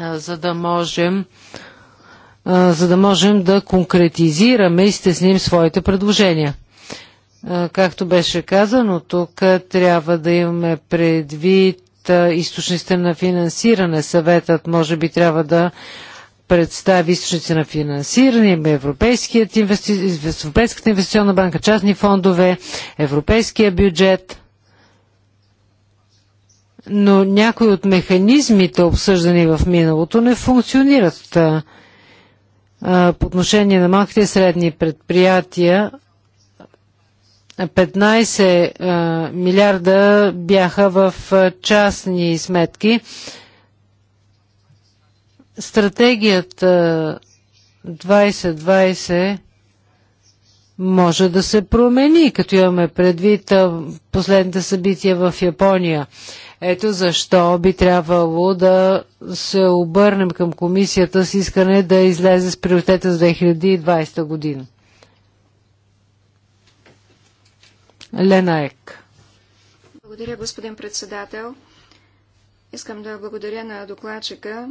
за да можем за да можем да конкретизираме и стесним своите предложения. Както беше казано, тук трябва да имаме предвид източниците на финансиране. Съветът може би трябва да представи източници на финансиране, Европейският инвести... Европейската инвестиционна банка, частни фондове, европейския бюджет. Но някои от механизмите, обсъждани в миналото, не функционират. По отношение на малките и средни предприятия, 15 милиарда бяха в частни сметки. Стратегията 2020 може да се промени, като имаме предвид последните събития в Япония. Ето защо би трябвало да се обърнем към комисията с искане да излезе с приоритета за 2020 година. Лена Ек. Благодаря, господин председател. Искам да благодаря на докладчика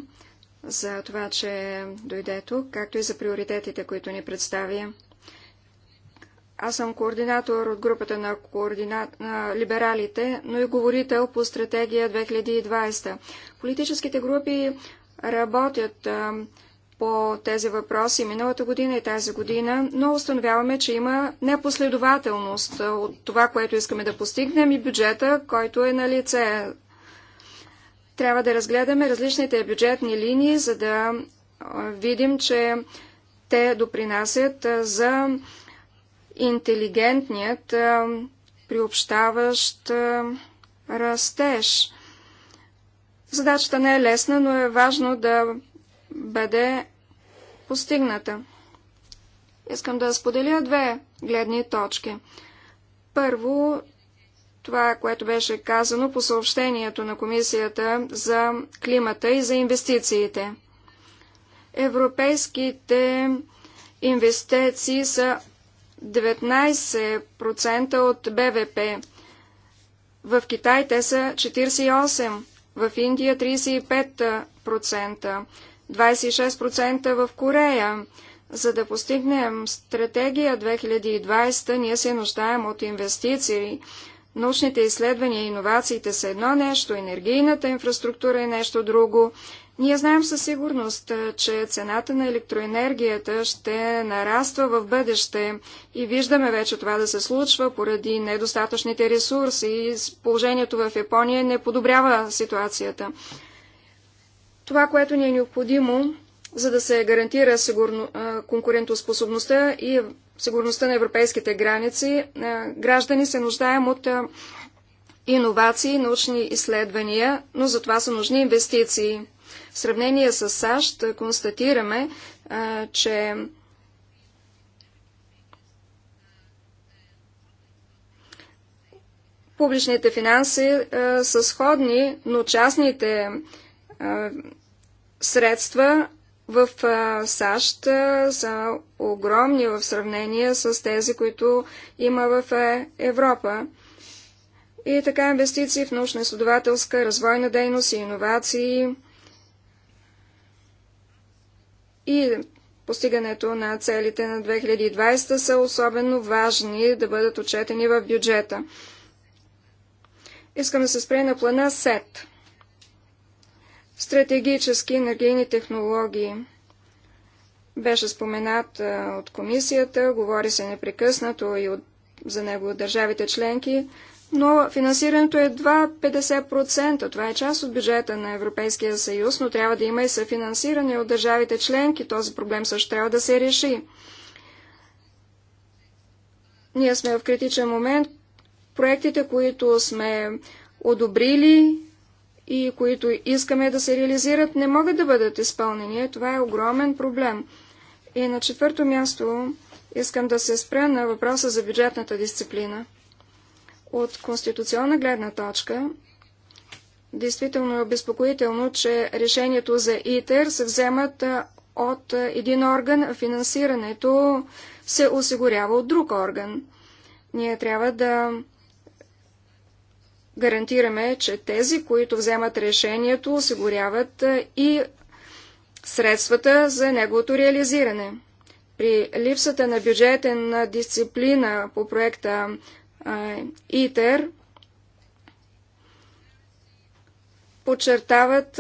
за това, че дойде тук, както и за приоритетите, които ни представи. Аз съм координатор от групата на, координа... на либералите, но и говорител по стратегия 2020. Политическите групи работят а, по тези въпроси миналата година и тази година, но установяваме, че има непоследователност от това, което искаме да постигнем и бюджета, който е на лице. Трябва да разгледаме различните бюджетни линии, за да видим, че те допринасят за интелигентният, приобщаващ растеж. Задачата не е лесна, но е важно да бъде постигната. Искам да споделя две гледни точки. Първо, това, което беше казано по съобщението на Комисията за климата и за инвестициите. Европейските инвестиции са 19% от БВП. В Китай те са 48%, в Индия 35%. 26% в Корея. За да постигнем стратегия 2020, ние се нуждаем от инвестиции. Научните изследвания и иновациите са едно нещо, енергийната инфраструктура е нещо друго. Ние знаем със сигурност, че цената на електроенергията ще нараства в бъдеще и виждаме вече това да се случва поради недостатъчните ресурси и положението в Япония не подобрява ситуацията. Това, което ни е необходимо, за да се гарантира сигурно, конкурентоспособността и сигурността на европейските граници, граждани се нуждаем от иновации, научни изследвания, но за това са нужни инвестиции. В сравнение с САЩ констатираме, че публичните финанси са сходни, но частните средства в САЩ са огромни в сравнение с тези, които има в Европа. И така инвестиции в научно-изследователска, развойна дейност и иновации и постигането на целите на 2020 са особено важни да бъдат отчетени в бюджета. Искам да се спре на плана СЕТ стратегически енергийни технологии. Беше споменат от комисията, говори се непрекъснато и от, за него от държавите членки, но финансирането е 2 50%. Това е част от бюджета на Европейския съюз, но трябва да има и съфинансиране от държавите членки. Този проблем също трябва да се реши. Ние сме в критичен момент. Проектите, които сме одобрили, и които искаме да се реализират, не могат да бъдат изпълнени. Това е огромен проблем. И на четвърто място искам да се спра на въпроса за бюджетната дисциплина. От конституционна гледна точка, действително е обезпокоително, че решението за ИТЕР се вземат от един орган, а финансирането се осигурява от друг орган. Ние трябва да гарантираме, че тези, които вземат решението, осигуряват и средствата за неговото реализиране. При липсата на бюджетен дисциплина по проекта ИТЕР подчертават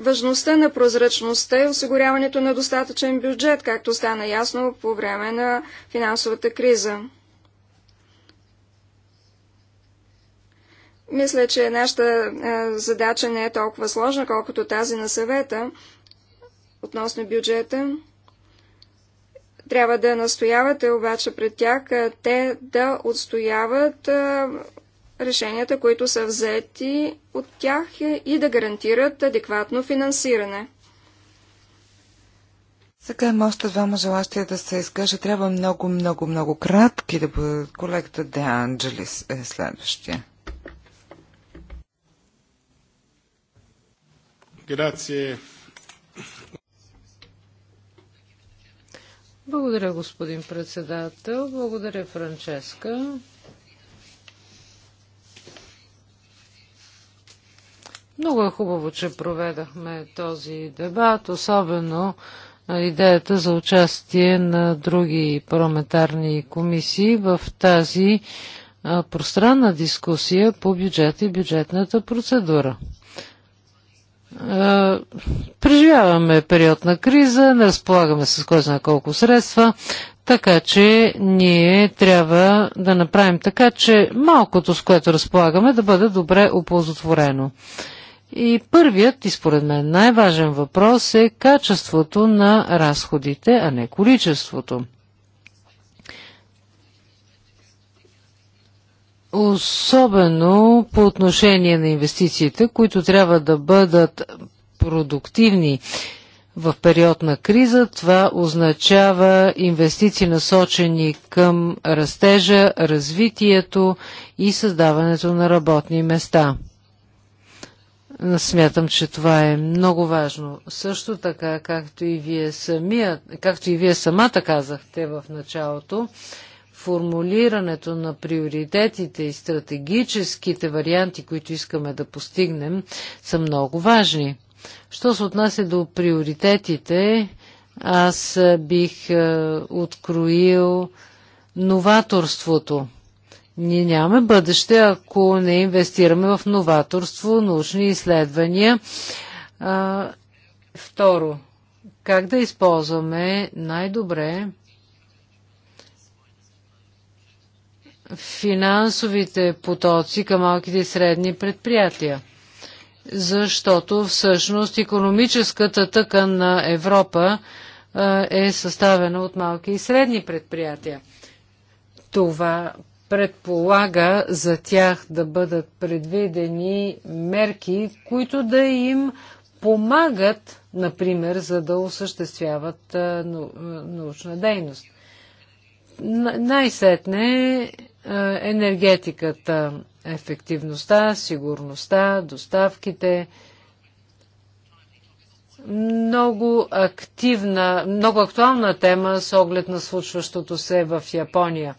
важността на прозрачността и осигуряването на достатъчен бюджет, както стана ясно по време на финансовата криза. Мисля, че нашата задача не е толкова сложна, колкото тази на съвета относно бюджета. Трябва да настоявате обаче пред тях те да отстояват решенията, които са взети от тях и да гарантират адекватно финансиране. Сега има още двама желащия да се изкаже. Трябва много, много, много кратки да бъдат. Колегата Де Анджелис е следващия. Благодаря, господин председател. Благодаря, Франческа. Много е хубаво, че проведахме този дебат, особено идеята за участие на други парламентарни комисии в тази пространна дискусия по бюджета и бюджетната процедура преживяваме период на криза, не разполагаме с кой знае колко средства, така че ние трябва да направим така, че малкото, с което разполагаме, да бъде добре оползотворено. И първият, и според мен най-важен въпрос е качеството на разходите, а не количеството. Особено по отношение на инвестициите, които трябва да бъдат продуктивни в период на криза. Това означава инвестиции насочени към растежа, развитието и създаването на работни места. Смятам, че това е много важно. Също така, както и вие, самия, както и вие самата казахте в началото, формулирането на приоритетите и стратегическите варианти, които искаме да постигнем, са много важни. Що се отнася до приоритетите, аз бих е, откроил новаторството. Ние нямаме бъдеще, ако не инвестираме в новаторство, научни изследвания. А, второ, как да използваме най-добре финансовите потоци към малките и средни предприятия. Защото всъщност економическата тъка на Европа е съставена от малки и средни предприятия. Това предполага за тях да бъдат предвидени мерки, които да им помагат, например, за да осъществяват научна дейност. Най-сетне е, енергетиката, ефективността, сигурността, доставките. Много активна, много актуална тема с оглед на случващото се в Япония.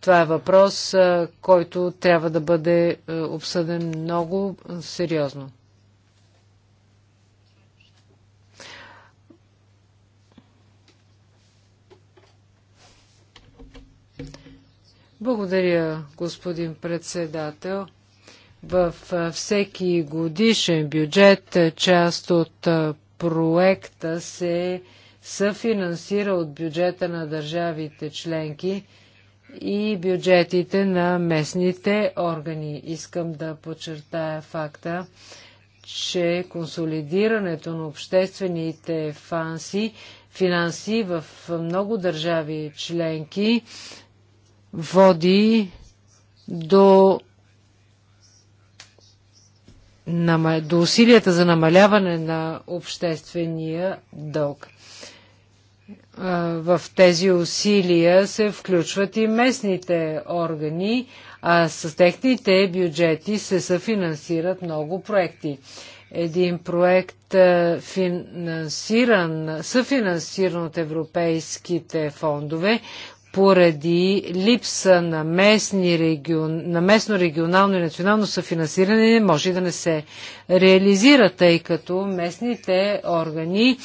Това е въпрос, е, който трябва да бъде е, обсъден много сериозно. Благодаря, господин председател. В всеки годишен бюджет част от проекта се съфинансира от бюджета на държавите членки и бюджетите на местните органи. Искам да подчертая факта, че консолидирането на обществените фанси, финанси в много държави членки води до, до усилията за намаляване на обществения дълг. В тези усилия се включват и местните органи, а с техните бюджети се съфинансират много проекти. Един проект, финансиран, съфинансиран от европейските фондове, поради липса на, местни, регион, на местно, регионално и национално съфинансиране не може да не се реализира, тъй като местните органи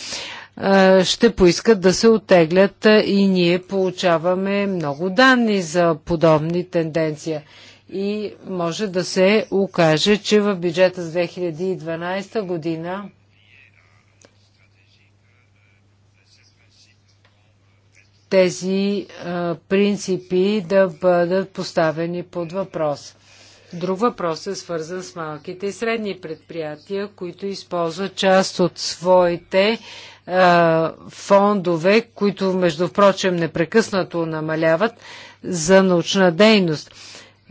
е, ще поискат да се отеглят е, и ние получаваме много данни за подобни тенденции. И може да се окаже, че в бюджета с 2012 година тези а, принципи да бъдат поставени под въпрос. Друг въпрос е свързан с малките и средни предприятия, които използват част от своите а, фондове, които между прочим непрекъснато намаляват за научна дейност.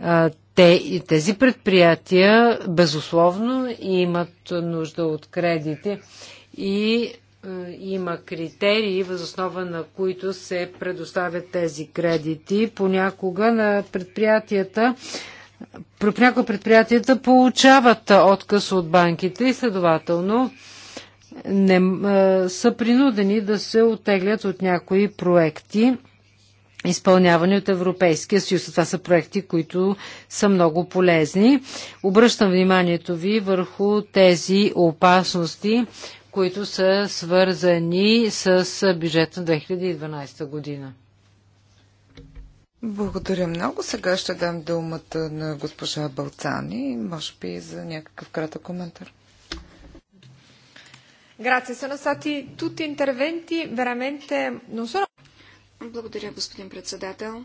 А, те, тези предприятия безусловно имат нужда от кредити и е, има критерии, възоснова на които се предоставят тези кредити. Понякога на предприятията някои предприятията получават отказ от банките и следователно не, а, е, са принудени да се отеглят от някои проекти, изпълнявани от Европейския съюз. Това са проекти, които са много полезни. Обръщам вниманието ви върху тези опасности, които са свързани с бюджета на 2012 година. Благодаря много. Сега ще дам думата на госпожа Балцани, може би за някакъв кратък коментар. Grazie, sono stati tutti interventi veramente non solo... Благодаря, господин председател.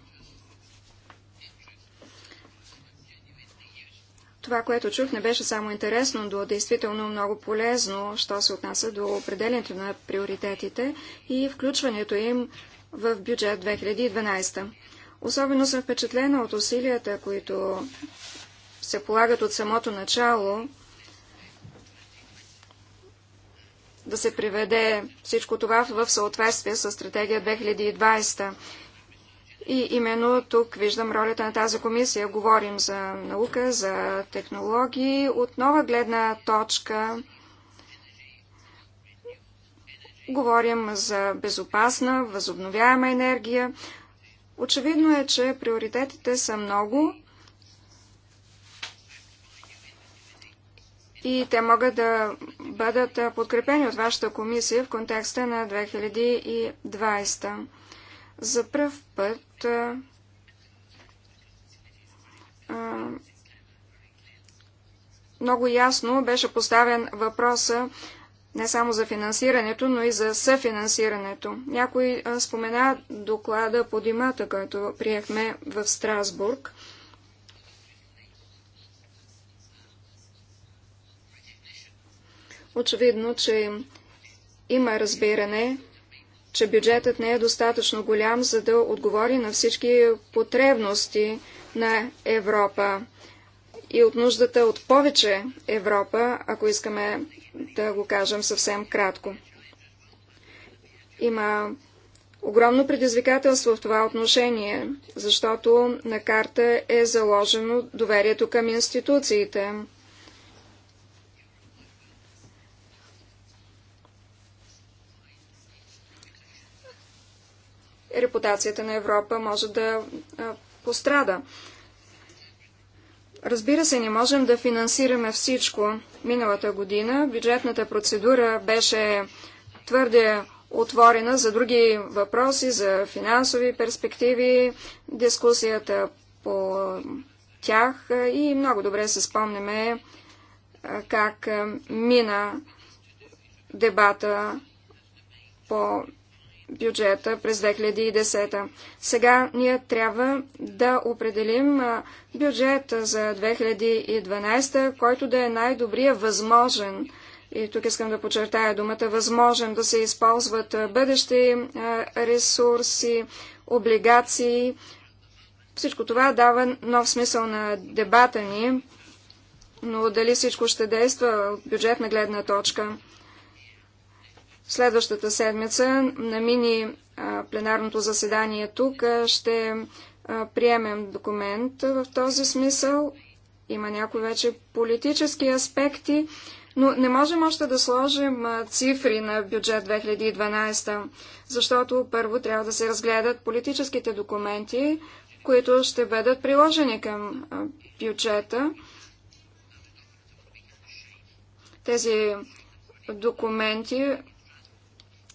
Това, което чух, не беше само интересно, но действително много полезно, що се отнася до определенето на приоритетите и включването им в бюджет 2012. Особено съм впечатлена от усилията, които се полагат от самото начало да се приведе всичко това в съответствие с стратегия 2020. И именно тук виждам ролята на тази комисия. Говорим за наука, за технологии. От нова гледна точка говорим за безопасна, възобновяема енергия. Очевидно е, че приоритетите са много и те могат да бъдат подкрепени от вашата комисия в контекста на 2020. За пръв път а, а, много ясно беше поставен въпроса не само за финансирането, но и за съфинансирането. Някой а, спомена доклада по димата, който приехме в Страсбург. Очевидно, че има разбиране че бюджетът не е достатъчно голям, за да отговори на всички потребности на Европа и от нуждата от повече Европа, ако искаме да го кажем съвсем кратко. Има огромно предизвикателство в това отношение, защото на карта е заложено доверието към институциите. репутацията на Европа може да пострада. Разбира се, не можем да финансираме всичко. Миналата година бюджетната процедура беше твърде отворена за други въпроси, за финансови перспективи, дискусията по тях и много добре се спомняме как мина дебата по бюджета през 2010. Сега ние трябва да определим бюджет за 2012, който да е най-добрия възможен. И тук искам да подчертая думата възможен да се използват бъдещи ресурси, облигации. Всичко това дава нов смисъл на дебата ни, но дали всичко ще действа от бюджетна гледна точка – Следващата седмица на мини пленарното заседание тук ще приемем документ в този смисъл. Има някои вече политически аспекти, но не можем още да сложим цифри на бюджет 2012, защото първо трябва да се разгледат политическите документи, които ще бъдат приложени към бюджета. Тези документи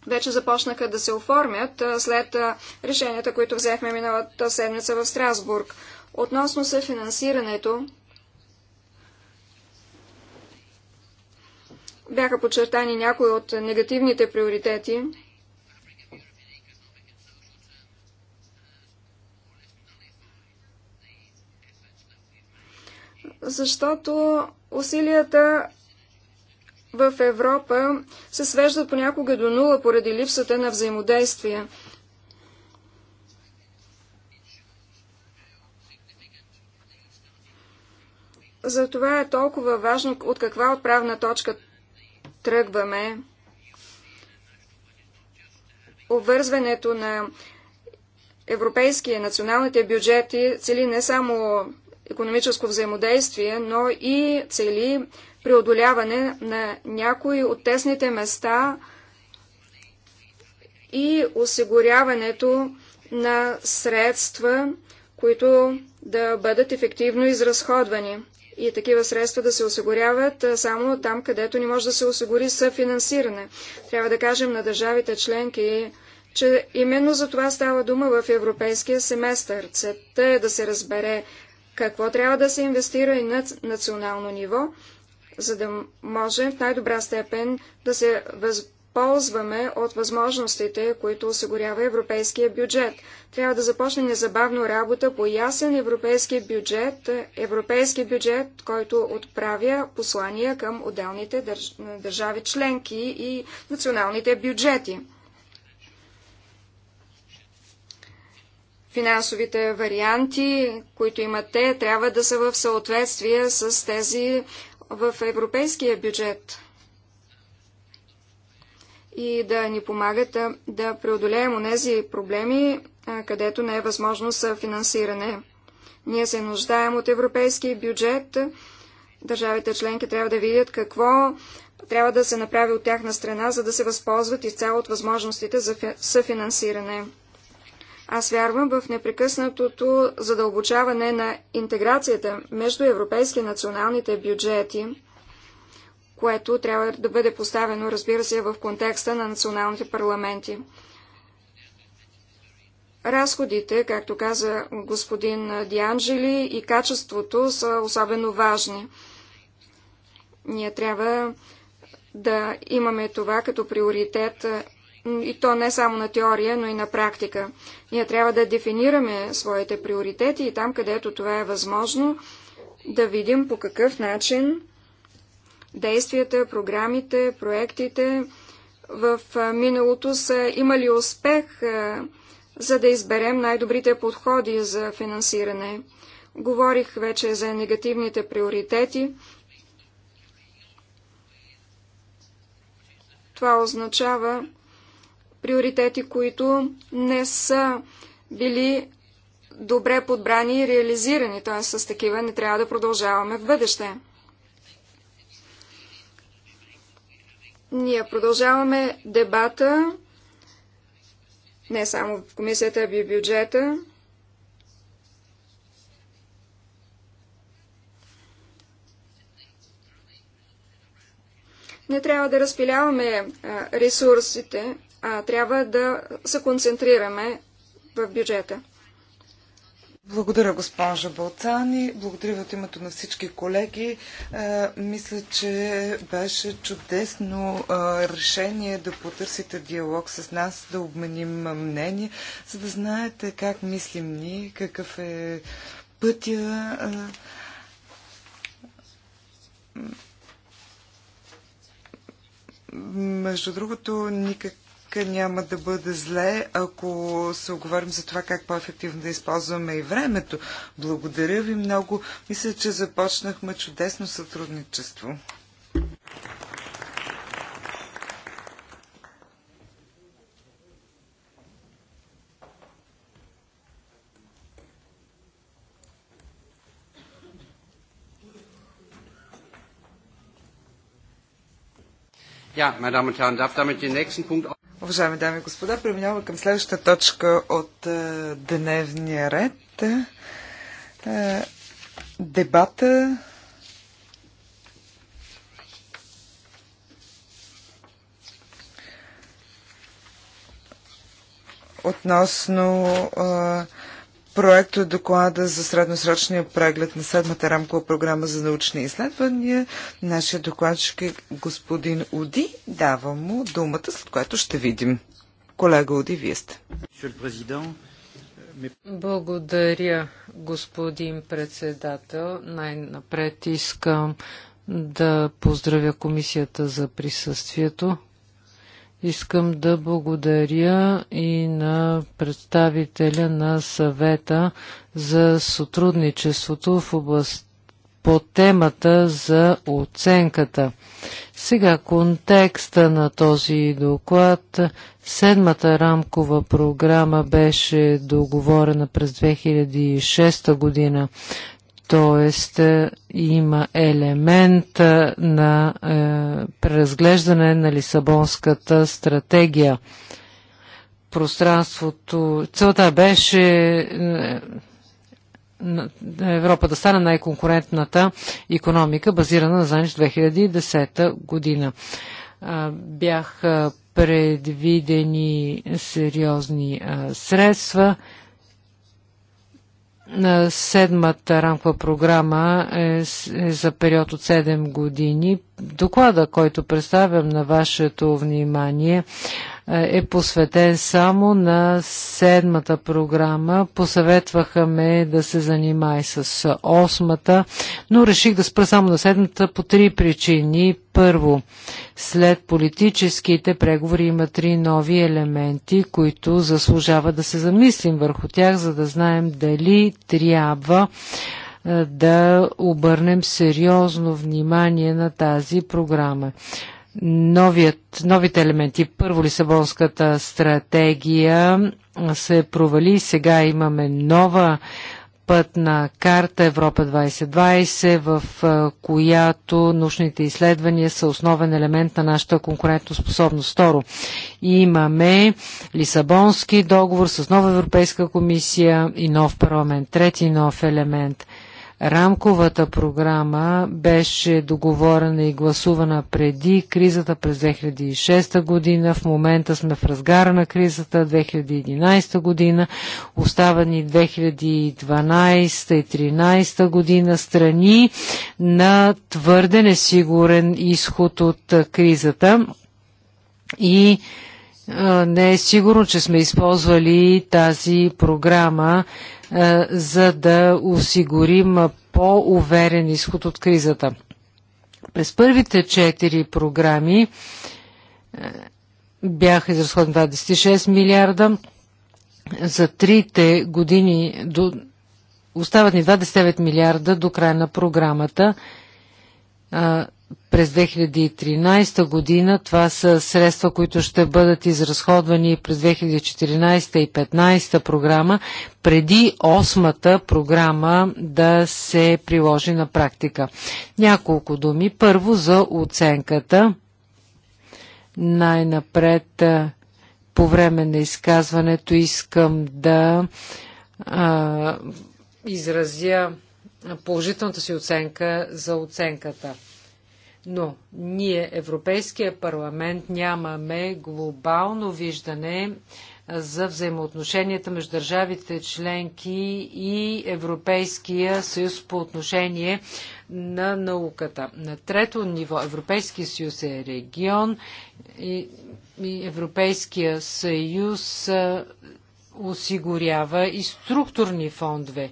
вече започнаха да се оформят след решенията, които взехме миналата седмица в Страсбург. Относно се финансирането, бяха подчертани някои от негативните приоритети. Защото усилията в Европа се свеждат понякога до нула поради липсата на взаимодействие. Затова е толкова важно от каква отправна точка тръгваме. Обвързването на европейския националните бюджети цели не само економическо взаимодействие, но и цели преодоляване на някои от тесните места и осигуряването на средства, които да бъдат ефективно изразходвани. И такива средства да се осигуряват само там, където не може да се осигури съфинансиране. Трябва да кажем на държавите членки, че именно за това става дума в европейския семестър. Целта е да се разбере какво трябва да се инвестира и на национално ниво, за да може в най-добра степен да се възползваме от възможностите, които осигурява европейския бюджет. Трябва да започне незабавно работа по ясен европейски бюджет, европейски бюджет, който отправя послания към отделните държ... държави членки и националните бюджети. финансовите варианти, които имат те, трябва да са в съответствие с тези в европейския бюджет и да ни помагат да преодолеем онези проблеми, където не е възможно съфинансиране. Ние се нуждаем от европейски бюджет. Държавите членки трябва да видят какво трябва да се направи от тяхна страна, за да се възползват изцяло от възможностите за съфинансиране. Аз вярвам в непрекъснатото задълбочаване на интеграцията между европейски и националните бюджети, което трябва да бъде поставено, разбира се, в контекста на националните парламенти. Разходите, както каза господин Дианджели, и качеството са особено важни. Ние трябва да имаме това като приоритет и то не само на теория, но и на практика. Ние трябва да дефинираме своите приоритети и там, където това е възможно, да видим по какъв начин действията, програмите, проектите в миналото са имали успех, за да изберем най-добрите подходи за финансиране. Говорих вече за негативните приоритети. Това означава, приоритети, които не са били добре подбрани и реализирани, т.е. с такива не трябва да продължаваме в бъдеще. Ние продължаваме дебата не само в комисията, а и бюджета. Не трябва да разпиляваме ресурсите, а, трябва да се концентрираме в бюджета. Благодаря, госпожа Балцани. Благодаря от името на всички колеги. Е, мисля, че беше чудесно е, решение да потърсите диалог с нас, да обменим мнение, за да знаете как мислим ние, какъв е пътя. Е, между другото, никак пак няма да бъде зле, ако се оговорим за това как по-ефективно да използваме и времето. Благодаря ви много. Мисля, че започнахме чудесно сътрудничество. Ja, meine Damen und Herren, darf damit den nächsten Punkt auf Уважаеми дами и господа, преминаваме към следващата точка от е, дневния ред. Е, дебата относно е, проекто доклада за средносрочния преглед на седмата рамкова програма за научни изследвания. Нашия докладчик е господин Уди. Давам му думата, след което ще видим. Колега Уди, вие сте. Благодаря, господин председател. Най-напред искам да поздравя комисията за присъствието. Искам да благодаря и на представителя на съвета за сотрудничеството в област по темата за оценката. Сега контекста на този доклад. Седмата рамкова програма беше договорена през 2006 година. Т.е. има елемент е, на е, преразглеждане на Лисабонската стратегия. Пространството, целта беше е, Европа да стане най-конкурентната економика, базирана на знаеш 2010 година. Бяха предвидени сериозни средства. Седмата рамкова програма е, е за период от 7 години. Доклада, който представям на вашето внимание, е посветен само на седмата програма. Посъветваха ме да се занимай с осмата, но реших да спра само на седмата по три причини. Първо, след политическите преговори има три нови елементи, които заслужава да се замислим върху тях, за да знаем дали трябва е, да обърнем сериозно внимание на тази програма новият, новите елементи. Първо Лисабонската стратегия се провали. Сега имаме нова пътна карта Европа 2020, в която научните изследвания са основен елемент на нашата конкурентоспособност. Второ, имаме Лисабонски договор с нова Европейска комисия и нов парламент. Трети нов елемент – Рамковата програма беше договорена и гласувана преди кризата през 2006 година. В момента сме в разгара на кризата 2011 година. Остава ни 2012 и 2013 година страни на твърде несигурен изход от кризата. И не е сигурно, че сме използвали тази програма, за да осигурим по-уверен изход от кризата. През първите четири програми бяха изразходни 26 милиарда. За трите години до... остават ни 29 милиарда до края на програмата през 2013 година. Това са средства, които ще бъдат изразходвани през 2014 и 2015 програма, преди осмата програма да се приложи на практика. Няколко думи. Първо за оценката. Най-напред по време на изказването искам да а, изразя положителната си оценка за оценката. Но ние, Европейския парламент, нямаме глобално виждане за взаимоотношенията между държавите членки и Европейския съюз по отношение на науката. На трето ниво Европейския съюз е регион и Европейския съюз осигурява и структурни фондове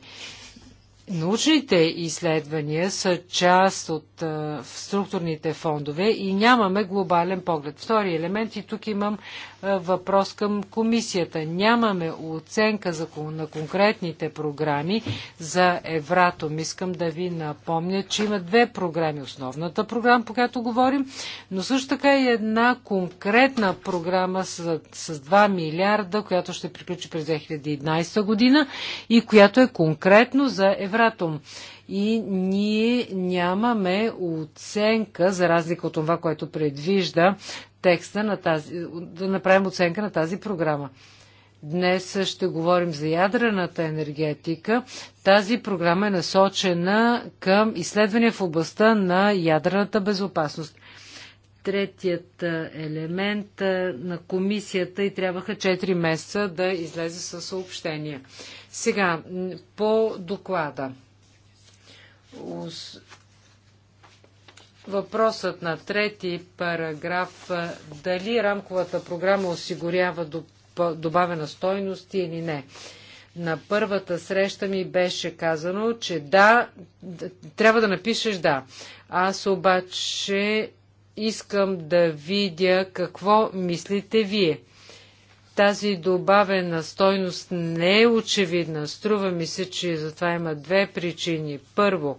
научните изследвания са част от а, структурните фондове и нямаме глобален поглед. Втори елемент и тук имам а, въпрос към комисията. Нямаме оценка за, на конкретните програми за Евратом. Искам да ви напомня, че има две програми. Основната програма, по която говорим, но също така и една конкретна програма с, с 2 милиарда, която ще приключи през 2011 година и която е конкретно за Евратом Евратом. И ние нямаме оценка, за разлика от това, което предвижда текста на тази, да направим оценка на тази програма. Днес ще говорим за ядрената енергетика. Тази програма е насочена към изследвания в областта на ядрената безопасност. Третият елемент на комисията и трябваха 4 месеца да излезе със съобщение. Сега, по доклада. Въпросът на трети параграф дали рамковата програма осигурява добавена стойност или не. На първата среща ми беше казано, че да, трябва да напишеш да. Аз обаче искам да видя какво мислите вие тази добавена стойност не е очевидна. Струва ми се, че за това има две причини. Първо,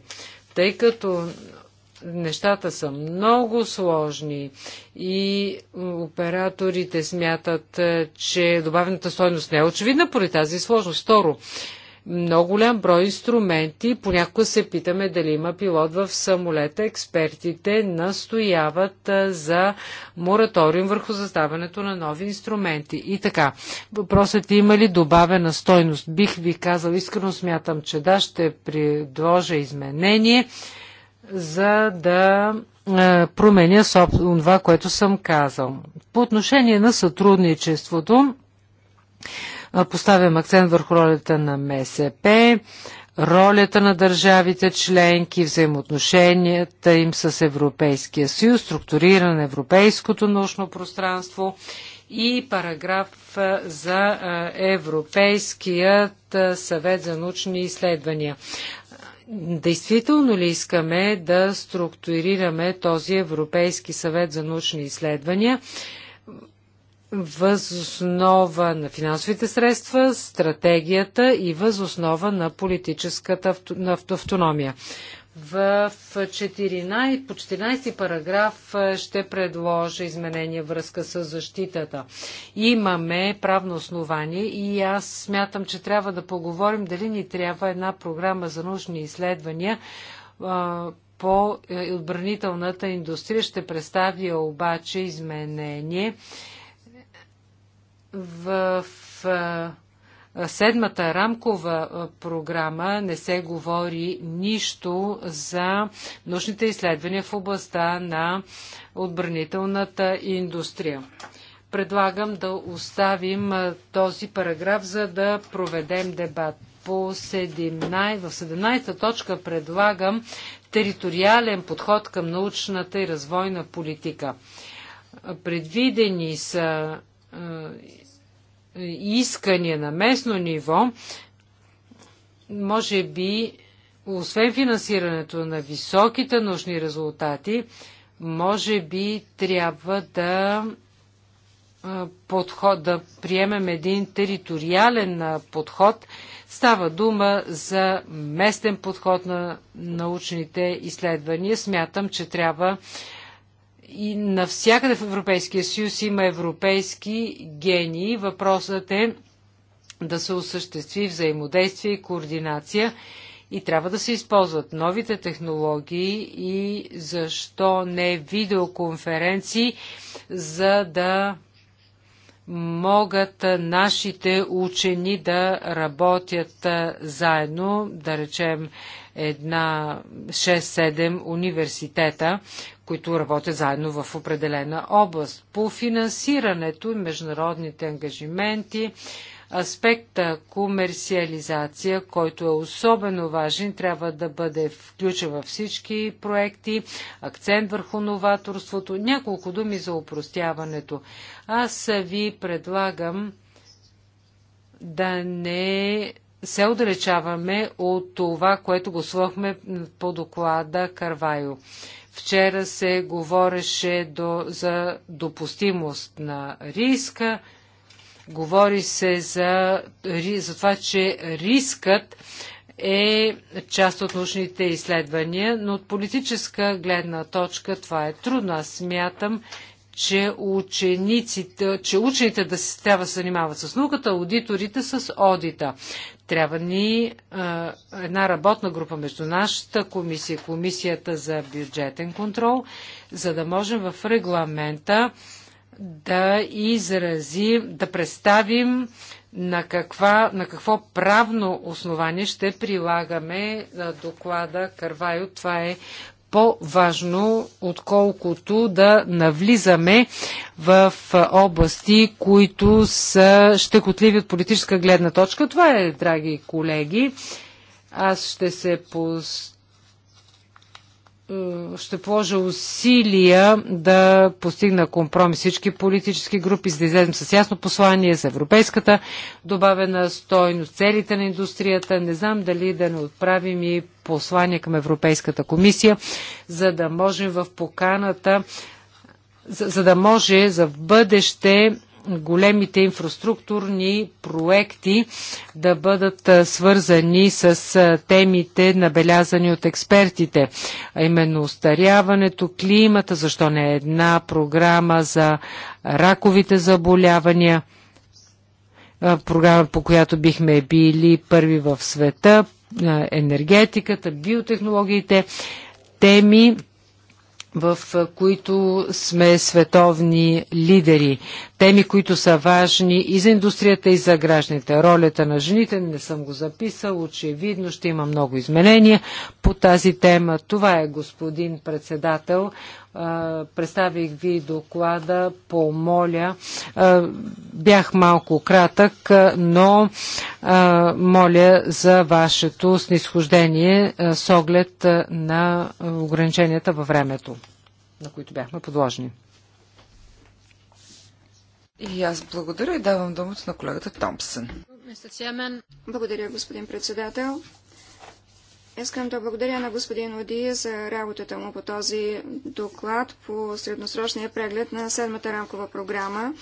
тъй като нещата са много сложни и операторите смятат, е, че добавената стойност не е очевидна поради тази сложност. Второ, много голям брой инструменти. Понякога се питаме дали има пилот в самолета. Експертите настояват за мораториум върху заставането на нови инструменти. И така, въпросът е има ли добавена стойност? Бих ви казал, искрено смятам, че да, ще предложа изменение, за да променя това, което съм казал. По отношение на сътрудничеството, Поставям акцент върху ролята на МСП, ролята на държавите членки, взаимоотношенията им с Европейския съюз, структуриране на европейското научно пространство и параграф за Европейският съвет за научни изследвания. Действително ли искаме да структурираме този Европейски съвет за научни изследвания? възоснова на финансовите средства, стратегията и възоснова на политическата авто, на автономия. В 14, по 14 параграф ще предложа изменение връзка с защитата. Имаме правно основание и аз смятам, че трябва да поговорим дали ни трябва една програма за научни изследвания по е, отбранителната индустрия. Ще представя обаче изменение в седмата рамкова програма не се говори нищо за научните изследвания в областта на отбранителната индустрия. Предлагам да оставим този параграф, за да проведем дебат. По 17, в 17 точка предлагам териториален подход към научната и развойна политика. Предвидени са е, искания на местно ниво, може би, освен финансирането на високите нужни резултати, може би трябва да, подход, да приемем един териториален подход. Става дума за местен подход на научните изследвания. Смятам, че трябва и навсякъде в Европейския съюз има европейски гении. Въпросът е да се осъществи взаимодействие и координация и трябва да се използват новите технологии и защо не видеоконференции, за да могат нашите учени да работят заедно, да речем една 6-7 университета, които работят заедно в определена област. По финансирането и международните ангажименти, аспекта комерциализация, който е особено важен, трябва да бъде включен във всички проекти, акцент върху новаторството. Няколко думи за упростяването. Аз ви предлагам да не се отдалечаваме от това, което слухме по доклада Карвайо. Вчера се говореше до, за допустимост на риска. Говори се за, за това, че рискът е част от научните изследвания, но от политическа гледна точка това е трудно. Аз смятам, че, учениците, че учените да се трябва да се занимават с науката, аудиторите с одита. Трябва ни е, една работна група между нашата комисия комисията за бюджетен контрол, за да можем в регламента да изразим, да представим на, каква, на какво правно основание ще прилагаме доклада Карвайо. Това е по-важно, отколкото да навлизаме в области, които са щекотливи от политическа гледна точка. Това е, драги колеги. Аз ще се пост е, ще положа усилия да постигна компромис всички политически групи, за да излезем с ясно послание за европейската добавена стойност, целите на индустрията. Не знам дали да не отправим и послание към Европейската комисия, за да можем в поканата за, за да може за бъдеще големите инфраструктурни проекти да бъдат свързани с темите, набелязани от експертите, а именно устаряването, климата, защо не е една програма за раковите заболявания, програма по която бихме били първи в света, енергетиката, биотехнологиите, теми, в които сме световни лидери. Теми, които са важни и за индустрията, и за гражданите. Ролята на жените, не съм го записал, очевидно ще има много изменения по тази тема. Това е, господин председател, представих ви доклада, помоля, бях малко кратък, но моля за вашето снисхождение с оглед на ограниченията във времето, на които бяхме подложени. И аз благодаря и давам думата на колегата Томпсън. Благодаря, господин председател. Искам да благодаря на господин Оди за работата му по този доклад по средносрочния преглед на седмата рамкова програма.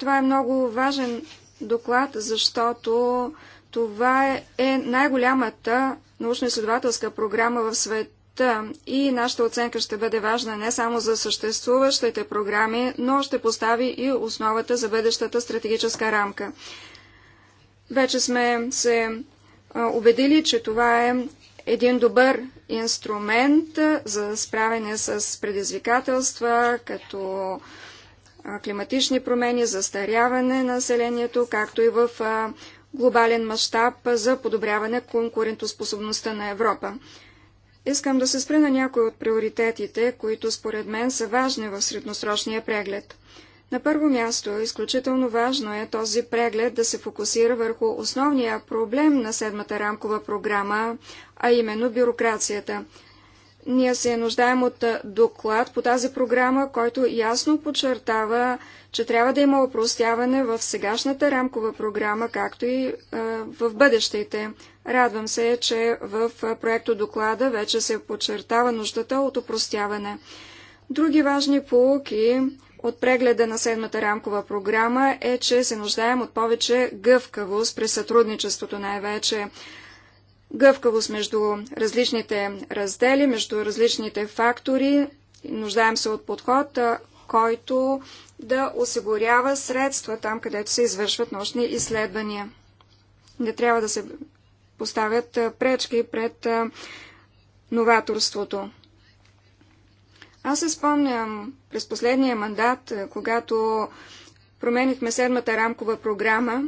Това е много важен доклад, защото това е най-голямата научно-изследователска програма в света и нашата оценка ще бъде важна не само за съществуващите програми, но ще постави и основата за бъдещата стратегическа рамка. Вече сме се убедили, че това е един добър инструмент за справяне с предизвикателства, като климатични промени, застаряване на населението, както и в глобален мащаб за подобряване конкурентоспособността на Европа. Искам да се спра на някои от приоритетите, които според мен са важни в средносрочния преглед. На първо място, изключително важно е този преглед да се фокусира върху основния проблем на седмата рамкова програма, а именно бюрокрацията. Ние се нуждаем от доклад по тази програма, който ясно подчертава, че трябва да има опростяване в сегашната рамкова програма, както и в бъдещите. Радвам се, че в проекто доклада вече се подчертава нуждата от опростяване. Други важни полуки от прегледа на седмата рамкова програма е, че се нуждаем от повече гъвкавост при сътрудничеството най-вече. Гъвкавост между различните раздели, между различните фактори. Нуждаем се от подход, който да осигурява средства там, където се извършват научни изследвания. Не трябва да се поставят пречки пред новаторството. Аз се спомням през последния мандат, е, когато променихме седмата рамкова програма,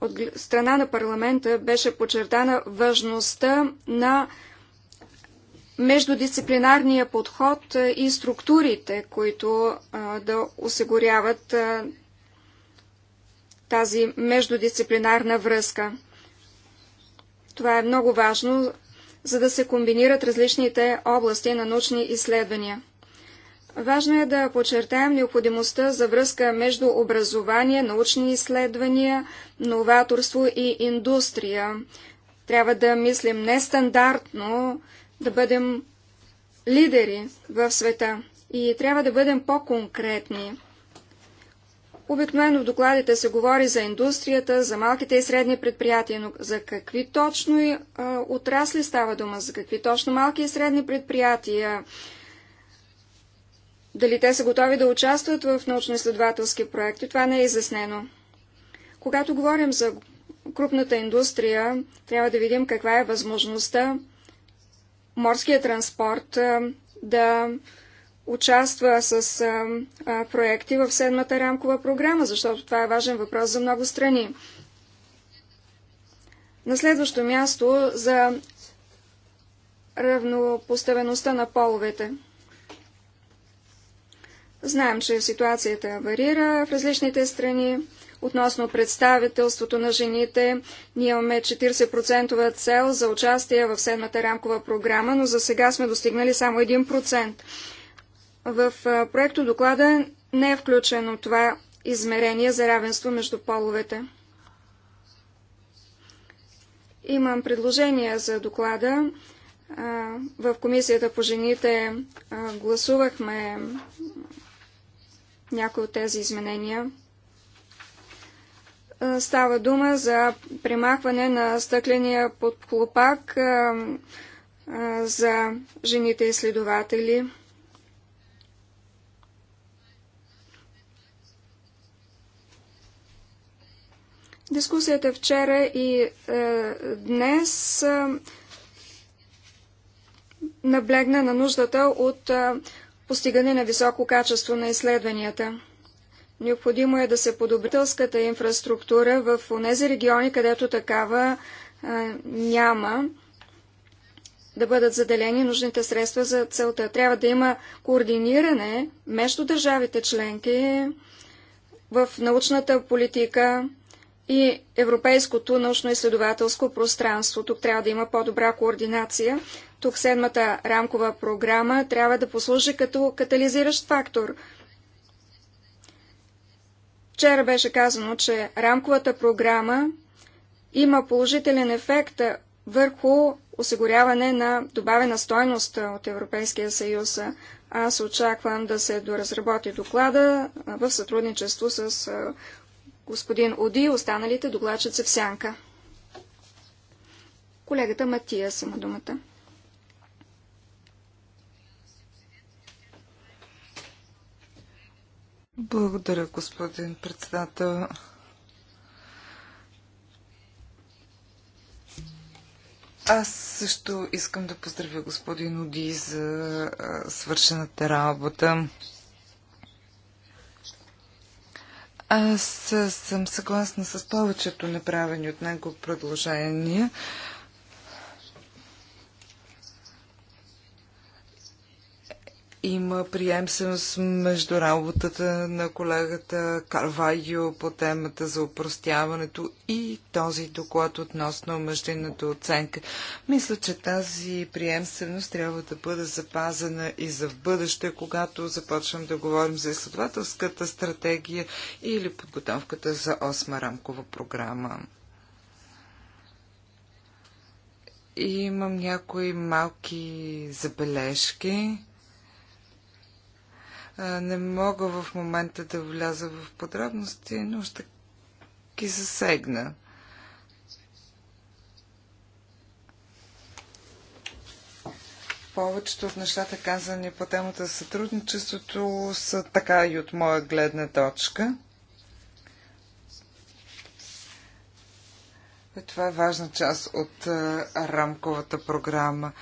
от страна на парламента беше подчертана важността на междудисциплинарния подход е, и структурите, които а, да осигуряват а, тази междудисциплинарна връзка. Това е много важно, за да се комбинират различните области на научни изследвания. Важно е да подчертаем необходимостта за връзка между образование, научни изследвания, новаторство и индустрия. Трябва да мислим нестандартно, да бъдем лидери в света и трябва да бъдем по-конкретни. Обикновено в докладите се говори за индустрията, за малките и средни предприятия, но за какви точно а, отрасли става дума, за какви точно малки и средни предприятия, дали те са готови да участват в научно-изследователски проекти, това не е изяснено. Когато говорим за крупната индустрия, трябва да видим каква е възможността морския транспорт да участва с проекти в седмата рамкова програма, защото това е важен въпрос за много страни. На следващо място за равнопоставеността на половете – Знаем, че ситуацията варира в различните страни. Относно представителството на жените, ние имаме 40% цел за участие в седмата рамкова програма, но за сега сме достигнали само 1%. В проекто доклада не е включено това измерение за равенство между половете. Имам предложение за доклада. В Комисията по жените гласувахме някои от тези изменения. Става дума за примахване на стъкления подхлопак за жените изследователи. Дискусията вчера и е, днес е, наблегна на нуждата от е, постигане на високо качество на изследванията. Необходимо е да се подобри тълската инфраструктура в тези региони, където такава а, няма да бъдат заделени нужните средства за целта. Трябва да има координиране между държавите членки в научната политика, и европейското научно-изследователско пространство. Тук трябва да има по-добра координация. Тук седмата рамкова програма трябва да послужи като катализиращ фактор. Вчера беше казано, че рамковата програма има положителен ефект върху осигуряване на добавена стойност от Европейския съюз. Аз очаквам да се доразработи доклада в сътрудничество с господин Оди и останалите докладчици в сянка. Колегата Матия сама думата. Благодаря, господин председател. Аз също искам да поздравя господин Оди за свършената работа. Аз съм съгласна с повечето направени от него предложения. има приемственост между работата на колегата Карвайо по темата за упростяването и този доклад относно мъжлинната оценка. Мисля, че тази приемственост трябва да бъде запазена и за в бъдеще, когато започвам да говорим за изследователската стратегия или подготовката за осма рамкова програма. И имам някои малки забележки не мога в момента да вляза в подробности, но ще ги засегна. Повечето от нещата, казани по темата за сътрудничеството, са така и от моя гледна точка. Това е важна част от рамковата програма.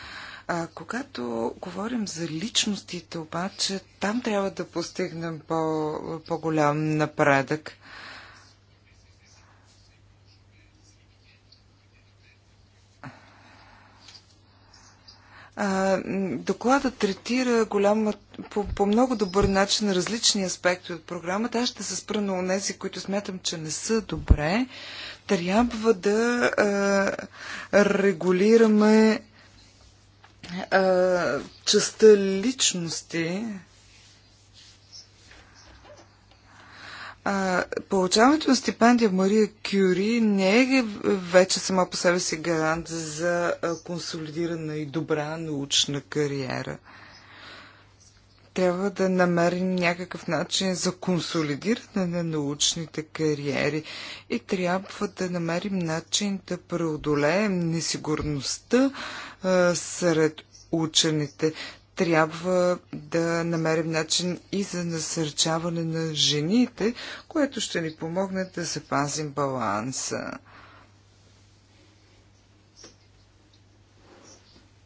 А, когато говорим за личностите, обаче, там трябва да постигнем по, по-голям напредък. Докладът третира голяма, по, по много добър начин различни аспекти от програмата. Аз ще се спра на тези, които смятам, че не са добре. Трябва да а, регулираме а, частта личности, а, получаването на стипендия Мария Кюри не е вече сама по себе си гарант за консолидирана и добра научна кариера. Трябва да намерим някакъв начин за консолидиране на научните кариери и трябва да намерим начин да преодолеем несигурността, сред учените. Трябва да намерим начин и за насърчаване на жените, което ще ни помогне да запазим баланса.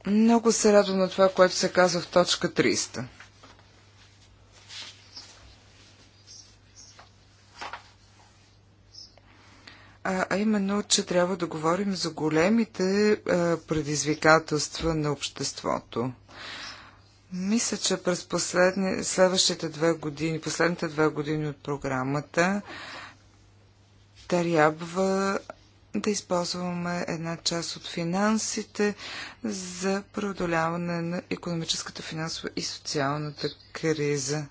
Много се радвам на това, което се казва в точка 300. а именно, че трябва да говорим за големите предизвикателства на обществото. Мисля, че през последни, следващите две години, последните две години от програмата трябва да използваме една част от финансите за преодоляване на економическата, финансова и социалната криза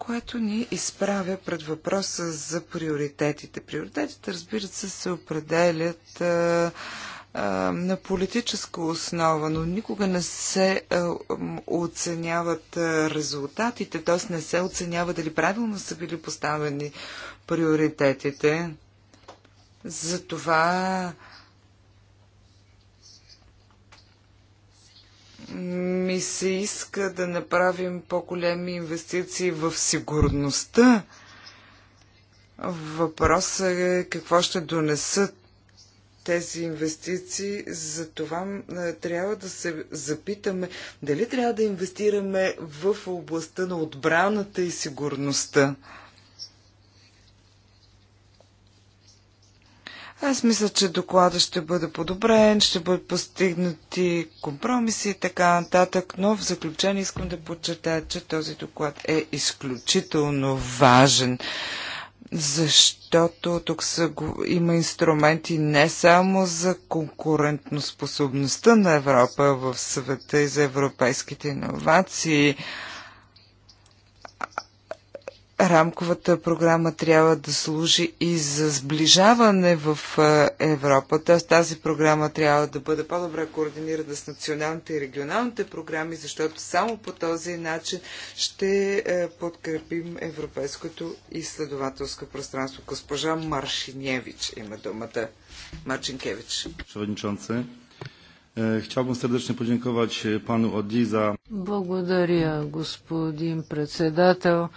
което ни изправя пред въпроса за приоритетите. Приоритетите, разбира се, се определят а, а, на политическа основа, но никога не се а, оценяват резултатите, т.е. не се оценява дали правилно са били поставени приоритетите. Затова ми се иска да направим по-големи инвестиции в сигурността. Въпросът е какво ще донесат тези инвестиции. За това е, трябва да се запитаме дали трябва да инвестираме в областта на отбраната и сигурността. Аз мисля, че доклада ще бъде подобрен, ще бъдат постигнати компромиси и така нататък, но в заключение искам да подчертая, че този доклад е изключително важен, защото тук са, има инструменти не само за конкурентноспособността на Европа в света и за европейските иновации, рамковата програма трябва да служи и за сближаване в е, Европа. Т.е. тази програма трябва да бъде по-добре координирана с националните и регионалните програми, защото само по този начин ще е, подкрепим европейското изследователско пространство. Госпожа Маршиневич има думата. Марчинкевич. Е, chciałbym сърдечно подинковач пану Оди за... Благодаря, господин председател.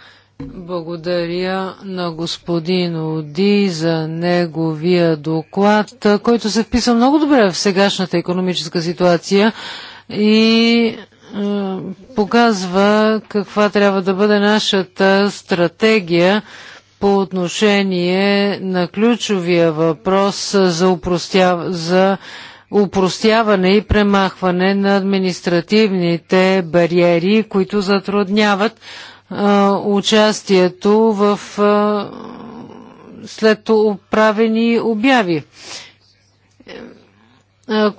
Благодаря на господин Оди за неговия доклад, който се вписа много добре в сегашната економическа ситуация и е, показва каква трябва да бъде нашата стратегия по отношение на ключовия въпрос за, упростя... за упростяване и премахване на административните бариери, които затрудняват участието в след оправени обяви.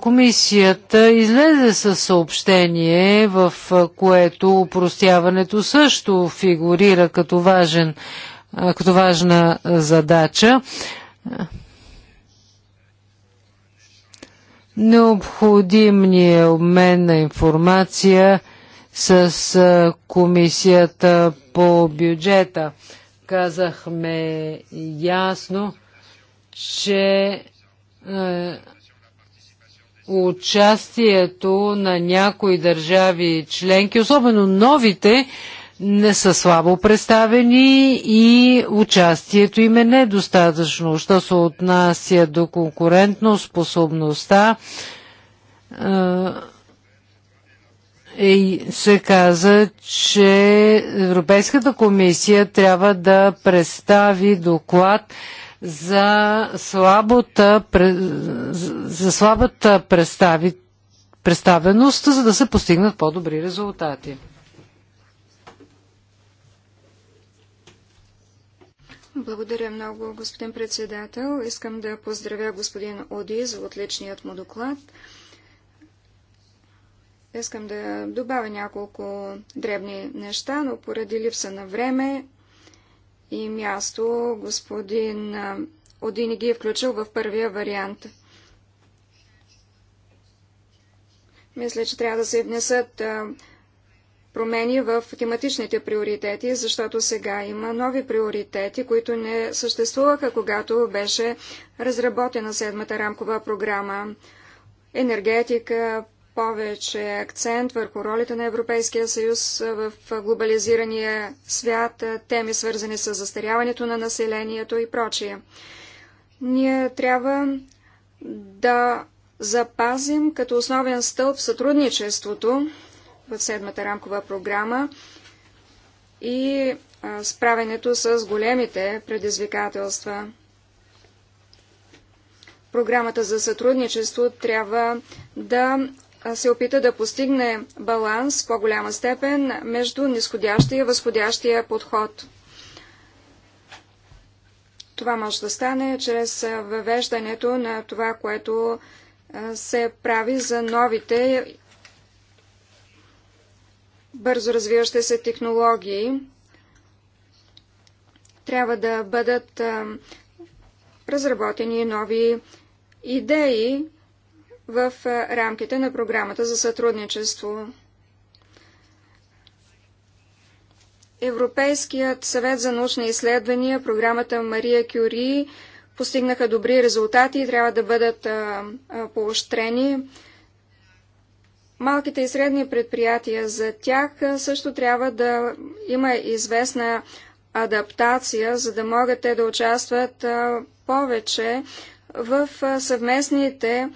Комисията излезе със съобщение, в което упростяването също фигурира като, важен, като важна задача. Необходимният е обмен на информация – с комисията по бюджета. Казахме ясно, че участието на някои държави членки, особено новите, не са слабо представени и участието им е недостатъчно. Що се отнася до конкурентно способността, и се каза, че Европейската комисия трябва да представи доклад за слабота, за слабата представи, представеност, за да се постигнат по-добри резултати. Благодаря много, господин председател. Искам да поздравя господин Оди за отличният му доклад. Искам да добавя няколко дребни неща, но поради липса на време и място господин Одини ги е включил в първия вариант. Мисля, че трябва да се внесат промени в тематичните приоритети, защото сега има нови приоритети, които не съществуваха, когато беше разработена седмата рамкова програма. Енергетика, повече акцент върху ролята на Европейския съюз в глобализирания свят, теми свързани с застаряването на населението и прочие. Ние трябва да запазим като основен стълб сътрудничеството в седмата рамкова програма и справенето с големите предизвикателства. Програмата за сътрудничество трябва да се опита да постигне баланс в по-голяма степен между нисходящия и възходящия подход. Това може да стане чрез въвеждането на това, което се прави за новите бързо развиващи се технологии. Трябва да бъдат разработени нови идеи в рамките на програмата за сътрудничество. Европейският съвет за научни изследвания, програмата Мария Кюри, постигнаха добри резултати и трябва да бъдат поощрени. Малките и средни предприятия за тях също трябва да има известна адаптация, за да могат те да участват повече в съвместните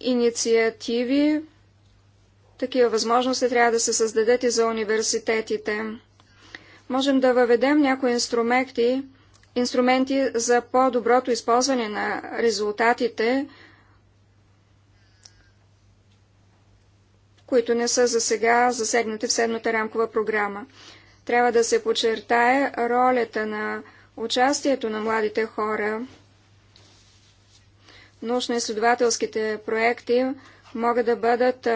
инициативи. Такива възможности трябва да се създадат и за университетите. Можем да въведем някои инструменти, инструменти за по-доброто използване на резултатите, които не са за сега засегнати в седмата рамкова програма. Трябва да се подчертае ролята на участието на младите хора научно-изследователските проекти могат да бъдат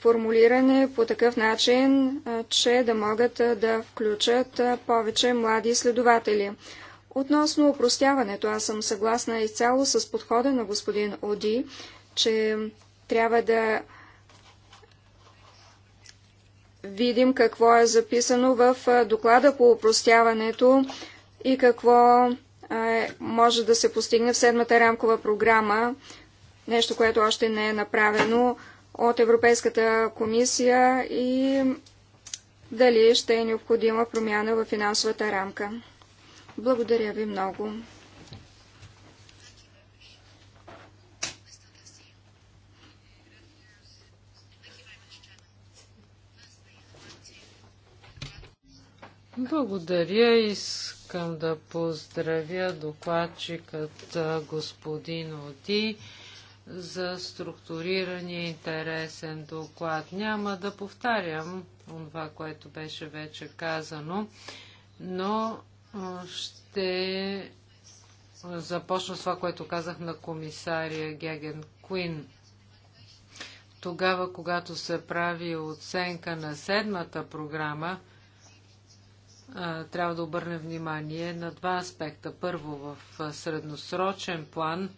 формулирани по такъв начин, че да могат да включат повече млади изследователи. Относно упростяването, аз съм съгласна изцяло с подхода на господин Оди, че трябва да видим какво е записано в доклада по упростяването и какво може да се постигне в седмата рамкова програма, нещо, което още не е направено от Европейската комисия и дали ще е необходима промяна в финансовата рамка. Благодаря ви много. Благодаря. Искам искам да поздравя докладчикът господин Оди за структурирания интересен доклад. Няма да повтарям това, което беше вече казано, но ще започна с това, което казах на комисария Геген Куин. Тогава, когато се прави оценка на седмата програма, трябва да обърнем внимание на два аспекта. Първо, в средносрочен план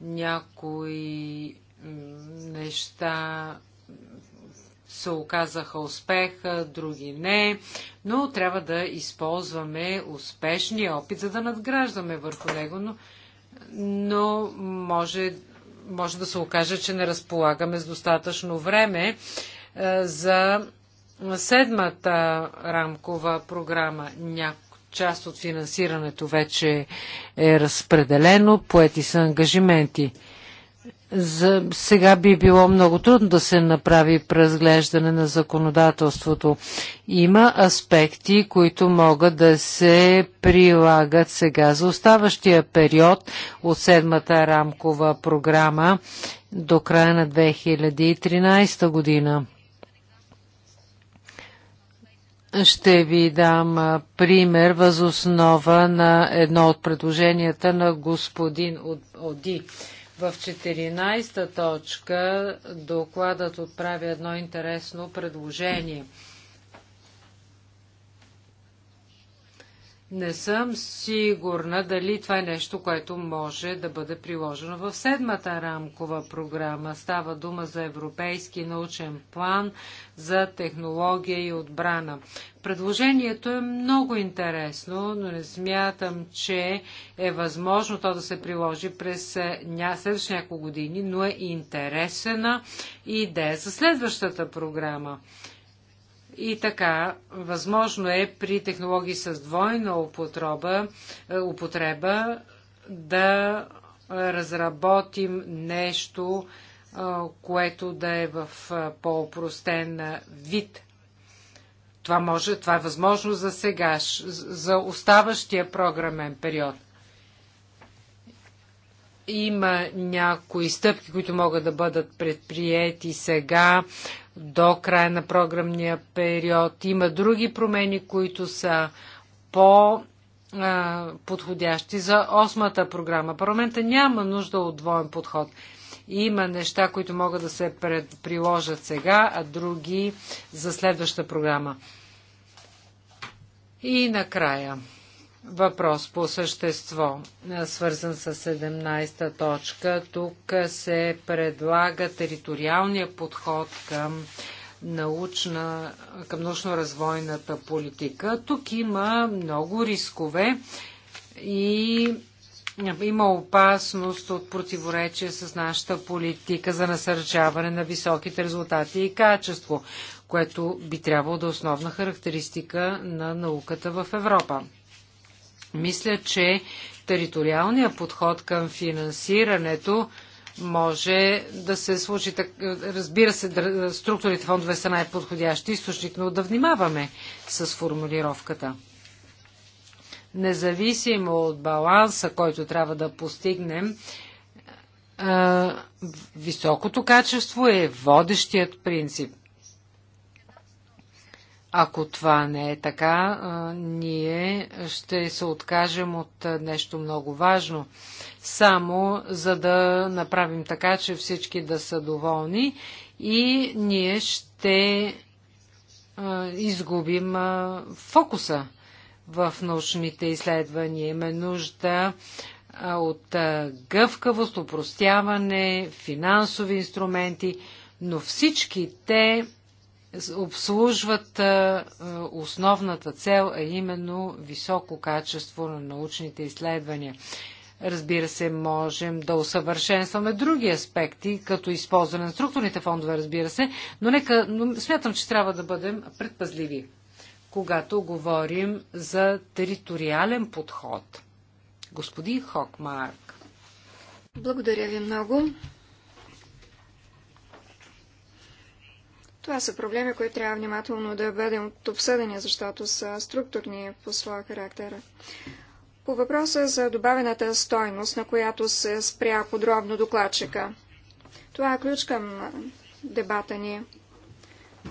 някои неща се оказаха успех, други не, но трябва да използваме успешния опит, за да надграждаме върху него, но, но може, може да се окаже, че не разполагаме с достатъчно време за седмата рамкова програма. част от финансирането вече е разпределено, поети са ангажименти. За сега би било много трудно да се направи преразглеждане на законодателството. Има аспекти, които могат да се прилагат сега за оставащия период от седмата рамкова програма до края на 2013 година. Ще ви дам пример възоснова на едно от предложенията на господин Оди. В 14-та точка докладът отправя едно интересно предложение – Не съм сигурна дали това е нещо, което може да бъде приложено в седмата рамкова програма. Става дума за Европейски научен план за технология и отбрана. Предложението е много интересно, но не смятам, че е възможно то да се приложи през ня... следващи няколко години, но е интересна идея за следващата програма. И така, възможно е при технологии с двойна употреба, е, употреба да разработим нещо, е, което да е в е, по-опростен вид. Това, може, това е възможно за сега, за оставащия програмен период – има някои стъпки, които могат да бъдат предприяти сега до края на програмния период. Има други промени, които са по подходящи за осмата програма. Парламента няма нужда от двоен подход. Има неща, които могат да се пред, приложат сега, а други за следваща програма. И накрая въпрос по същество, свързан с 17-та точка. Тук се предлага териториалния подход към научна, към научно-развойната политика. Тук има много рискове и има опасност от противоречие с нашата политика за насърчаване на високите резултати и качество, което би трябвало да е основна характеристика на науката в Европа. Мисля, че териториалният подход към финансирането може да се случи. Так... Разбира се, структурите фондове са най-подходящи източник, но да внимаваме с формулировката. Независимо от баланса, който трябва да постигнем, високото качество е водещият принцип. Ако това не е така, ние ще се откажем от нещо много важно, само за да направим така, че всички да са доволни и ние ще изгубим фокуса в научните изследвания. Имаме нужда от гъвкавост, упростяване, финансови инструменти, но всички те обслужват основната цел, а именно високо качество на научните изследвания. Разбира се, можем да усъвършенстваме други аспекти, като използване на структурните фондове, разбира се, но, нека, но смятам, че трябва да бъдем предпазливи, когато говорим за териториален подход. Господин Хокмарк. Благодаря ви много. Това са проблеми, които трябва внимателно да бъдем обсъдени, защото са структурни по своя характер. По въпроса за добавената стойност, на която се спря подробно докладчика. Това е ключ към дебата ни.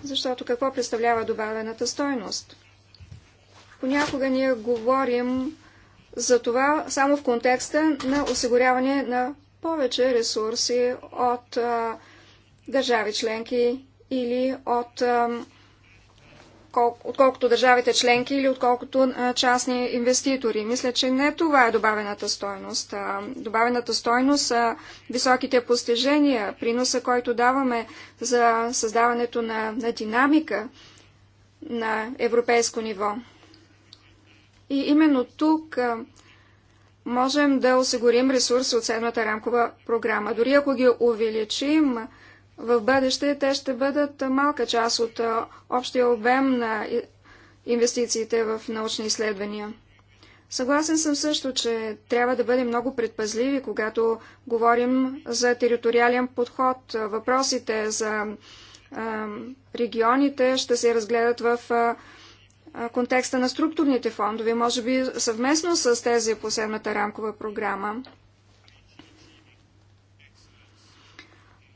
Защото какво представлява добавената стойност? Понякога ние говорим за това само в контекста на осигуряване на повече ресурси от а, държави членки или от отколкото държавите членки или отколкото частни инвеститори. Мисля, че не това е добавената стойност. Добавената стойност са високите постижения, приноса, който даваме за създаването на, на динамика на европейско ниво. И именно тук можем да осигурим ресурси от седмата рамкова програма. Дори ако ги увеличим, в бъдеще те ще бъдат малка част от общия обем на инвестициите в научни изследвания. Съгласен съм също, че трябва да бъдем много предпазливи, когато говорим за териториален подход. Въпросите за регионите ще се разгледат в контекста на структурните фондове, може би съвместно с тези по рамкова програма.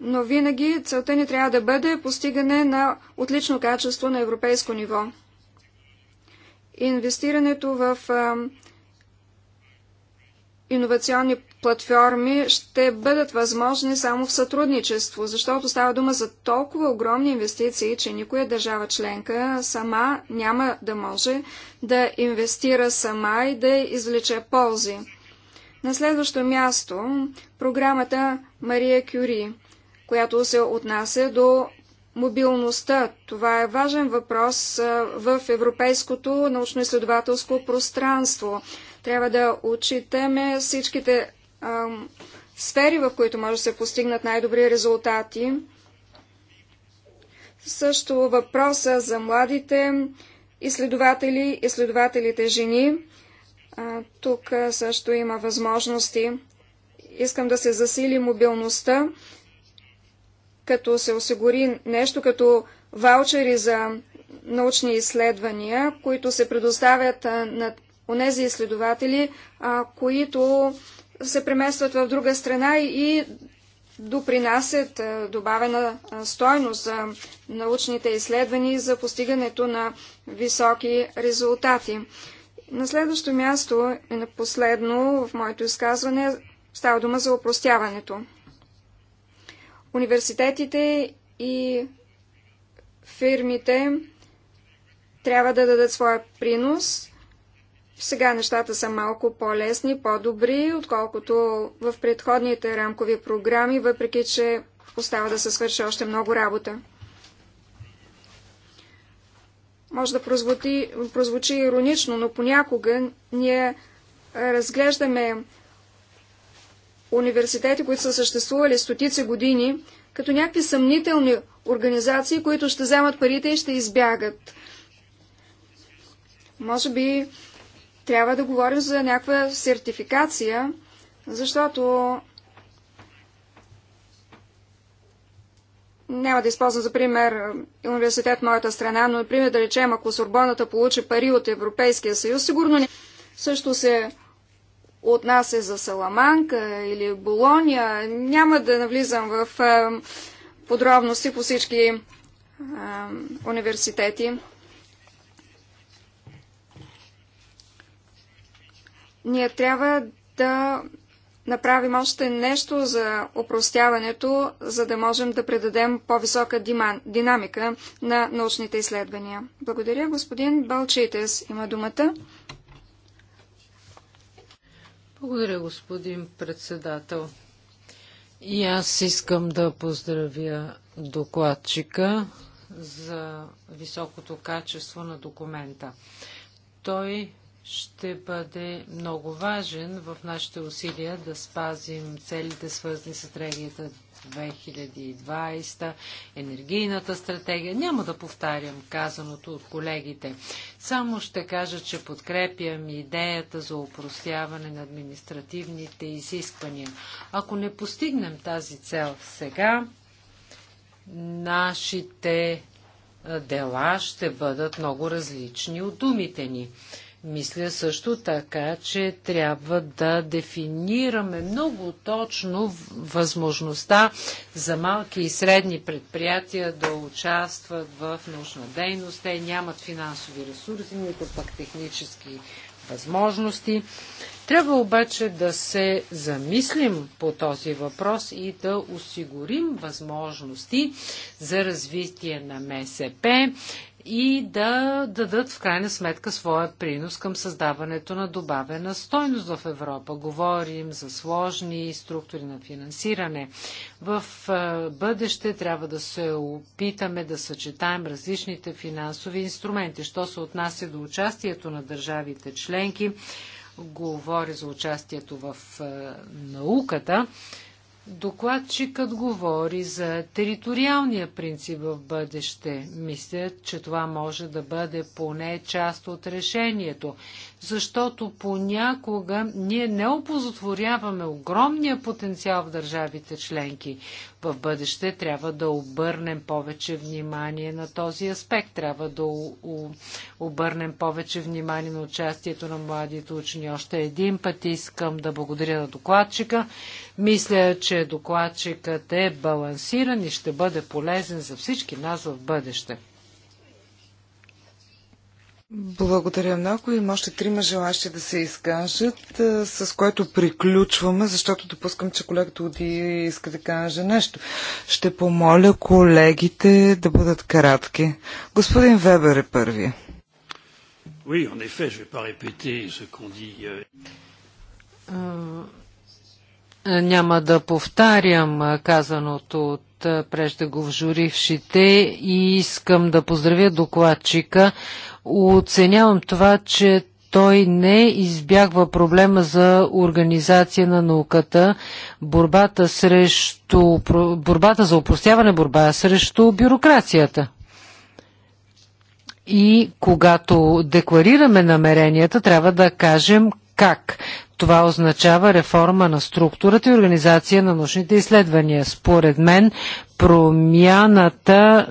но винаги целта ни трябва да бъде постигане на отлично качество на европейско ниво. Инвестирането в иновационни платформи ще бъдат възможни само в сътрудничество, защото става дума за толкова огромни инвестиции, че никоя държава членка сама няма да може да инвестира сама и да извлече ползи. На следващо място програмата Мария Кюри която се отнася до мобилността. Това е важен въпрос в европейското научно-изследователско пространство. Трябва да отчитаме всичките ам, сфери, в които може да се постигнат най-добри резултати. Също въпроса за младите изследователи, изследователите жени. А, тук също има възможности. Искам да се засили мобилността като се осигури нещо като ваучери за научни изследвания, които се предоставят на онези изследователи, които се преместват в друга страна и допринасят добавена стойност за научните изследвания и за постигането на високи резултати. На следващо място и на последно в моето изказване става дума за опростяването. Университетите и фирмите трябва да дадат своя принос. Сега нещата са малко по-лесни, по-добри, отколкото в предходните рамкови програми, въпреки че остава да се свърши още много работа. Може да прозвучи, прозвучи иронично, но понякога ние разглеждаме университети, които са съществували стотици години, като някакви съмнителни организации, които ще вземат парите и ще избягат. Може би трябва да говорим за някаква сертификация, защото няма да използвам за пример университет в моята страна, но например да речем, ако Сорбоната получи пари от Европейския съюз, сигурно не. Също се отнася за Саламанка или Болония. Няма да навлизам в е, подробности по всички е, университети. Ние трябва да направим още нещо за опростяването, за да можем да предадем по-висока динамика на научните изследвания. Благодаря, господин Балчитес. Има думата. Благодаря, господин председател. И аз искам да поздравя докладчика за високото качество на документа. Той ще бъде много важен в нашите усилия да спазим целите, свързани с 2030. 2020, енергийната стратегия. Няма да повтарям казаното от колегите. Само ще кажа, че подкрепям идеята за упростяване на административните изисквания. Ако не постигнем тази цел сега, нашите дела ще бъдат много различни от думите ни. Мисля също така, че трябва да дефинираме много точно възможността за малки и средни предприятия да участват в научна дейност. Те нямат финансови ресурси, нито пък технически възможности. Трябва обаче да се замислим по този въпрос и да осигурим възможности за развитие на МСП и да дадат в крайна сметка своя принос към създаването на добавена стойност в Европа. Говорим за сложни структури на финансиране. В бъдеще трябва да се опитаме да съчетаем различните финансови инструменти. Що се отнася до участието на държавите членки, говори за участието в науката. Докладчикът говори за териториалния принцип в бъдеще. Мисля, че това може да бъде поне част от решението защото понякога ние не опозотворяваме огромния потенциал в държавите членки. В бъдеще трябва да обърнем повече внимание на този аспект. Трябва да обърнем повече внимание на участието на младите учени. Още един път искам да благодаря на докладчика. Мисля, че докладчикът е балансиран и ще бъде полезен за всички нас в бъдеще. Благодаря много. Има още трима желащи да се изкажат, с което приключваме, защото допускам, че колегата Оди иска да каже нещо. Ще помоля колегите да бъдат кратки. Господин Вебер е първи. Oui, en effet, je vais pas répéter ce qu'on dit. Euh. Няма да повтарям казаното от преждеговжурившите и искам да поздравя докладчика Оценявам това, че той не избягва проблема за организация на науката, борбата, срещу, борбата за упростяване, борба срещу бюрокрацията. И когато декларираме намеренията, трябва да кажем как. Това означава реформа на структурата и организация на научните изследвания. Според мен промяната,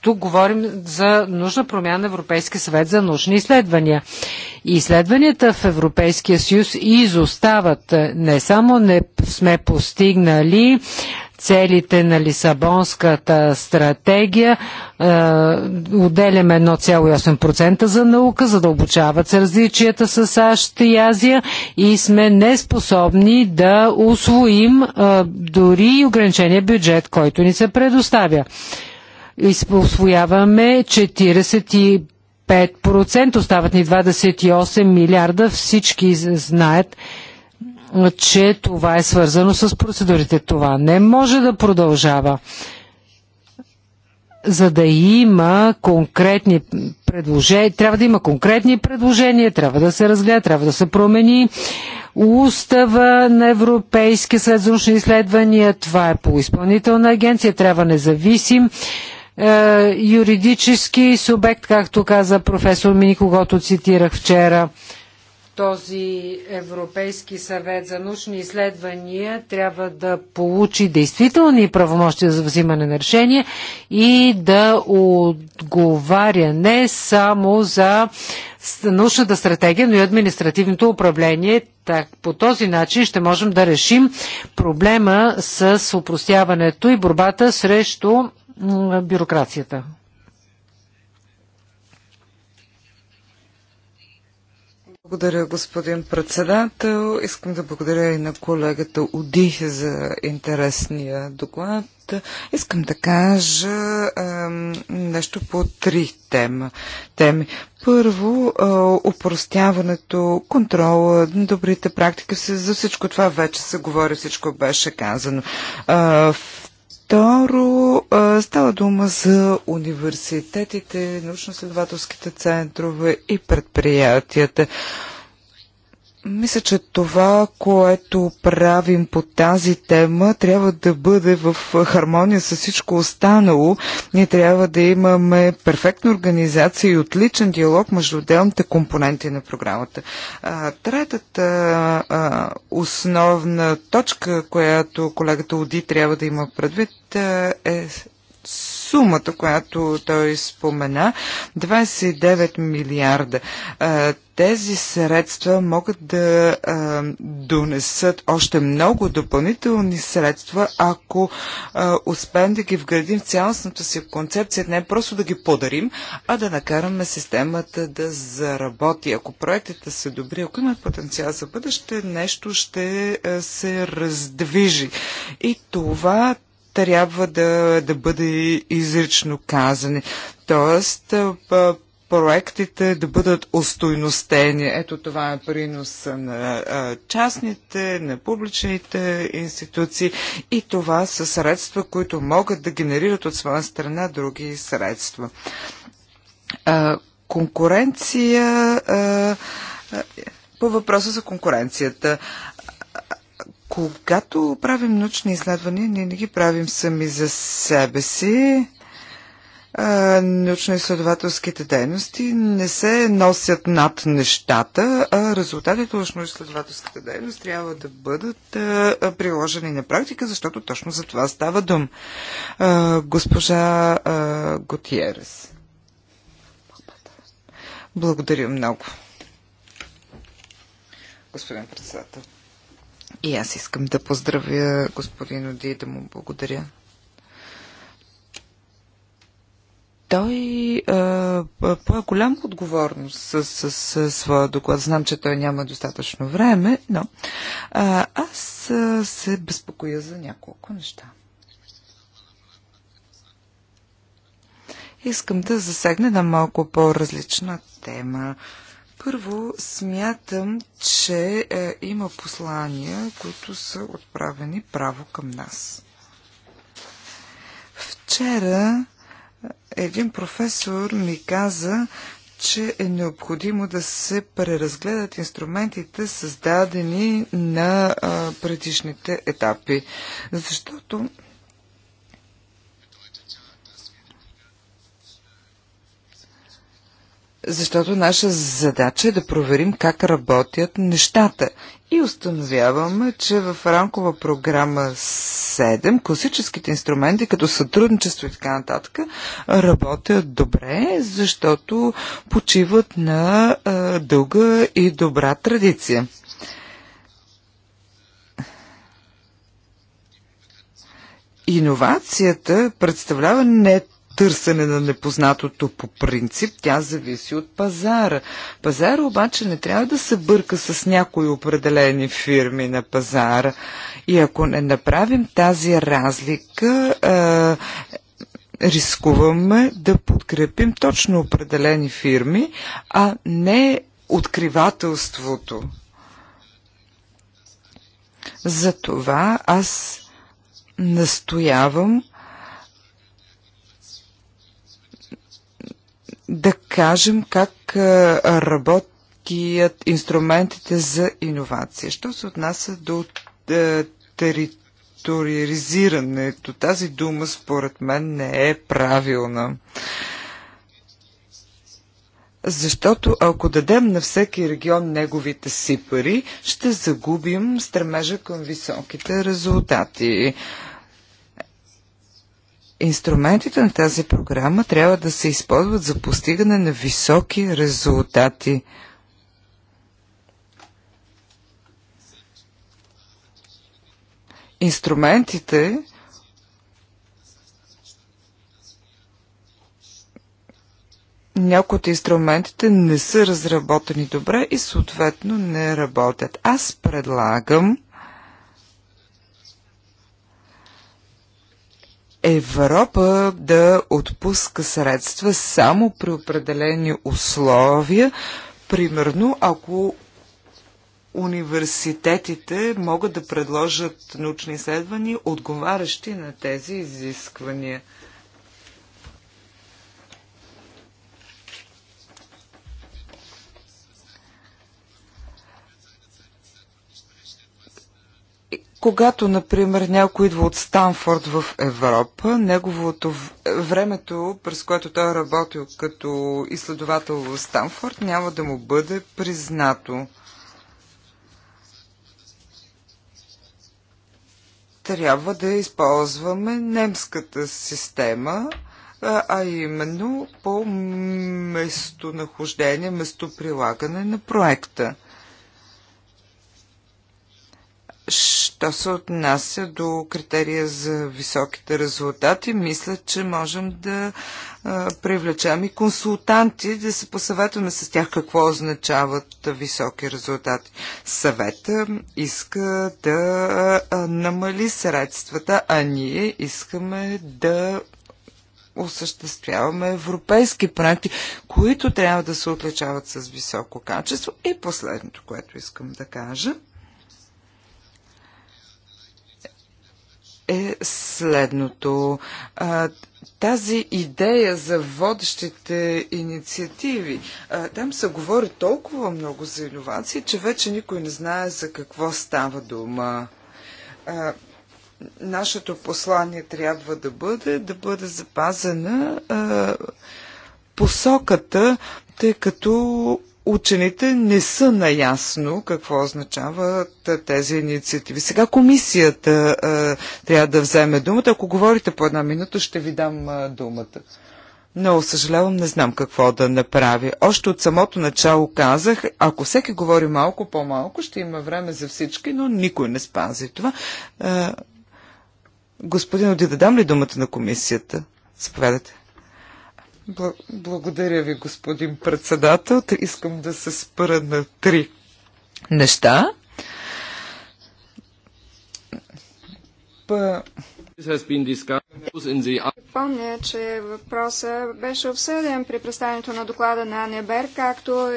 тук говорим за нужна промяна на Европейския съвет за научни изследвания. Изследванията в Европейския съюз изостават. Не само не сме постигнали целите на Лисабонската стратегия. Е, отделяме 1,8% за наука, задълбочават се различията с САЩ и Азия и сме неспособни да освоим е, дори ограничения бюджет, който ни се предоставя. Освояваме 40 5%, остават ни 28 милиарда. Всички знаят, че това е свързано с процедурите. Това не може да продължава. За да има конкретни предложения, трябва да има конкретни предложения, трябва да се разгледа, трябва да се промени устава на Европейския съюз за научни изследвания. Това е по изпълнителна агенция, трябва независим е, юридически субект, както каза професор Мини, когато цитирах вчера този Европейски съвет за научни изследвания трябва да получи действителни правомощия за взимане на решение и да отговаря не само за научната стратегия, но и административното управление. Так, по този начин ще можем да решим проблема с упростяването и борбата срещу бюрокрацията. Благодаря, господин председател. Искам да благодаря и на колегата Оди за интересния доклад. Искам да кажа е, нещо по три тема, теми. Първо, е, упростяването, контрола, добрите практики, за всичко това вече се говори, всичко беше казано. Е, дума за университетите, научно-следователските центрове и предприятията. Мисля, че това, което правим по тази тема, трябва да бъде в хармония с всичко останало. Ние трябва да имаме перфектна организация и отличен диалог между отделните компоненти на програмата. Третата основна точка, която колегата Оди трябва да има предвид, е сумата, която той спомена, 29 милиарда. Тези средства могат да донесат още много допълнителни средства, ако успеем да ги вградим в цялостната си концепция, не просто да ги подарим, а да накараме системата да заработи. Ако проектите са добри, ако имат потенциал за бъдеще, нещо ще се раздвижи. И това трябва да, да бъде изрично казани. Тоест, проектите да бъдат устойностени. Ето това е принос на частните, на публичните институции и това са средства, които могат да генерират от своя страна други средства. Конкуренция по въпроса за конкуренцията. Когато правим научни изследвания, ние не ги правим сами за себе си. Научно-изследователските дейности не се носят над нещата, а резултатите от научно-изследователската дейност трябва да бъдат приложени на практика, защото точно за това става дум. Госпожа Готиерес. Благодаря много. Господин председател. И аз искам да поздравя господин Оди и да му благодаря. Той пое голяма отговорност с, с, с своя доклад. Знам, че той няма достатъчно време, но а, аз а, се безпокоя за няколко неща. Искам да засегна на малко по-различна тема. А, първо, смятам, че е, има послания, които са отправени право към нас. Вчера е, един професор ми каза, че е необходимо да се преразгледат инструментите, създадени на а, предишните етапи. Защото Защото наша задача е да проверим как работят нещата. И установяваме, че в рамкова програма 7 класическите инструменти, като сътрудничество и така нататък, работят добре, защото почиват на а, дълга и добра традиция. Иновацията представлява не търсене на непознатото по принцип, тя зависи от пазара. Пазара обаче не трябва да се бърка с някои определени фирми на пазара. И ако не направим тази разлика, е, рискуваме да подкрепим точно определени фирми, а не откривателството. Затова аз настоявам да кажем как работят инструментите за иновация. Що се отнася до е, територизирането? Тази дума според мен не е правилна. Защото ако дадем на всеки регион неговите си пари, ще загубим стремежа към високите резултати. Инструментите на тази програма трябва да се използват за постигане на високи резултати. Инструментите, някои от инструментите не са разработени добре и съответно не работят. Аз предлагам Европа да отпуска средства само при определени условия, примерно ако университетите могат да предложат научни изследвания, отговарящи на тези изисквания. Когато, например, някой идва от Станфорд в Европа, неговото времето, през което той е работил като изследовател в Станфорд, няма да му бъде признато. Трябва да използваме немската система, а именно по местонахождение, местоприлагане на проекта. Що се отнася до критерия за високите резултати, мисля, че можем да а, привлечем и консултанти, да се посъветваме с тях какво означават високи резултати. Съвета иска да намали средствата, а ние искаме да осъществяваме европейски проекти, които трябва да се отличават с високо качество. И последното, което искам да кажа – е следното. тази идея за водещите инициативи. там се говори толкова много за иновации, че вече никой не знае за какво става дума. нашето послание трябва да бъде да бъде запазена посоката, тъй като учените не са наясно какво означават тези инициативи. Сега комисията а, трябва да вземе думата. Ако говорите по една минута, ще ви дам а, думата. Но, съжалявам, не знам какво да направя. Още от самото начало казах, ако всеки говори малко по-малко, ще има време за всички, но никой не спази това. А, господин Оди, да дам ли думата на комисията? Заповядайте. Благодаря ви, господин председател. Искам да се спра на три неща. Помня, че въпросът беше обсъден при представянето на доклада на Анебер, както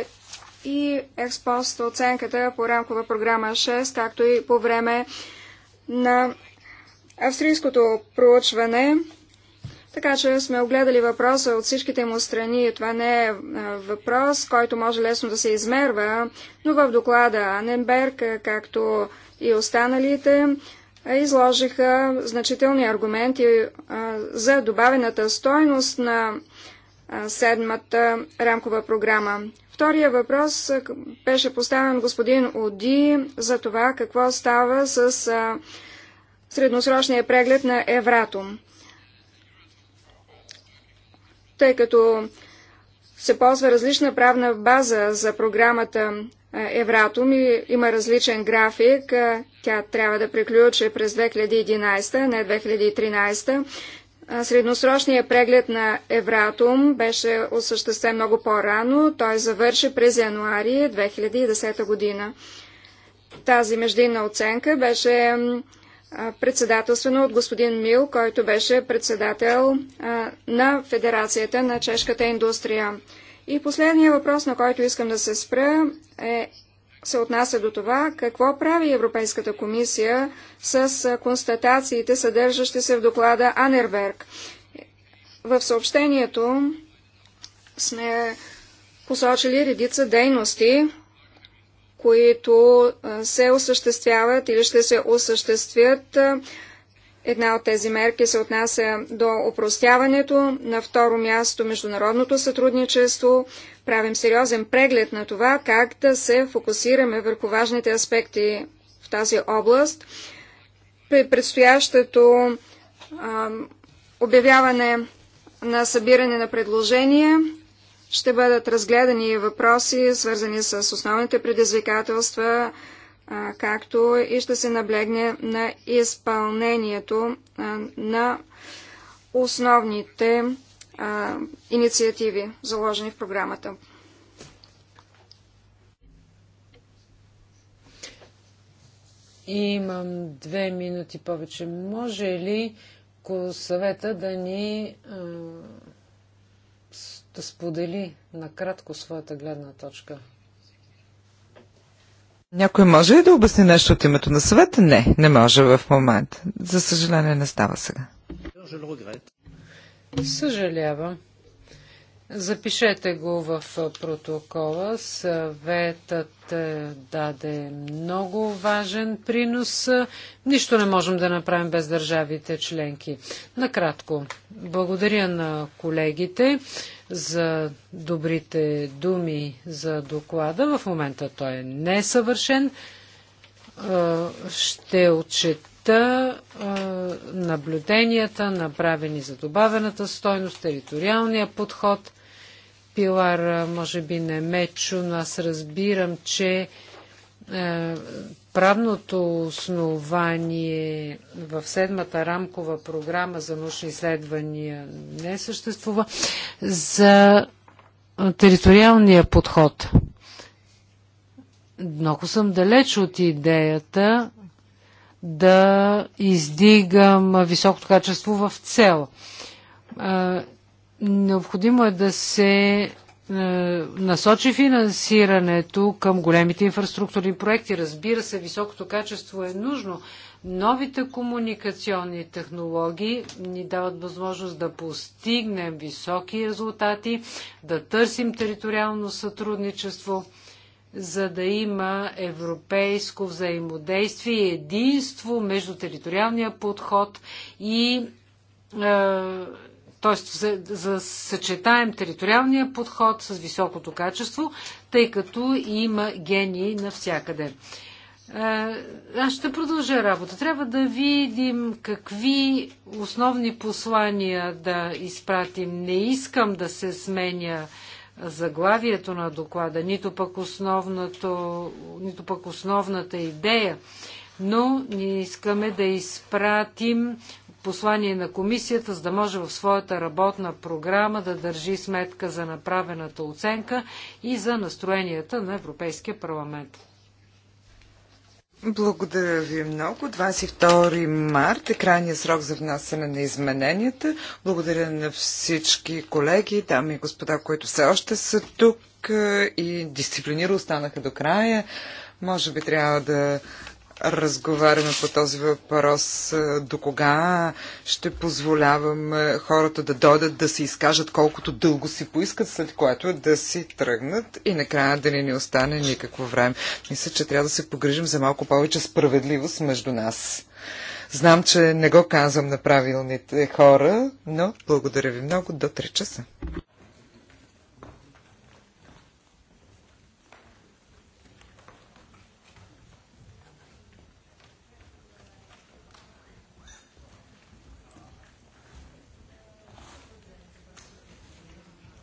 и експост оценката по рамкова програма 6, както и по време на австрийското проучване така че сме огледали въпроса от всичките му страни. Това не е въпрос, който може лесно да се измерва, но в доклада Аненберг, както и останалите, изложиха значителни аргументи за добавената стойност на седмата рамкова програма. Втория въпрос беше поставен господин Оди за това какво става с средносрочния преглед на Евратум тъй като се ползва различна правна база за програмата Евратум и има различен график. Тя трябва да приключи през 2011, не 2013. Средносрочният преглед на Евратум беше осъществен много по-рано. Той завърши през януари 2010 година. Тази междинна оценка беше председателствено от господин Мил, който беше председател на Федерацията на чешката индустрия. И последният въпрос, на който искам да се спра, е, се отнася до това какво прави Европейската комисия с констатациите, съдържащи се в доклада Анерберг. В съобщението сме посочили редица дейности, които се осъществяват или ще се осъществят. Една от тези мерки се отнася до опростяването. На второ място международното сътрудничество. Правим сериозен преглед на това как да се фокусираме върху важните аспекти в тази област. При предстоящото а, обявяване на събиране на предложения ще бъдат разгледани въпроси, свързани с основните предизвикателства, както и ще се наблегне на изпълнението на основните инициативи, заложени в програмата. Имам две минути повече. Може ли съвета да ни да сподели накратко своята гледна точка. Някой може ли да обясни нещо от името на съвета? Не, не може в момента. За съжаление не става сега. Съжалявам. Запишете го в протокола. Съветът е, даде много важен принос. Нищо не можем да направим без държавите членки. Накратко, благодаря на колегите за добрите думи за доклада. В момента той е несъвършен. Е, ще отчета е, наблюденията, направени за добавената стойност, териториалния подход. Пилар, е, може би не ме чу, но аз разбирам, че правното основание в седмата рамкова програма за научни изследвания не съществува за териториалния подход. Много съм далеч от идеята да издигам високото качество в цел. Необходимо е да се е, насочи финансирането към големите инфраструктурни проекти. Разбира се, високото качество е нужно. Новите комуникационни технологии ни дават възможност да постигнем високи резултати, да търсим териториално сътрудничество, за да има европейско взаимодействие и единство между териториалния подход и е, т.е. за, за съчетаем териториалния подход с високото качество, тъй като има гении навсякъде. Аз ще продължа работа. Трябва да видим какви основни послания да изпратим. Не искам да се сменя заглавието на доклада, нито пък, основното, нито пък основната идея, но ние искаме да изпратим послание на комисията, за да може в своята работна програма да държи сметка за направената оценка и за настроенията на Европейския парламент. Благодаря ви много. 22 март е крайният срок за внасяне на измененията. Благодаря на всички колеги, дами и господа, които все още са тук е, и дисциплинира останаха до края. Може би трябва да разговаряме по този въпрос. Е, до кога ще позволявам е, хората да дойдат да се изкажат колкото дълго си поискат, след което да си тръгнат и накрая да не ни остане никакво време. Мисля, че трябва да се погрижим за малко повече справедливост между нас. Знам, че не го казвам на правилните хора, но благодаря ви много. До 3 часа.